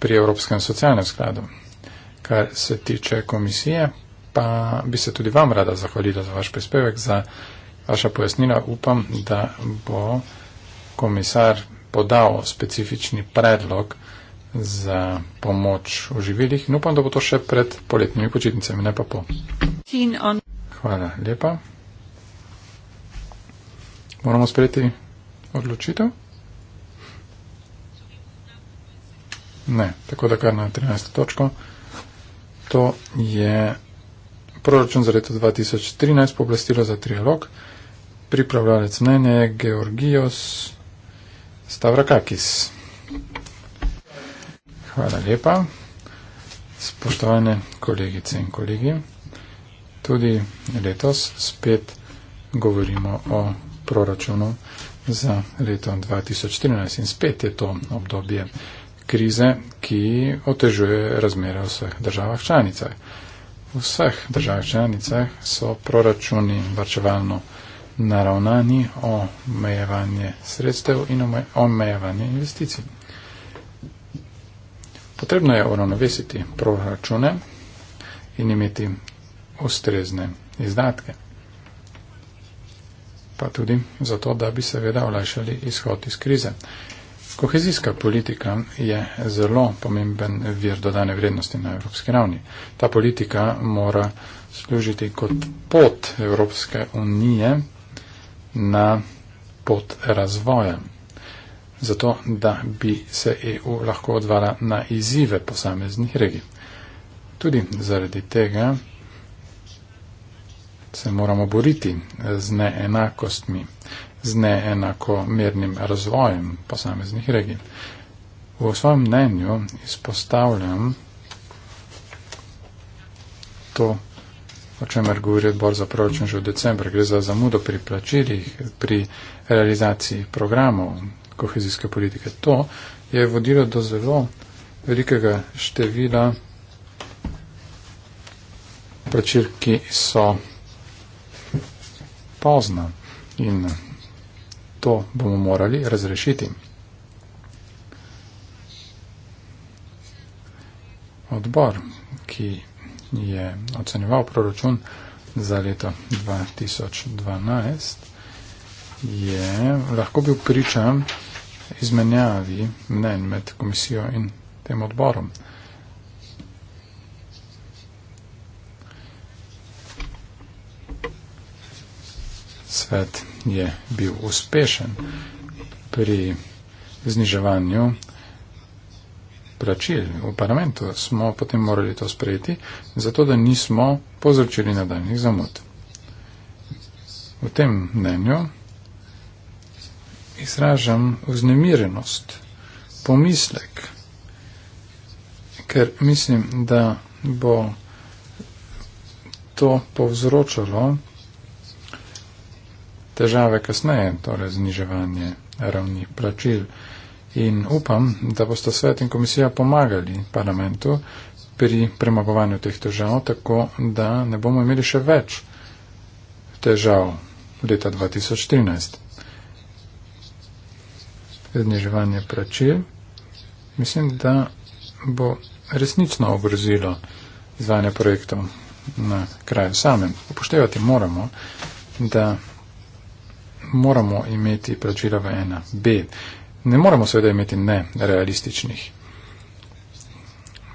pri Evropskem socialnem skladu. Kar se tiče komisije, pa bi se tudi vam rada zahvalila za vaš prispevek, za vaša pojasnila. Upam, da bo komisar podal specifični predlog za pomoč v živilih in upam, da bo to še pred poletnimi počitnicami, ne pa po. Hvala lepa. Moramo sprejeti odločitev? Ne, tako da kar na 13. točko. To je proračun za leto 2013, poblastilo za trialog. Pripravljalec mnenja je Georgios. Stavrakakis. Hvala lepa. Spoštovane kolegice in kolegi, tudi letos spet govorimo o proračunu za leto 2014 in spet je to obdobje krize, ki otežuje razmere v vseh državah članicah. V vseh državah članicah so proračuni varčevalno naravnani omejevanje sredstev in omejevanje investicij. Potrebno je uravnovesiti proračune in imeti ustrezne izdatke. Pa tudi zato, da bi seveda olajšali izhod iz krize. Kohezijska politika je zelo pomemben vir dodane vrednosti na evropski ravni. Ta politika mora služiti kot pot Evropske unije na pot razvoja. Zato, da bi se EU lahko odvala na izzive posameznih regij. Tudi zaradi tega se moramo boriti z neenakostmi, z neenakomernim razvojem posameznih regij. V svojem mnenju izpostavljam to, o čemer govori odbor za proračun že v decembru. Gre za zamudo pri plačilih, pri realizaciji programov kohezijske politike. To je vodilo do zelo velikega števila plačil, ki so pozna in to bomo morali razrešiti. Odbor, ki je ocenjeval proračun za leto 2012, je lahko bil priča izmenjavi mnen med komisijo in tem odborom. Svet je bil uspešen pri zniževanju plačil v parlamentu, smo potem morali to sprejeti, zato da nismo povzročili nadaljnih zamud. V tem mnenju izražam vznemirenost, pomislek, ker mislim, da bo to povzročalo težave kasneje, torej zniževanje ravni plačil in upam, da boste svet in komisija pomagali parlamentu pri premagovanju teh težav, tako da ne bomo imeli še več težav leta 2013. Zneževanje pračil mislim, da bo resnično obrzilo izvajanje projektov na kraju samem. Upoštevati moramo, da moramo imeti pračila v 1B ne moremo seveda imeti nerealističnih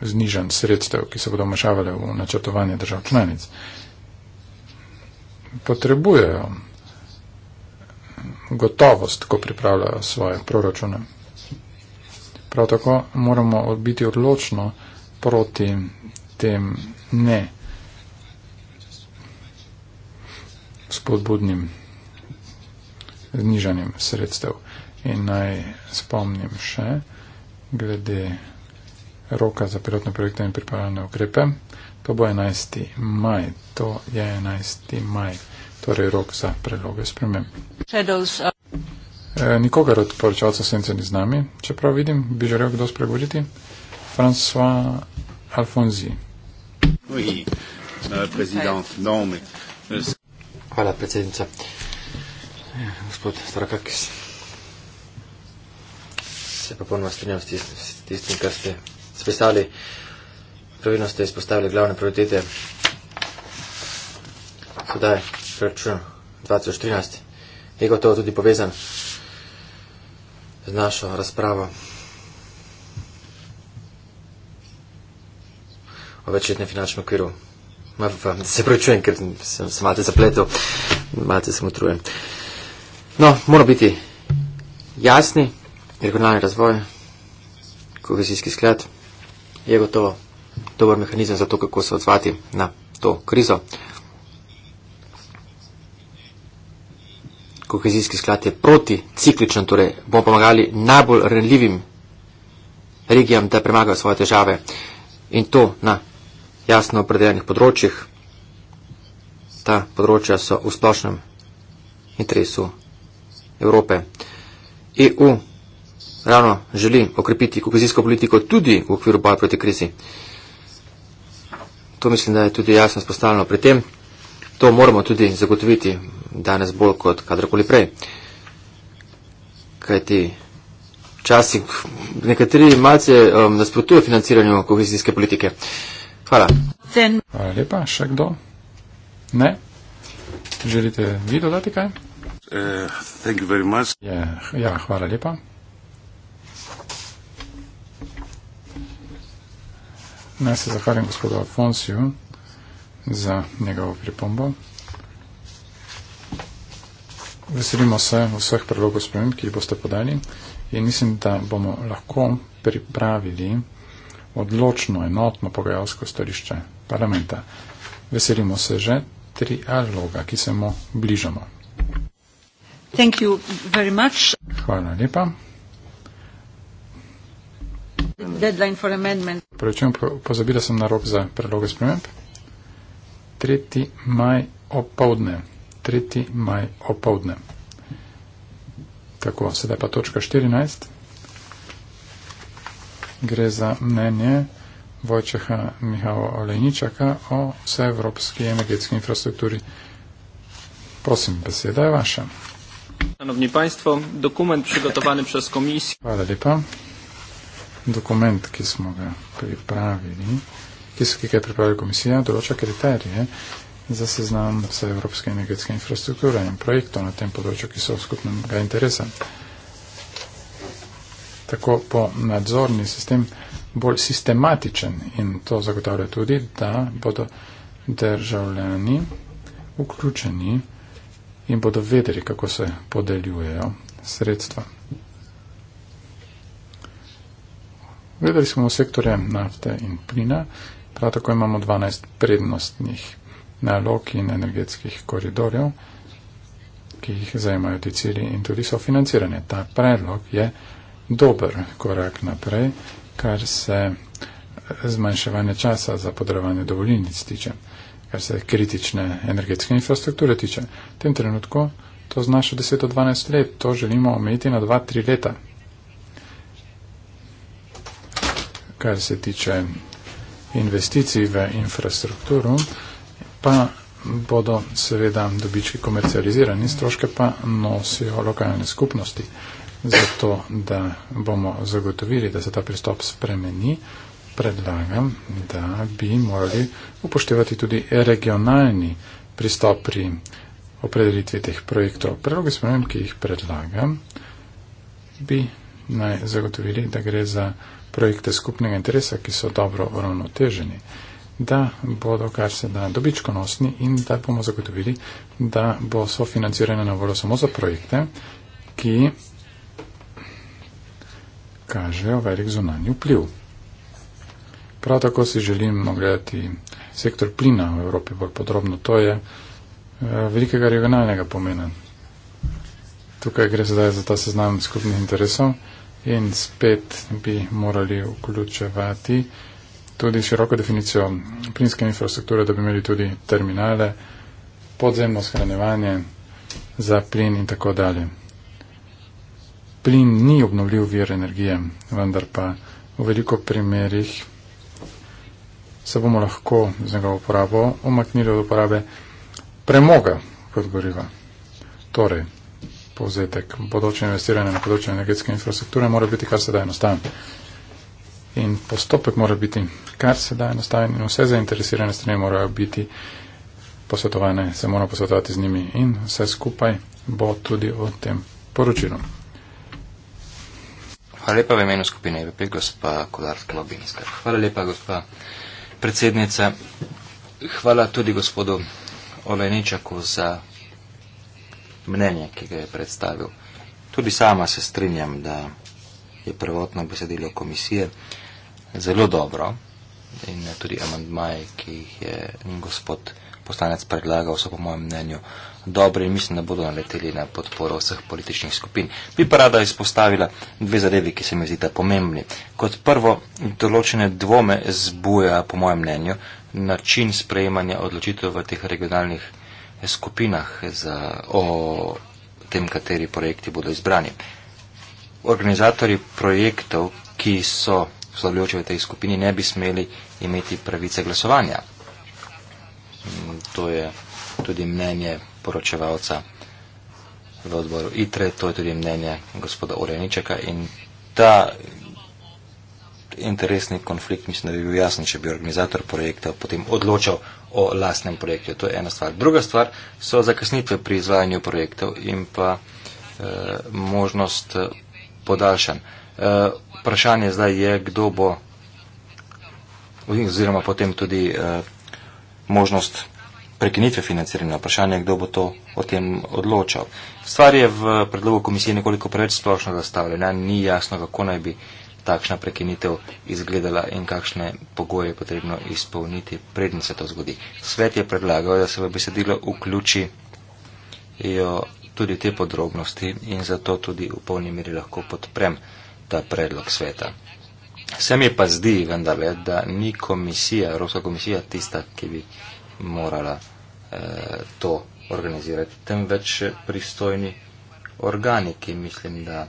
znižanj sredstev, ki se bodo mašavale v načrtovanje držav članic. Potrebujejo gotovost, ko pripravljajo svoje proračune. Prav tako moramo biti odločno proti tem ne spodbudnim znižanjem sredstev. In naj spomnim še glede roka za pilotne projekte in pripravljene ukrepe. To bo 11. maj. To je 11. maj. Torej rok za predloge spremem. Uh, e, nikogar od poročalcev sence ni z nami, čeprav vidim, bi želel kdo spregovoriti. François Alfonzi. Euh, Hvala, predsednica. Gospod Strakakis se popolnoma strinjam s tistim, s tistim kar ste spisali. Pravilno ste izpostavili glavne prioritete. Sedaj, račun 2013, je gotovo tudi povezan z našo razpravo o večletnem finančnem okviru. Se pravi, čujem, ker sem se malce zapletel, malce sem utrujen. No, moramo biti jasni regionalni razvoj, kohezijski sklad je gotovo dober mehanizem za to, kako se odzvati na to krizo. Kohezijski sklad je proticikličen, torej bomo pomagali najbolj renljivim regijam, da premagajo svoje težave in to na jasno opredeljenih področjih. Ta področja so v splošnem interesu Evrope. EU ravno želi okrepiti kohezijsko politiko tudi v okviru boja proti krizi. To mislim, da je tudi jasno spostavljeno pri tem. To moramo tudi zagotoviti danes bolj kot kadarkoli prej. Kajti časi nekateri malce um, nasprotujejo financiranju kohezijske politike. Hvala. Hvala lepa. Še kdo? Ne? Želite vi dodati kaj? Uh, thank you very much. Yeah, ja, hvala lepa. Naj se zahvalim gospodu Afonsiju za njegovo pripombo. Veselimo se vseh predlogov sprememb, ki jih boste podali in mislim, da bomo lahko pripravili odločno enotno pogajalsko stališče parlamenta. Veselimo se že trialoga, ki se mu bližamo. Thank you very much. Hvala lepa deadline for amendment. Prevečujem, pozabil sem na rok za predloge sprememb. 3. maj opovdne. 3. maj opovdne. Tako, sedaj pa točka 14. Gre za mnenje Vojčeha Mihao Olejničaka o vseevropski energetski infrastrukturi. Prosim, beseda je vaša. Šanovni państwo, dokument przygotowany przez komisję. Hvala lepa dokument, ki smo ga pripravili, ki, so, ki ga je pripravila komisija, določa kriterije za seznam vse evropske energetske infrastrukture in projektov na tem področju, ki so v skupnem ga interesa. Tako po nadzorni sistem bolj sistematičen in to zagotavlja tudi, da bodo državljani vključeni in bodo vedeli, kako se podeljujejo sredstva. Vedeli smo v sektore nafte in plina, prav tako imamo 12 prednostnih nalog in energetskih koridorjev, ki jih zajemajo ti cilji in tudi so financirane. Ta predlog je dober korak naprej, kar se zmanjševanje časa za podarovanje dovoljenic tiče, kar se kritične energetske infrastrukture tiče. V tem trenutku to znaša 10-12 let, to želimo omejiti na 2-3 leta. kar se tiče investicij v infrastrukturo, pa bodo seveda dobički komercializirani, stroške pa nosijo lokalne skupnosti. Zato, da bomo zagotovili, da se ta pristop spremeni, predlagam, da bi morali upoštevati tudi regionalni pristop pri opredelitvi teh projektov. Predlogi sprememb, ki jih predlagam, bi naj zagotovili, da gre za projekte skupnega interesa, ki so dobro uravnoteženi, da bodo kar se da dobičkonosni in da bomo zagotovili, da bo sofinanciranje na voljo samo za projekte, ki kažejo velik zunanji vpliv. Prav tako si želimo gledati sektor plina v Evropi bolj podrobno. To je eh, velikega regionalnega pomena. Tukaj gre sedaj za ta seznam skupnih interesov in spet bi morali vključevati tudi široko definicijo plinske infrastrukture, da bi imeli tudi terminale, podzemno shranjevanje za plin in tako dalje. Plin ni obnovljiv vir energije, vendar pa v veliko primerjih se bomo lahko z njega uporabo omaknili od uporabe premoga kot goriva. Torej, povzetek. Bodoče investiranje na področju energetske infrastrukture mora biti kar se da enostaven. In postopek mora biti kar se da enostaven in vse zainteresirane strani morajo biti posvetovane, se moramo posvetovati z njimi in vse skupaj bo tudi o tem poročilu. Hvala lepa v imenu skupine EVP, gospa Kolarska Lobinska. Hvala lepa, gospa predsednica. Hvala tudi gospodu Olejničaku za mnenje, ki ga je predstavil. Tudi sama se strinjam, da je prvotno besedilo komisije zelo dobro in tudi amandmaje, ki jih je gospod poslanec predlagal, so po mojem mnenju dobri in mislim, da bodo naleteli na podporo vseh političnih skupin. Bi pa rada izpostavila dve zadevi, ki se mi zdita pomembni. Kot prvo, določene dvome zbuja, po mojem mnenju, način sprejemanja odločitev v teh regionalnih skupinah skupinah za, o tem, kateri projekti bodo izbrani. Organizatori projektov, ki so vzdavljujoči v tej skupini, ne bi smeli imeti pravice glasovanja. Mm, to je tudi mnenje poročevalca v odboru ITRE, to je tudi mnenje gospoda Urejničeka in ta interesni konflikt, mislim, da bi bil jasen, če bi organizator projekta potem odločal o lastnem projektu. To je ena stvar. Druga stvar so zakasnitve pri izvajanju projektov in pa eh, možnost eh, podaljšanj. Eh, vprašanje zdaj je, kdo bo oziroma potem tudi eh, možnost prekinitve financiranja. Vprašanje je, kdo bo to o tem odločal. Stvar je v predlogu komisije nekoliko preveč splošno zastavljena, ni jasno, kako naj bi eh, takšna prekinitev izgledala in kakšne pogoje je potrebno izpolniti, predn se to zgodi. Svet je predlagal, da se v besedilo vključi jo tudi te podrobnosti in zato tudi v polni meri lahko podprem ta predlog sveta. Se mi pa zdi vendarle, da ni komisija, Evropska komisija tista, ki bi morala eh, to organizirati, temveč pristojni organi, ki mislim, da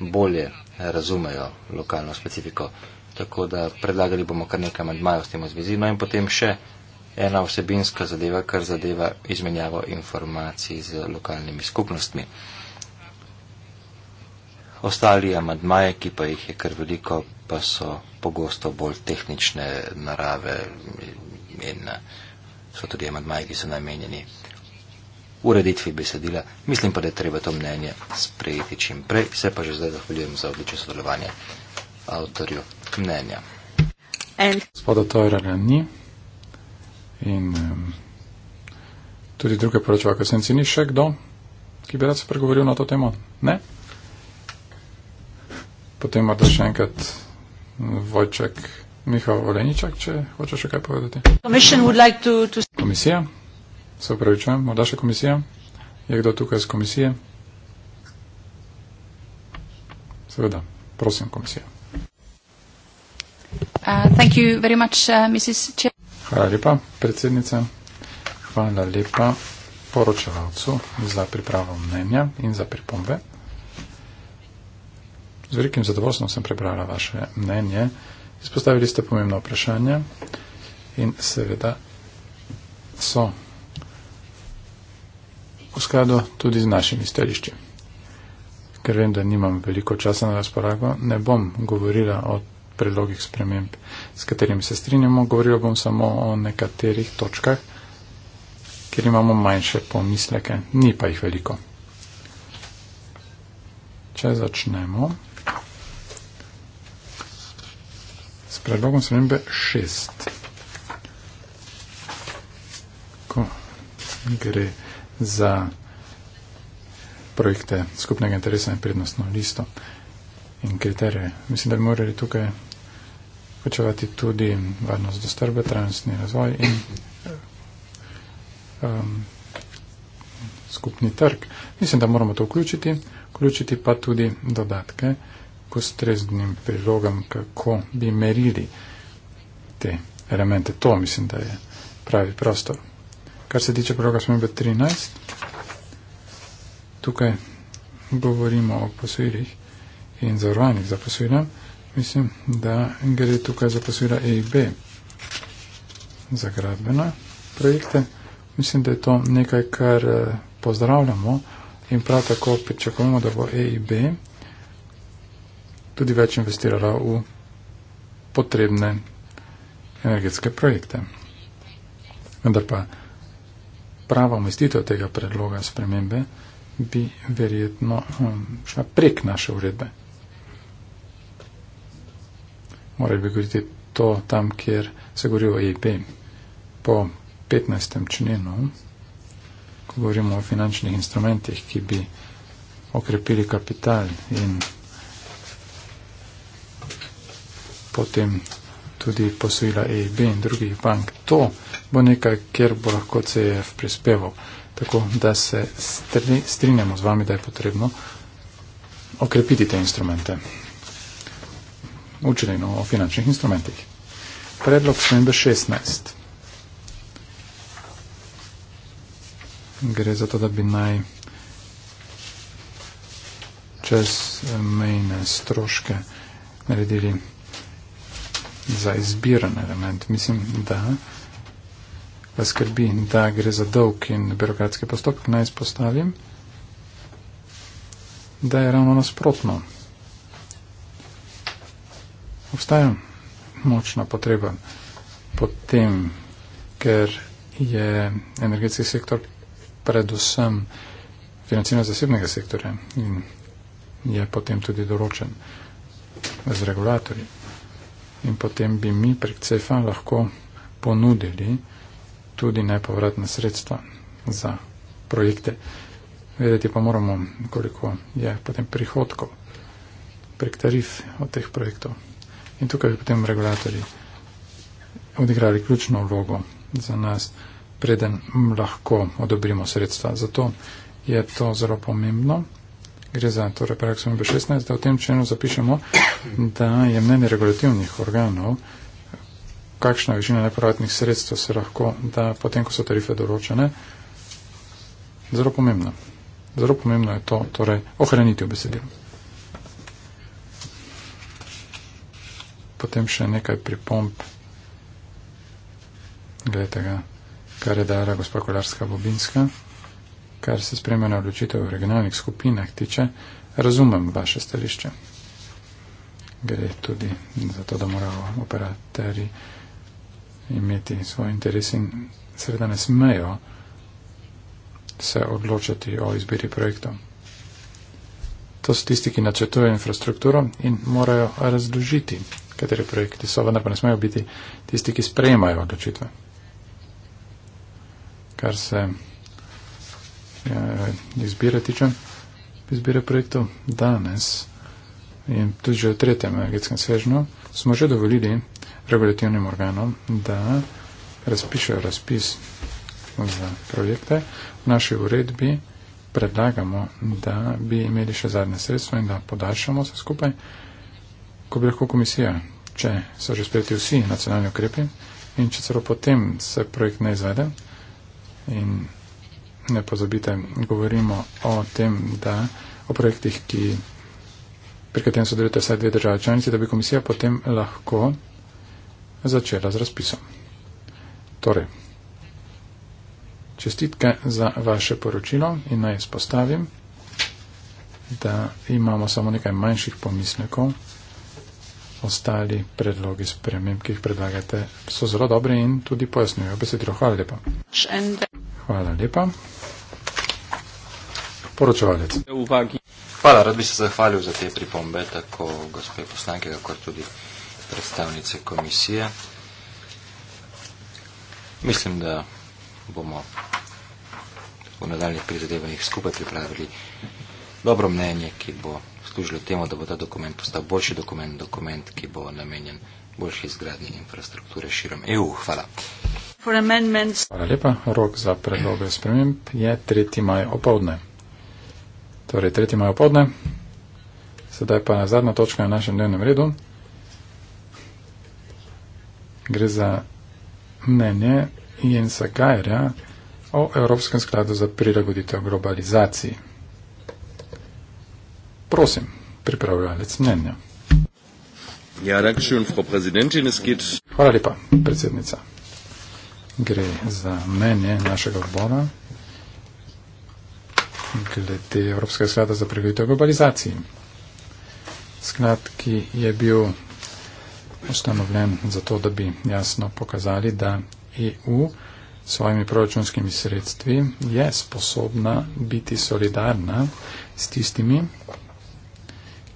bolje razumejo lokalno specifiko. Tako da predlagali bomo kar nekaj amantmajev s tem v zvezi. No in potem še ena vsebinska zadeva, kar zadeva izmenjavo informacij z lokalnimi skupnostmi. Ostali amantmaje, ki pa jih je kar veliko, pa so pogosto bolj tehnične narave in so tudi amantmaje, ki so namenjeni ureditvi besedila. Mislim pa, da je treba to mnenje sprejeti čim prej. Se pa že zdaj zahvaljujem za odlično sodelovanje avtorju mnenja. Gospoda Tojra Ranji in um, tudi druge poročevalke sem ni še kdo, ki bi rad se pregovoril na to temo. Ne? Potem morda še enkrat Vojček Miha Voleniček, če hočeš še kaj povedati. Komisija. Se upravičujem, morda še komisija? Je kdo tukaj iz komisije? Seveda, prosim, komisija. Uh, thank you very much, uh, Mrs. Chair. Hvala lepa, predsednica. Hvala lepa poročevalcu za pripravo mnenja in za pripombe. Z velikim zadovoljstvom sem prebrala vaše mnenje. Izpostavili ste pomembno vprašanje in seveda so v skladu tudi z našimi stališči. Ker vem, da nimam veliko časa na razporago, ne bom govorila o predlogih sprememb, s katerimi se strinjamo, govorila bom samo o nekaterih točkah, kjer imamo manjše pomisleke, ni pa jih veliko. Če začnemo s predlogom spremembe 6. Gre za projekte skupnega interesa in prednostno listo in kriterije. Mislim, da bi morali tukaj počevati tudi varnost dostrbe, trajnostni razvoj in um, skupni trg. Mislim, da moramo to vključiti, vključiti pa tudi dodatke k ustreznim prilogam, kako bi merili te elemente. To mislim, da je pravi prostor kar se tiče proroka Smebe 13. Tukaj govorimo o posojilih in zavrvanjih za posojila. Mislim, da gre tukaj za posojila EIB za gradbena projekte. Mislim, da je to nekaj, kar eh, pozdravljamo in prav tako pričakujemo, da bo EIB tudi več investirala v potrebne energetske projekte. Vendar pa prava umestitev tega predloga spremembe bi verjetno hm, šla prek naše uredbe. Morali bi govoriti to tam, kjer se govori o EIP. Po 15. členu, ko govorimo o finančnih instrumentih, ki bi okrepili kapital in potem tudi posojila EIB in drugih bank. To bo nekaj, kjer bo lahko CEF prispeval. Tako da se strinjamo z vami, da je potrebno okrepiti te instrumente. Učenino o finančnih instrumentih. Predlog spremembe 16. Gre za to, da bi naj čez mejne stroške naredili za izbiran element. Mislim, da vas skrbi, da gre za dolg in birokratski postopek. Naj izpostavim, da je ravno nasprotno. Obstaja močna potreba potem, ker je energetski sektor predvsem financiran zasebnega sektorja in je potem tudi doročen z regulatorji in potem bi mi prek CEFA lahko ponudili tudi nepovratna sredstva za projekte. Vedeti pa moramo, koliko je potem prihodkov prek tarif od teh projektov. In tukaj bi potem regulatorji odigrali ključno vlogo za nas, preden lahko odobrimo sredstva. Zato je to zelo pomembno gre za torej paragraf 16, da v tem členu zapišemo, da je mnenje regulativnih organov, kakšna višina nepovratnih sredstev se lahko da potem, ko so tarife določene, zelo pomembno. Zelo pomembno je to torej, ohraniti v besedilu. Potem še nekaj pripomp. Glede tega, kar je dala gospa Kolarska Bobinska kar se spremena odločitev v regionalnih skupinah tiče, razumem vaše stališče. Gre tudi za to, da morajo operateri imeti svoj interes in seveda ne smejo se odločiti o izbiri projektov. To so tisti, ki načrtujejo infrastrukturo in morajo razložiti, kateri projekti so, vendar pa ne smejo biti tisti, ki sprejemajo odločitve. Kar se izbire tiče, izbire projektov danes in tudi že v tretjem energetskem svežnju, smo že dovolili regulativnim organom, da razpišejo razpis za projekte. V naši uredbi predlagamo, da bi imeli še zadnje sredstvo in da podaljšamo se skupaj, ko bi lahko komisija, če so že sprejeti vsi nacionalni ukrepi in če celo potem se projekt ne izvede in ne pozabite, govorimo o tem, da o projektih, ki, pri katerem sodelujete vsaj dve države članice, da bi komisija potem lahko začela z razpisom. Torej, čestitke za vaše poročilo in naj izpostavim, da imamo samo nekaj manjših pomislekov. Ostali predlogi sprememb, ki jih predlagate, so zelo dobri in tudi pojasnjujo besedilo. Hvala lepa. Hvala lepa. Poročevalec. Hvala, rad bi se zahvalil za te pripombe, tako gospe poslanke, kot tudi predstavnice komisije. Mislim, da bomo v nadaljnih prizadevanjih skupaj pripravili dobro mnenje, ki bo služilo temu, da bo ta dokument postal boljši dokument, dokument, ki bo namenjen boljši izgradnji infrastrukture širom EU. Hvala. Hvala lepa. Rok za predloge sprememb je 3. maj opovdne. Torej, 3. maj opovdne. Sedaj pa zadnja točka na našem dnevnem redu. Gre za mnenje Jensa Gajerja o Evropskem skladu za prilagoditev globalizaciji. Prosim, pripravljalec mnenja. Ja, danke schön, Frau Präsidentin. Es geht. Hvala lepa, predsednica. Gre za mnenje našega odbora glede Evropskega sklada za prehitev globalizaciji. Sklad, ki je bil ustanovljen zato, da bi jasno pokazali, da EU s svojimi proračunskimi sredstvi je sposobna biti solidarna s tistimi,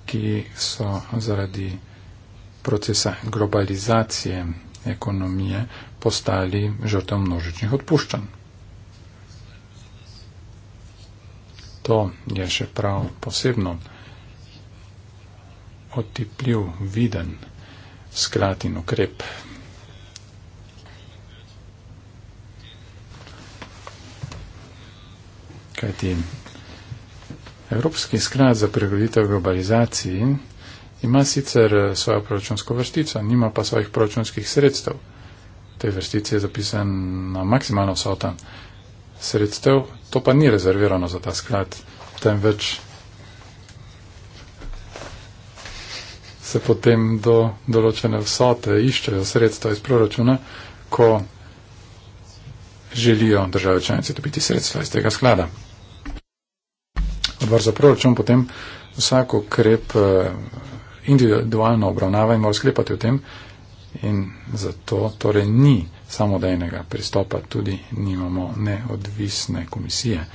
ki so zaradi procesa globalizacije ekonomije postali žrtvom množičnih odpuščanj. To je še prav posebno otipljiv, viden sklad in ukrep. Kajti Evropski sklad za prevoditev globalizaciji ima sicer eh, svojo proračunsko vrstico, nima pa svojih proračunskih sredstev. V tej vrstici je zapisan na maksimalno vsota sredstev, to pa ni rezervirano za ta sklad, temveč se potem do določene vsote iščejo sredstva iz proračuna, ko želijo države članice dobiti sredstva iz tega sklada. Odbor za proračun potem vsak ukrep eh, individualno obravnava in mora sklepati o tem in zato torej ni samodejnega pristopa, tudi nimamo neodvisne komisije.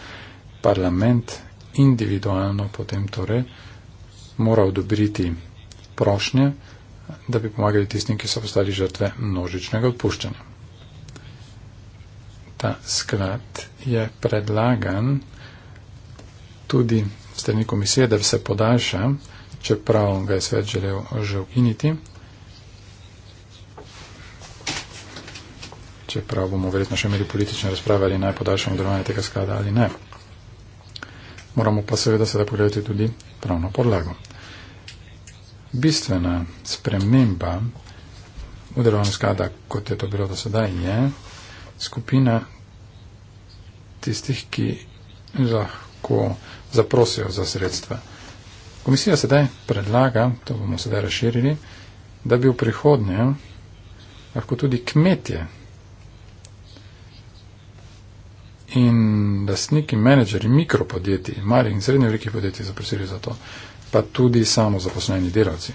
Parlament individualno potem torej mora odobriti prošnje, da bi pomagali tistim, ki so postali žrtve množičnega odpuščanja. Ta sklad je predlagan tudi strani komisije, da se podaljša čeprav ga je svet želel že ukiniti. Čeprav bomo verjetno še imeli politične razprave ali naj podaljšamo delovanje tega sklada ali ne. Moramo pa seveda sedaj pogledati tudi pravno podlago. Bistvena sprememba v delovanju sklada, kot je to bilo do sedaj, je skupina tistih, ki lahko zaprosijo za sredstva. Komisija sedaj predlaga, to bomo sedaj razširili, da bi v prihodnje lahko tudi kmetje in lastniki, menedžeri mikropodjetij, mali in srednje velikih podjetij zaprosili za to, pa tudi samo zaposleni delavci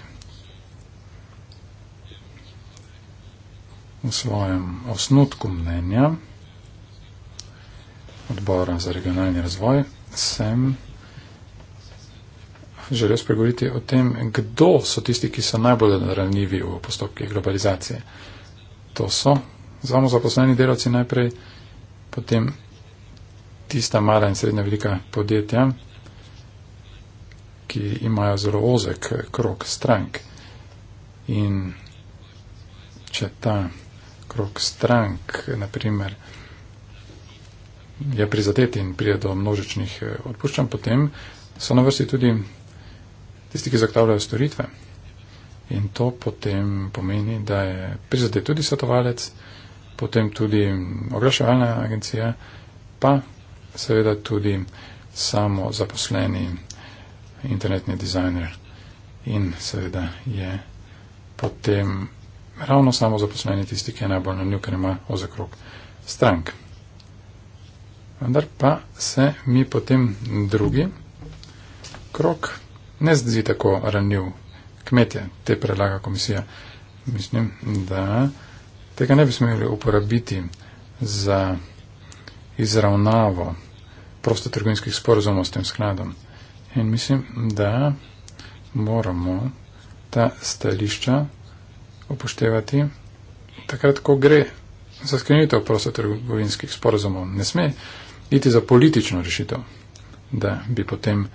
v svojem osnutku mnenja odbora za regionalni razvoj sem že res pregovoriti o tem, kdo so tisti, ki so najbolj ranljivi v postopkih globalizacije. To so samo zaposleni delavci najprej, potem tista mala in srednja velika podjetja, ki imajo zelo ozek krok strank. In če ta krok strank, naprimer, je prizadet in prije do množičnih eh, odpuščanj, potem so na vrsti tudi tisti, ki zagotavljajo storitve. In to potem pomeni, da je prizadet tudi svetovalec, potem tudi oglaševalna agencija, pa seveda tudi samo zaposleni internetni dizajner. In seveda je potem ravno samo zaposleni tisti, ki je najbolj na nju, ker ima ozakrog strank. Vendar pa se mi potem drugi krok ne zdi tako ranljiv. Kmetje te predlaga komisija. Mislim, da tega ne bi smeli uporabiti za izravnavo prostotrgovinskih sporozumov s tem skladom. In mislim, da moramo ta stališča upoštevati takrat, ko gre za sklenitev prostotrgovinskih sporozumov. Ne sme iti za politično rešitev, da bi potem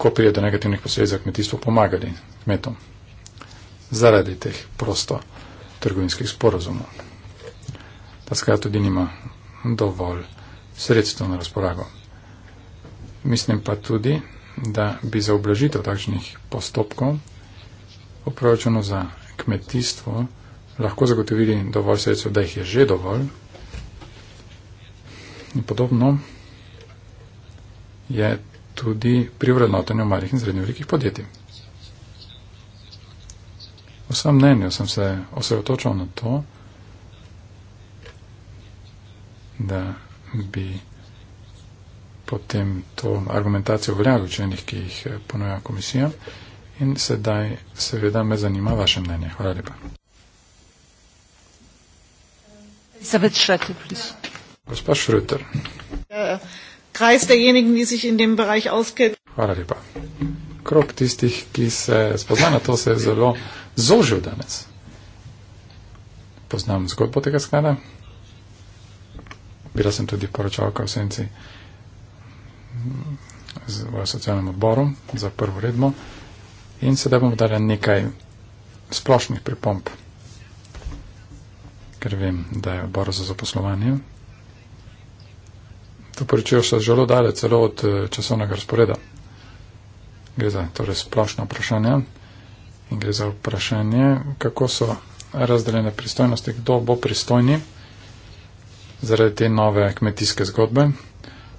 lahko prije do negativnih posledic za kmetijstvo pomagali kmetom zaradi teh prosto trgovinskih sporozumov. Ta sklad tudi nima dovolj sredstev na razpolago. Mislim pa tudi, da bi za oblažitev takšnih postopkov v proračunu za kmetijstvo lahko zagotovili dovolj sredstev, da jih je že dovolj. In podobno je tudi pri vrednotenju malih in srednjih velikih podjetij. V svojem mnenju sem se osredotočal na to, da bi potem to argumentacijo vrjali učenih, ki jih ponuja komisija in sedaj seveda me zanima vaše mnenje. Hvala lepa. Elizabeth Schrötter, please. Gospa Schrötter. Uh. Kreis derjenigen, die sich in dem Bereich auskennen. Hvala lepa. Krog tistih, ki se spozna na to, se je zelo zožil danes. Poznam zgodbo tega sklada. Bila sem tudi poročalka v senci v socialnem odboru za prvo redmo in sedaj bom dala nekaj splošnih pripomp, ker vem, da je odbor za zaposlovanje To poročilo se zelo daleč, celo od eh, časovnega razporeda. Gre za torej splošno vprašanje in gre za vprašanje, kako so razdeljene pristojnosti, kdo bo pristojni zaradi te nove kmetijske zgodbe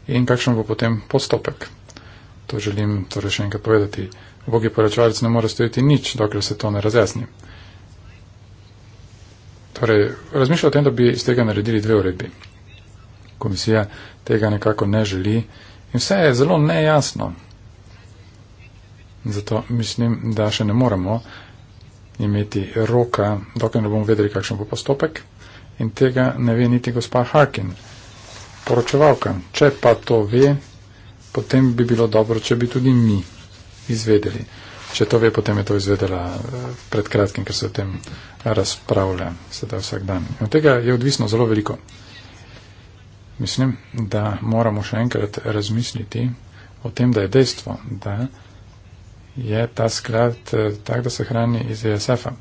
in kakšen bo potem postopek. To želim torej še enkrat povedati. Bogi poročevalec ne more stojiti nič, dokler se to ne razjasni. Torej, razmišljam o tem, da bi iz tega naredili dve uredbi komisija tega nekako ne želi. In vse je zelo nejasno. Zato mislim, da še ne moremo imeti roka, dokler ne bomo vedeli, kakšen bo postopek. In tega ne ve niti gospa Harkin, poročevalka. Če pa to ve, potem bi bilo dobro, če bi tudi mi izvedeli. Če to ve, potem je to izvedela eh, pred kratkim, ker se o tem razpravlja sedaj vsak dan. Od tega je odvisno zelo veliko. Mislim, da moramo še enkrat razmisliti o tem, da je dejstvo, da je ta sklad eh, tak, da se hrani iz ESF-a.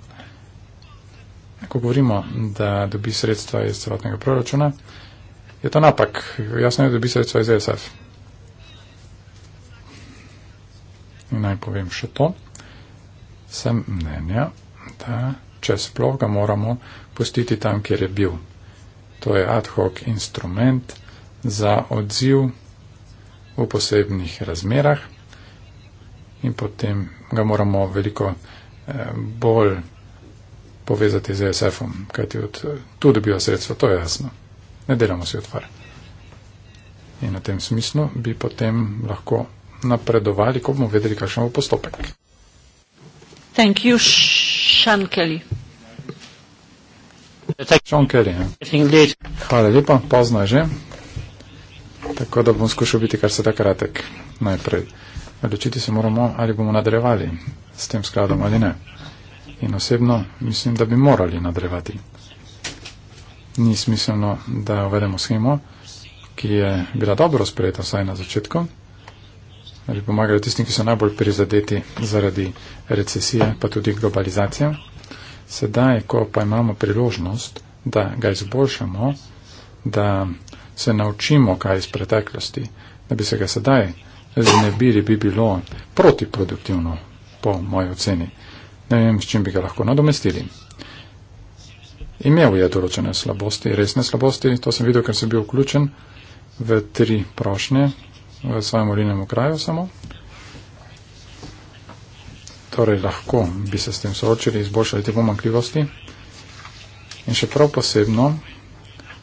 Ko govorimo, da dobi sredstva iz celotnega proračuna, je to napak. Jasno je, da dobi sredstva iz ESF. In naj povem še to. Sem mnenja, da če sploh ga moramo pustiti tam, kjer je bil. To je ad hoc instrument za odziv v posebnih razmerah in potem ga moramo veliko eh, bolj povezati z ESF-om, kajti od, tu dobijo sredstvo, to je jasno. Ne delamo si otvar. In na tem smislu bi potem lahko napredovali, ko bomo vedeli, kakšen bo postopek. Thank you, Shankeli. Čonker je. Ja. Hvala lepa, pozno je že. Tako da bom skušal biti kar se da kratek najprej. Odločiti se moramo, ali bomo nadrevali s tem skladom ali ne. In osebno mislim, da bi morali nadrevati. Ni smiselno, da uvedemo schemo, ki je bila dobro sprejeta vsaj na začetku, da bi pomagali tistim, ki so najbolj prizadeti zaradi recesije, pa tudi globalizacije. Sedaj, ko pa imamo priložnost, da ga izboljšamo, da se naučimo kaj iz preteklosti, da bi se ga sedaj znebili, bi bilo protiproduktivno, po moji oceni. Ne vem, s čim bi ga lahko nadomestili. Imel je določene slabosti, resne slabosti, to sem videl, ker sem bil vključen v tri prošnje v svojem volilnem okraju samo torej lahko bi se s tem soočili, izboljšali te pomankljivosti. In še prav posebno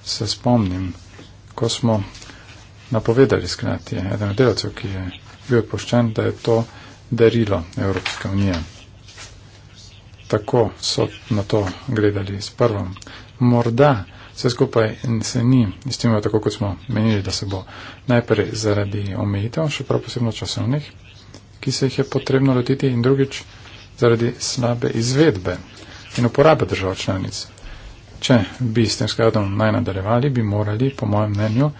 se spomnim, ko smo napovedali sklad, je eden od delavcev, ki je bil poščen, da je to darilo Evropske unije. Tako so na to gledali s prvom. Morda vse skupaj se ni istimilo tako, kot smo menili, da se bo najprej zaradi omejitev, še prav posebno časovnih, ki se jih je potrebno lotiti in drugič zaradi slabe izvedbe in uporabe držav članic. Če bi s tem skladom naj nadaljevali, bi morali, po mojem mnenju,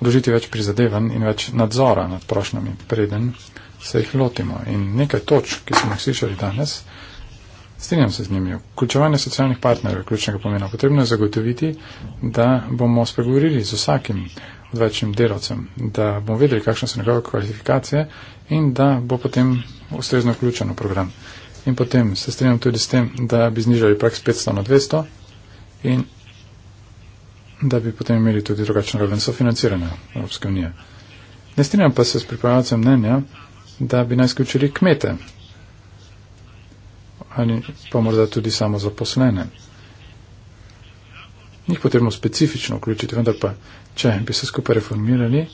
vložiti več prizadevanj in več nadzora nad prošnjami, preden se jih lotimo. In nekaj točk, ki smo jih slišali danes, strinjam se z njimi. Vključevanje socialnih partnerjev je ključnega pomena. Potrebno je zagotoviti, da bomo spregovorili z vsakim, večjim delavcem, da bomo vedeli, kakšne so njegove kvalifikacije in da bo potem ustrezno vključen v program. In potem se strinjam tudi s tem, da bi znižali prak s 500 na 200 in da bi potem imeli tudi drugačno raven sofinanciranja Evropske unije. Ne strinjam pa se s pripravljalcem mnenja, da bi naj sključili kmete ali pa morda tudi samo zaposlene njih potrebno specifično vključiti, vendar pa, če bi se skupaj reformirali,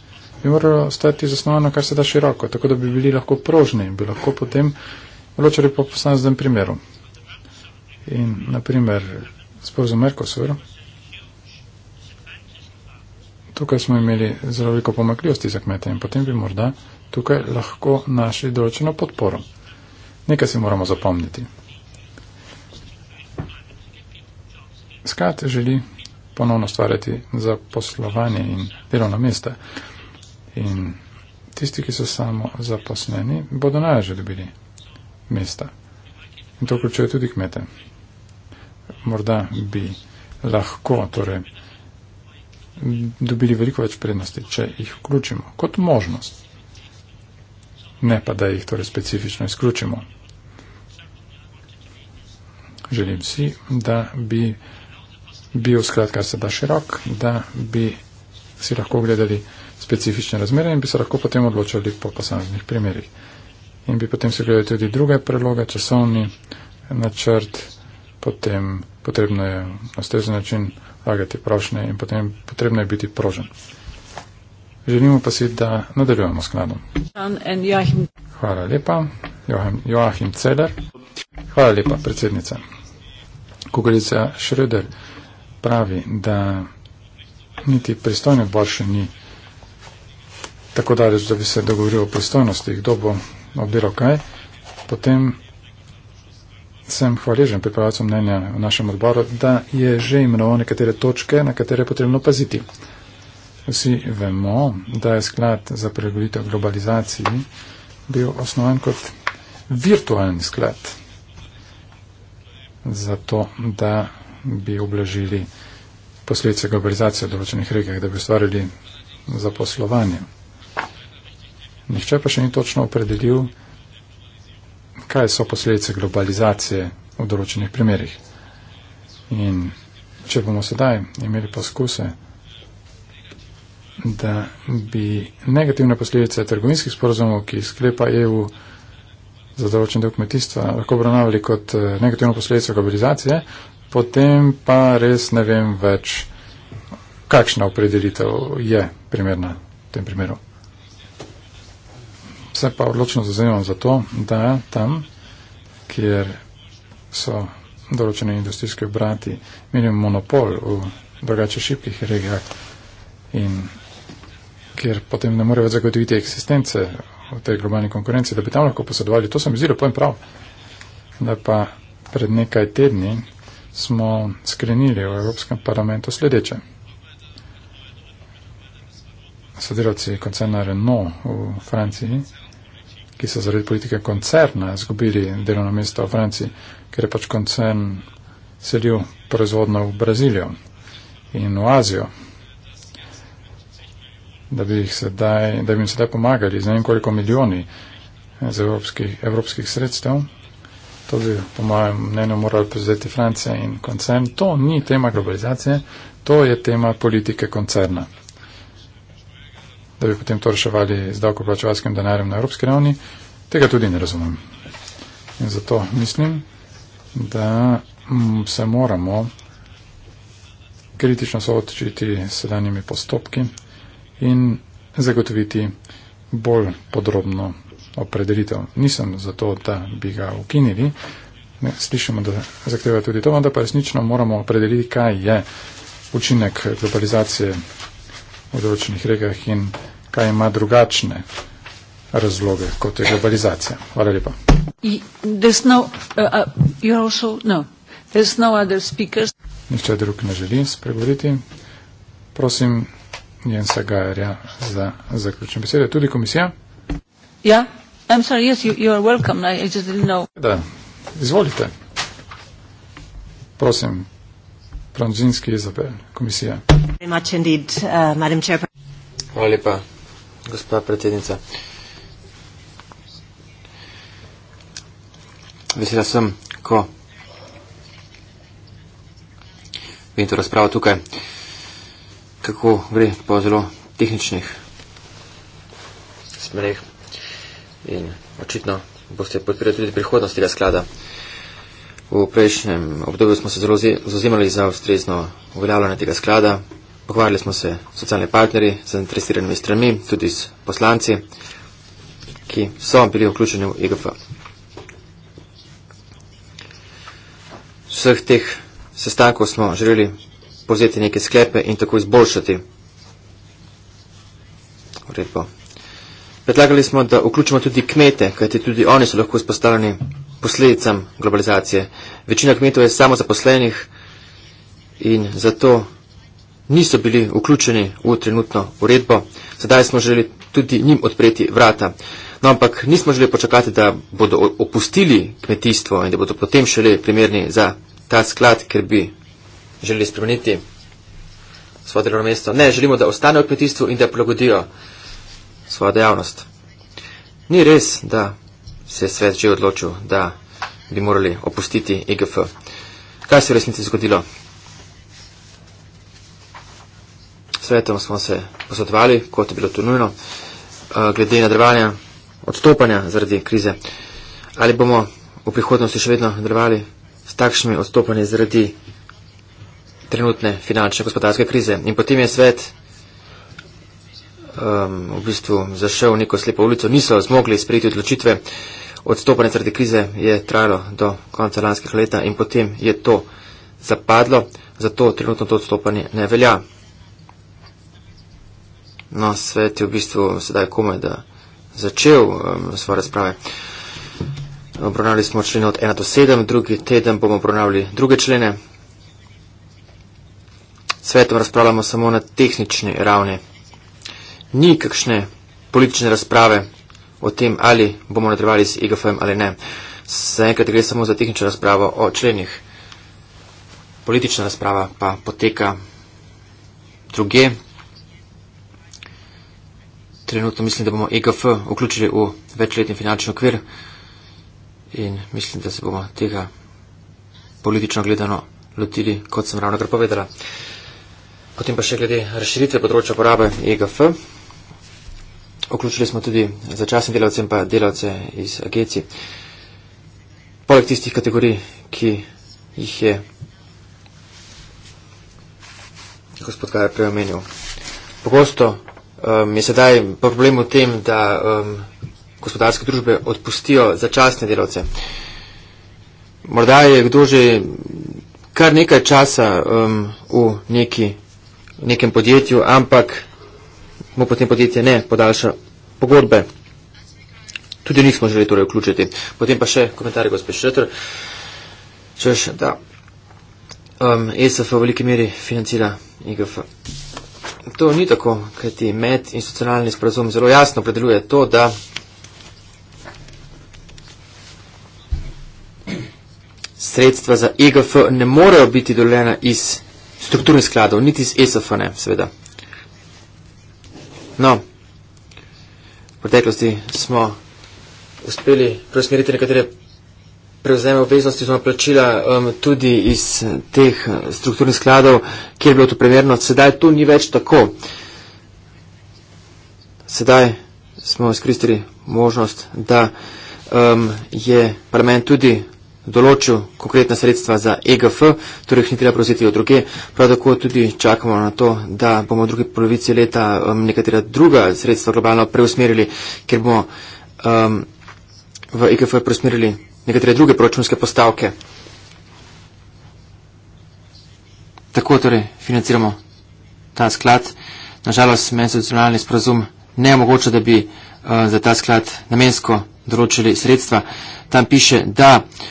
bi moralo stati zasnovano, kar se da široko, tako da bi bili lahko prožni in bi lahko potem ločili po posameznem primeru. In naprimer, sporozum Merkosur, tukaj smo imeli zelo veliko pomakljivosti za kmete in potem bi morda tukaj lahko našli določeno podporo. Nekaj si moramo zapomniti. Skrat želi ponovno stvarjati za poslovanje in delovna mesta. In tisti, ki so samo zaposleni, bodo najraže dobili mesta. In to vključuje tudi kmete. Morda bi lahko torej, dobili veliko več prednosti, če jih vključimo kot možnost. Ne pa, da jih torej specifično izključimo. Želim si, da bi bil skrat kar se da širok, da bi si lahko gledali specifične razmere in bi se lahko potem odločali po posameznih primerjih. In bi potem si gledali tudi druge predloge, časovni načrt, potem potrebno je na stezen način lagati prošnje in potem potrebno je biti prožen. Želimo pa si, da nadaljujemo skladom. Hvala lepa, Joachim, Joachim Celer. Hvala lepa, predsednica. Kugalica Šröder pravi, da niti pristojne boljše ni tako daleč, da bi se dogovoril o pristojnosti, kdo bo obdelal kaj, potem sem hvaležen pripravljacom mnenja v našem odboru, da je že imenoval nekatere točke, na katere je potrebno paziti. Vsi vemo, da je sklad za pregovoritev globalizaciji bil osnovan kot virtualni sklad. Zato, da bi oblažili posledice globalizacije v določenih regijah, da bi ustvarili zaposlovanje. Nihče pa še ni točno opredelil, kaj so posledice globalizacije v določenih primerjih. In če bomo sedaj imeli poskuse, da bi negativne posledice trgovinskih sporozumov, ki sklepa EU za določen del kmetijstva, lahko obravnavali kot eh, negativno posledico globalizacije, potem pa res ne vem več, kakšna opredelitev je primerna v tem primeru. Se pa odločno zazemljam za to, da tam, kjer so določene industrijske obrati, menim monopol v drugače šipkih regijah in kjer potem ne more več zagotoviti eksistence v tej globalni konkurenci, da bi tam lahko posedovali. To sem izdelal, pojem prav, da pa pred nekaj tedni smo skrenili v Evropskem parlamentu sledeče. Sodelavci koncerna Renault v Franciji, ki so zaradi politike koncerna izgubili delovno mesto v Franciji, ker je pač koncern selil proizvodno v Brazilijo in v Azijo, da bi, sedaj, da bi jim sedaj pomagali z ne vem koliko milijoni z evropskih, evropskih sredstev. To bi, po mojem mnenju, morali prevzeti Francija in koncern. To ni tema globalizacije, to je tema politike koncerna. Da bi potem to reševali z davkoplačevalskim denarjem na evropski ravni, tega tudi ne razumem. In zato mislim, da mm, se moramo kritično soočiti s sedanjimi postopki in zagotoviti bolj podrobno opredelitev. Nisem za to, da bi ga ukinili. Ne, slišimo, da zahteva tudi to, vendar pa resnično moramo opredeliti, kaj je učinek globalizacije v določenih regijah in kaj ima drugačne razloge, kot je globalizacija. Hvala lepa. No, uh, uh, no, no Nihče drug ne želi spregovoriti. Prosim Jensa Gajerja za zaključne besede. Tudi komisija? Ja. Yeah. I'm sorry, yes, you, you are welcome. I, I just didn't know. Da. Izvolite. Prosim, Pranžinski Izabel, komisija. Indeed, uh, Hvala lepa, gospa predsednica. Vesela sem, ko vidim to razpravo tukaj, kako gre po zelo tehničnih smerih in očitno boste podpirali tudi prihodnost tega sklada. V prejšnjem obdobju smo se zelo zauzemali za ustrezno uveljavljanje tega sklada. Pogovarjali smo se s socialnimi partnerji, z zainteresiranimi stranmi, tudi s poslanci, ki so bili vključeni v IGF. E Vseh teh sestankov smo želeli povzeti neke sklepe in tako izboljšati uredbo. Predlagali smo, da vključimo tudi kmete, kajti tudi oni so lahko izpostavljeni posledicam globalizacije. Večina kmetov je samo zaposlenih in zato niso bili vključeni v trenutno uredbo. Sedaj smo želeli tudi njim odpreti vrata. No, ampak nismo želeli počakati, da bodo opustili kmetijstvo in da bodo potem šele primerni za ta sklad, ker bi želeli spremeniti svoje delovno mesto. Ne, želimo, da ostanejo v kmetijstvu in da prilagodijo svojo dejavnost. Ni res, da se je svet že odločil, da bi morali opustiti IGF. Kaj se je v resnici zgodilo? Svetom smo se posvetovali, kot je bilo to nujno, eh, glede nadrevanja odstopanja zaradi krize. Ali bomo v prihodnosti še vedno nadrevali s takšnimi odstopanji zaradi trenutne finančne gospodarske krize. In potem je svet um, v bistvu zašel v neko slepo ulico, niso zmogli sprejeti odločitve. Odstopanje zaradi krize je trajalo do konca lanskih leta in potem je to zapadlo, zato trenutno to odstopanje ne velja. No, svet je v bistvu sedaj komaj, da začel um, svoje razprave. Obravnali smo člene od 1 do 7, drugi teden bomo obravnavali druge člene. Svetom razpravljamo samo na tehnični ravni ni kakšne politične razprave o tem, ali bomo nadaljevali s IGF-em ali ne. Zaenkrat gre samo za tehnično razpravo o členih. Politična razprava pa poteka druge. Trenutno mislim, da bomo IGF vključili v večletni finančni okvir in mislim, da se bomo tega politično gledano lotili, kot sem ravno kar povedala. Potem pa še glede razširitve področja porabe IGF. Vključili smo tudi začasne delavce in pa delavce iz agencij. Poleg tistih kategorij, ki jih je gospod Kaj preomenil. Pogosto um, je sedaj problem v tem, da um, gospodarske družbe odpustijo začasne delavce. Morda je kdo že kar nekaj časa um, v neki, nekem podjetju, ampak mu potem podjetje ne podaljša pogodbe. Tudi njih smo želeli torej vključiti. Potem pa še komentarje gospe Šetr. Češ, da um, ESF v veliki meri financira IGF. To ni tako, kajti med institucionalni sporazum zelo jasno predeluje to, da sredstva za IGF ne morejo biti dolena iz strukturnih skladov, niti iz ESF-a ne, seveda. No, v preteklosti smo uspeli preusmeriti nekatere prevzeme obveznosti, smo plačila um, tudi iz teh strukturnih skladov, kjer je bilo to primerno. Sedaj to ni več tako. Sedaj smo izkristili možnost, da um, je parlament tudi določil konkretna sredstva za EGF, torej jih ni treba prositi od druge. Prav tako tudi čakamo na to, da bomo v drugi polovici leta um, nekatera druga sredstva globalno preusmerili, ker bomo um, v EGF preusmerili nekatere druge proračunske postavke. Tako torej financiramo ta sklad. Nažalost, meni socialni sprazum ne omogoča, da bi uh, za ta sklad namensko določili sredstva. Tam piše, da uh,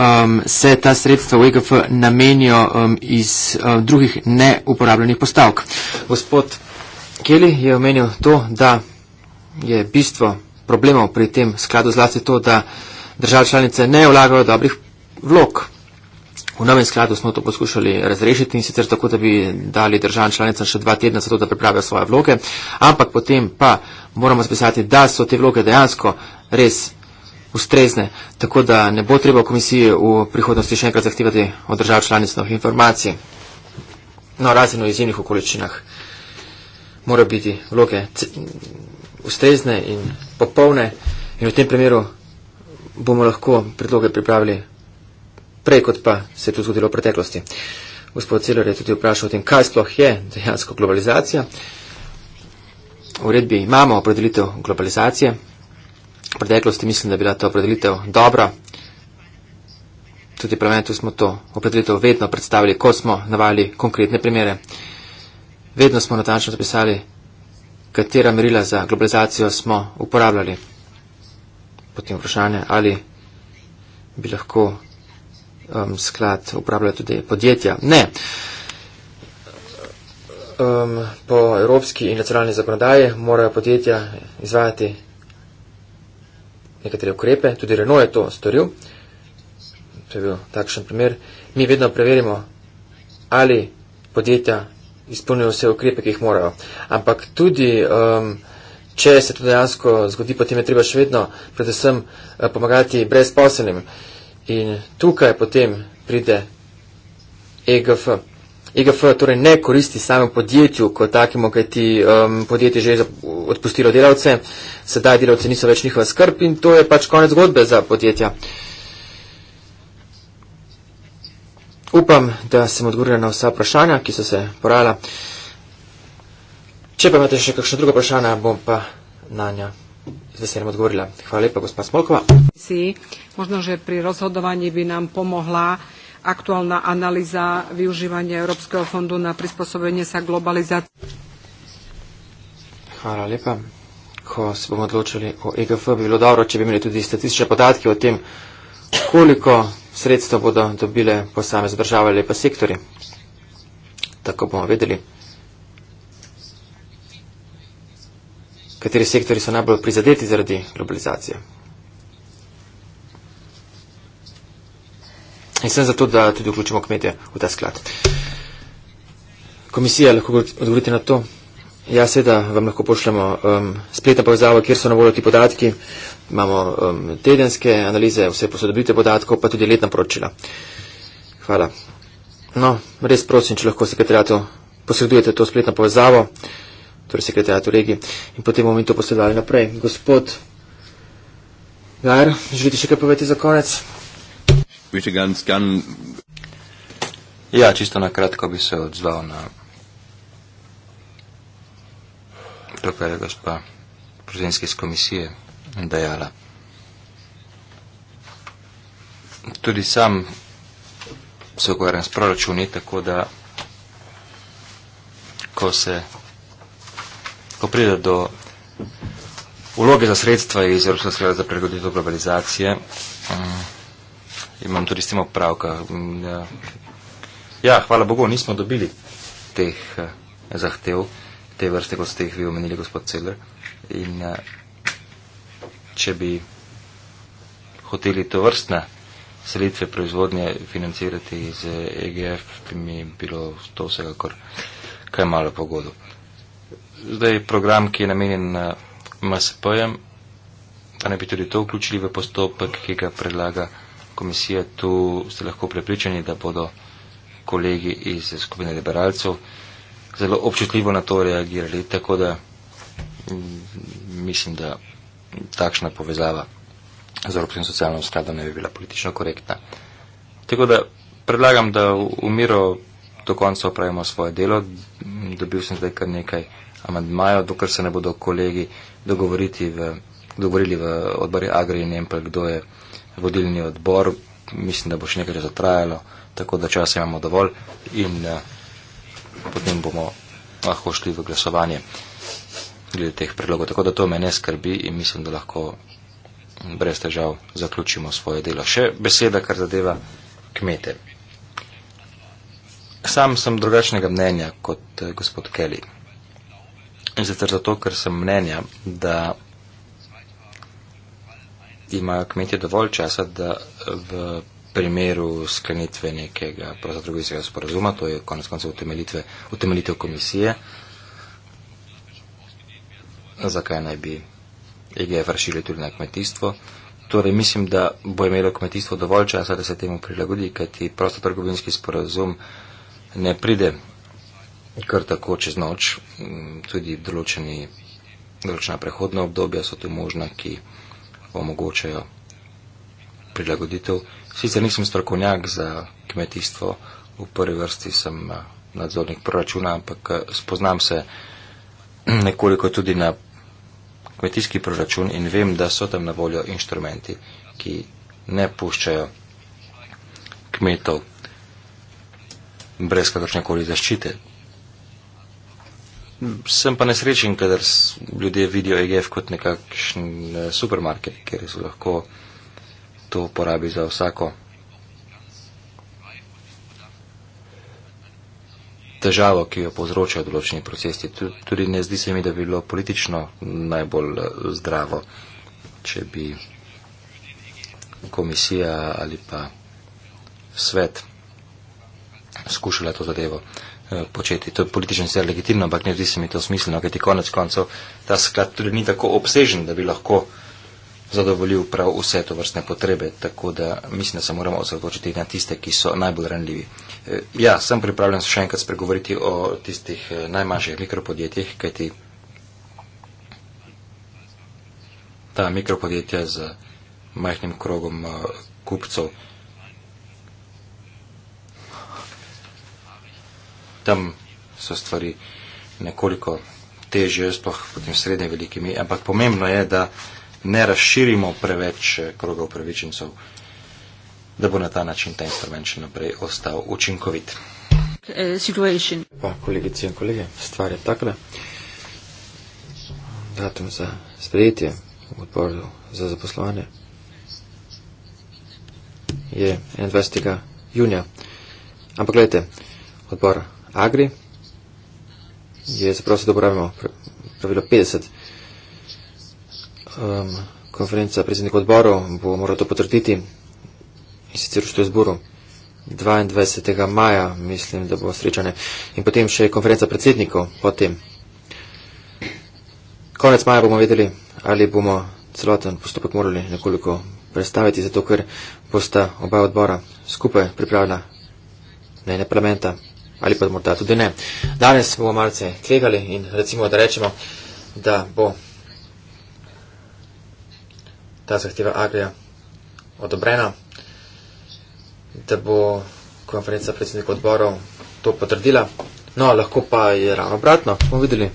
Um, se ta sredstva v EGF namenijo um, iz um, drugih neuporabljenih postavk. Gospod Keli je omenil to, da je bistvo problemov pri tem skladu zlasti to, da države članice ne vlagajo dobrih vlog. V novem skladu smo to poskušali razrešiti in sicer tako, da bi dali državam članicam še dva tedna za to, da pripravijo svoje vloge, ampak potem pa moramo spisati, da so te vloge dejansko res ustrezne, tako da ne bo treba komisiji v prihodnosti še enkrat zahtevati od držav članic novih informacij. No, razen v izjemnih okoličinah mora biti vloge ustrezne in popolne in v tem primeru bomo lahko predloge pripravili prej, kot pa se je to zgodilo v preteklosti. Gospod Celer je tudi vprašal o tem, kaj sploh je dejansko globalizacija. V redbi imamo opredelitev globalizacije, v preteklosti mislim, da je bila ta opredelitev dobra. Tudi prometu smo to opredelitev vedno predstavili, ko smo navali konkretne primere. Vedno smo natančno zapisali, katera merila za globalizacijo smo uporabljali. Potem vprašanje, ali bi lahko um, sklad uporabljali tudi podjetja. Ne. Um, po evropski in nacionalni zakonodaji morajo podjetja izvajati nekatere ukrepe, tudi Renault je to storil. To je bil takšen primer. Mi vedno preverimo, ali podjetja izpolnijo vse ukrepe, ki jih morajo. Ampak tudi, um, če se to dejansko zgodi, potem je treba še vedno predvsem eh, pomagati brezposelnim. In tukaj potem pride EGF. EGF torej ne koristi samo podjetju kot takemu, kaj ti um, podjetje že je odpustilo delavce, sedaj delavce niso več njihova skrb in to je pač konec zgodbe za podjetja. Upam, da sem odgovorila na vsa vprašanja, ki so se porajala. Če pa imate še kakšno drugo vprašanje, bom pa na nja z veseljem odgovorila. Hvala lepa, gospa Smolkova. Si, možno, že pri rozhodovanju bi nam pomohla aktuálna analýza využívania Európskeho fondu na prispôsobenie sa globalizácii. Hvala lepa. Ko se bomo odločili o EGF, bi bilo dobro, če bi imeli tudi statistične podatke o tem, koliko sredstva bodo dobile posamez države ali pa sektori. Tako bomo vedeli, kateri sektori so najbolj prizadeti zaradi globalizacije. In sem zato, da tudi vključimo kmetje v ta sklad. Komisija, lahko odgovorite na to? Ja, seveda vam lahko pošljemo um, spletno povezavo, kjer so na voljo ti podatki. Imamo um, tedenske analize, vse posodobite podatkov, pa tudi letna poročila. Hvala. No, res prosim, če lahko sekretarjatu posredujete to spletno povezavo, torej sekretarjatu regi, in potem bomo mi to posredovali naprej. Gospod Gajer, želite še kaj povedati za konec? Michigan's gun. Ja, čisto na kratko bi se odzval na to, kar je gospa prezidentske iz komisije dejala. Tudi sam se ukvarjam s proračuni, tako da ko se ko pride do vloge za sredstva iz Evropskega sklada za prilagoditev globalizacije, um, imam tudi s tem opravka. Ja. ja, hvala Bogu, nismo dobili teh eh, zahtev, te vrste, kot ste jih vi omenili, gospod Celer. In eh, če bi hoteli to vrstne selitve proizvodnje financirati z EGF, eh, e bi mi bilo to vsekakor kaj malo pogodo. Zdaj program, ki je namenjen eh, MSP-jem, pa ne bi tudi to vključili v postopek, ki ga predlaga komisije, tu ste lahko prepričani, da bodo kolegi iz skupine liberalcev zelo občutljivo na to reagirali, tako da mm, mislim, da takšna povezava z Evropskim socialnim skladom ne bi bila politično korektna. Tako da predlagam, da v miro do konca opravimo svoje delo. Dobil sem zdaj kar nekaj amandmajev, dokler se ne bodo kolegi dogovoriti v, dogovorili v odbori Agri in Empel, kdo je vodilni odbor. Mislim, da bo še nekaj zatrajalo, tako da časa imamo dovolj in uh, potem bomo lahko šli v glasovanje glede teh predlogov. Tako da to me ne skrbi in mislim, da lahko brez težav zaključimo svoje delo. Še beseda, kar zadeva kmete. Sam sem drugačnega mnenja kot eh, gospod Kelly. In zato, ker sem mnenja, da imajo kmetje dovolj časa, da v primeru sklenitve nekega prozadrugijskega sporazuma, to je konec konca utemelitev komisije, zakaj naj bi EGF rašili tudi na kmetijstvo. Torej mislim, da bo imelo kmetijstvo dovolj časa, da se temu prilagodi, kajti prostotrgovinski sporazum ne pride kar tako čez noč. Tudi določena prehodna obdobja so tu možna, ki omogočajo prilagoditev. Sicer nisem strokovnjak za kmetijstvo, v prvi vrsti sem eh, nadzornik proračuna, ampak eh, spoznam se [clears throat] nekoliko tudi na kmetijski proračun in vem, da so tam na voljo inštrumenti, ki ne puščajo kmetov brez kakršne koli zaščite sem pa nesrečen, kadar ljudje vidijo EGF kot nekakšen eh, supermarket, kjer se lahko to porabi za vsako težavo, ki jo povzročajo določeni procesi. Tudi ne zdi se mi, da bi bilo politično najbolj eh, zdravo, če bi komisija ali pa svet skušala to zadevo. Eh, početi. To je politično sicer legitimno, ampak ne zdi se mi to smiselno, ker ti konec koncev ta sklad tudi ni tako obsežen, da bi lahko zadovoljil prav vse to vrstne potrebe. Tako da mislim, da se moramo osredotočiti na tiste, ki so najbolj ranljivi. Eh, ja, sem pripravljen še enkrat spregovoriti o tistih eh, najmanjših mikropodjetjih, kajti ta mikropodjetja z majhnim krogom kupcev. tam so stvari nekoliko težje, sploh potem srednje velikimi, ampak pomembno je, da ne razširimo preveč eh, kroga upravičencev, da bo na ta način ta instrument še naprej ostal učinkovit. Eh, situation. Pa, kolegice in kolege, stvar je takla. Datum za sprejetje v odboru za zaposlovanje je 21. junija. Ampak gledajte, odbora agri, gdje se prosto da uporabimo pravilo 50. Um, konferenca predsednik odborov bo morala to potrditi in sicer v Štrezburu 22. maja, mislim, da bo srečane. In potem še konferenca predsednikov potem. Konec maja bomo vedeli, ali bomo celoten postopek morali nekoliko predstaviti, zato ker bosta oba odbora skupaj pripravila mnenje parlamenta ali pa morda tudi ne. Danes bomo malce kregali in recimo, da rečemo, da bo ta zahteva Agrija odobrena, da bo konferenca predsednikov odborov to potrdila. No, lahko pa je ravno obratno, bomo videli.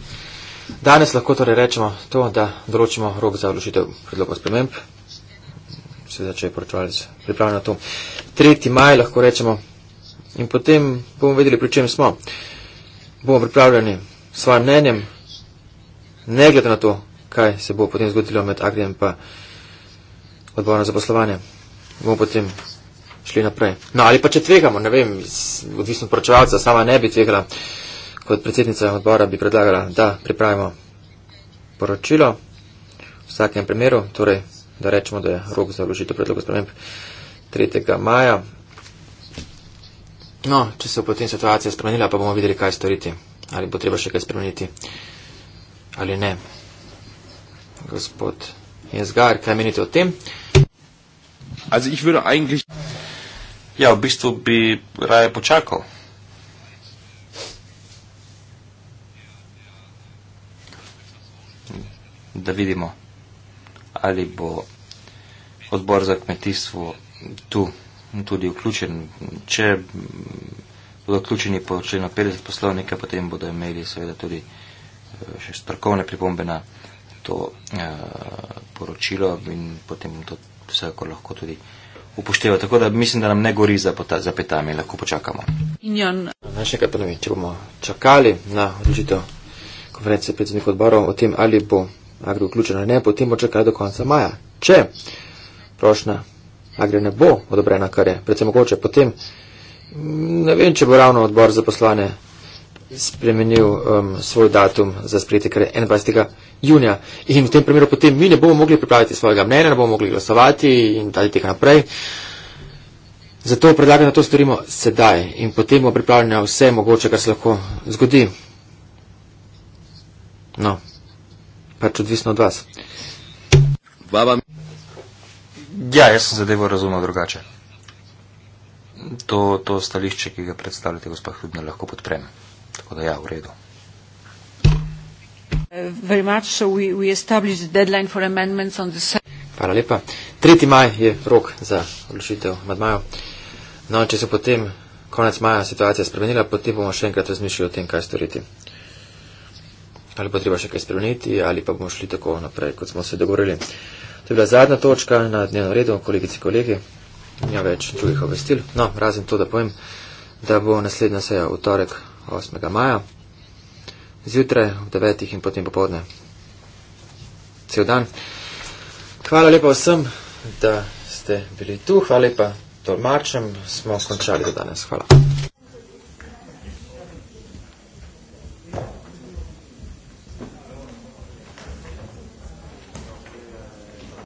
Danes lahko torej rečemo to, da določimo rok za vložitev predloga sprememb. Seveda, če je poročevalec pripravljen na to. 3. maj lahko rečemo, in potem bomo vedeli, pri čem smo. Bomo pripravljeni s svojim mnenjem, ne glede na to, kaj se bo potem zgodilo med Agrijem in odborom za poslovanje. Bomo potem šli naprej. No, ali pa če tvegamo, ne vem, odvisno poročevalca, sama ne bi tvegala, kot predsednica odbora bi predlagala, da pripravimo poročilo v vsakem primeru, torej, da rečemo, da je rok za vložitev predlogov sprememb 3. maja No, če se bo potem situacija spremenila, pa bomo videli, kaj storiti. Ali bo treba še kaj spremeniti ali ne. Gospod Jezgar, kaj menite o tem? Also, ich würde eigentlich. Ja, v bistvu bi raje počakal. Da vidimo, ali bo odbor za kmetijstvo tu tudi vključen. Če bodo vključeni po členu 50 poslovnika, potem bodo imeli seveda tudi eh, še strokovne pripombe na to eh, poročilo in potem to vsako lahko tudi upošteva. Tako da mislim, da nam ne gori za, pota, za petami, lahko počakamo. Naj še enkrat ponovim, če bomo čakali na odločitev konference predsednikov odborov o tem, ali bo agro vključen ali ne, potem bo čakali do konca maja. Če prošnja Agrija ne bo odobrena, kar je predvsem mogoče. Potem ne vem, če bo ravno odbor za poslane spremenil um, svoj datum za sprejetje, kar je 21. junija. In v tem primeru potem mi ne bomo mogli pripraviti svojega mnenja, ne bomo mogli glasovati in dati tega naprej. Zato predlagam, da to storimo sedaj in potem bomo pripravljeni na vse mogoče, kar se lahko zgodi. No, pač odvisno od vas. Baba. Ja, jaz sem zadevo razumel drugače. To, to stališče, ki ga predstavljate, gospod Hudna, lahko podprem. Tako da ja, v redu. Hvala lepa. 3. maj je rok za odločitev madmajo. No, če se potem konec maja situacija spremenila, potem bomo še enkrat razmišljali o tem, kaj storiti. Ali bo treba še kaj spremeniti, ali pa bomo šli tako naprej, kot smo se dogovorili. To je bila zadnja točka na dnevnem redu, kolegice in kolegi. Nima več drugih obvestil. No, razen to, da povem, da bo naslednja seja v torek 8. maja, zjutraj ob 9. in potem popovdne. Cel dan. Hvala lepa vsem, da ste bili tu. Hvala lepa tolmačem. Smo končali za danes. Hvala.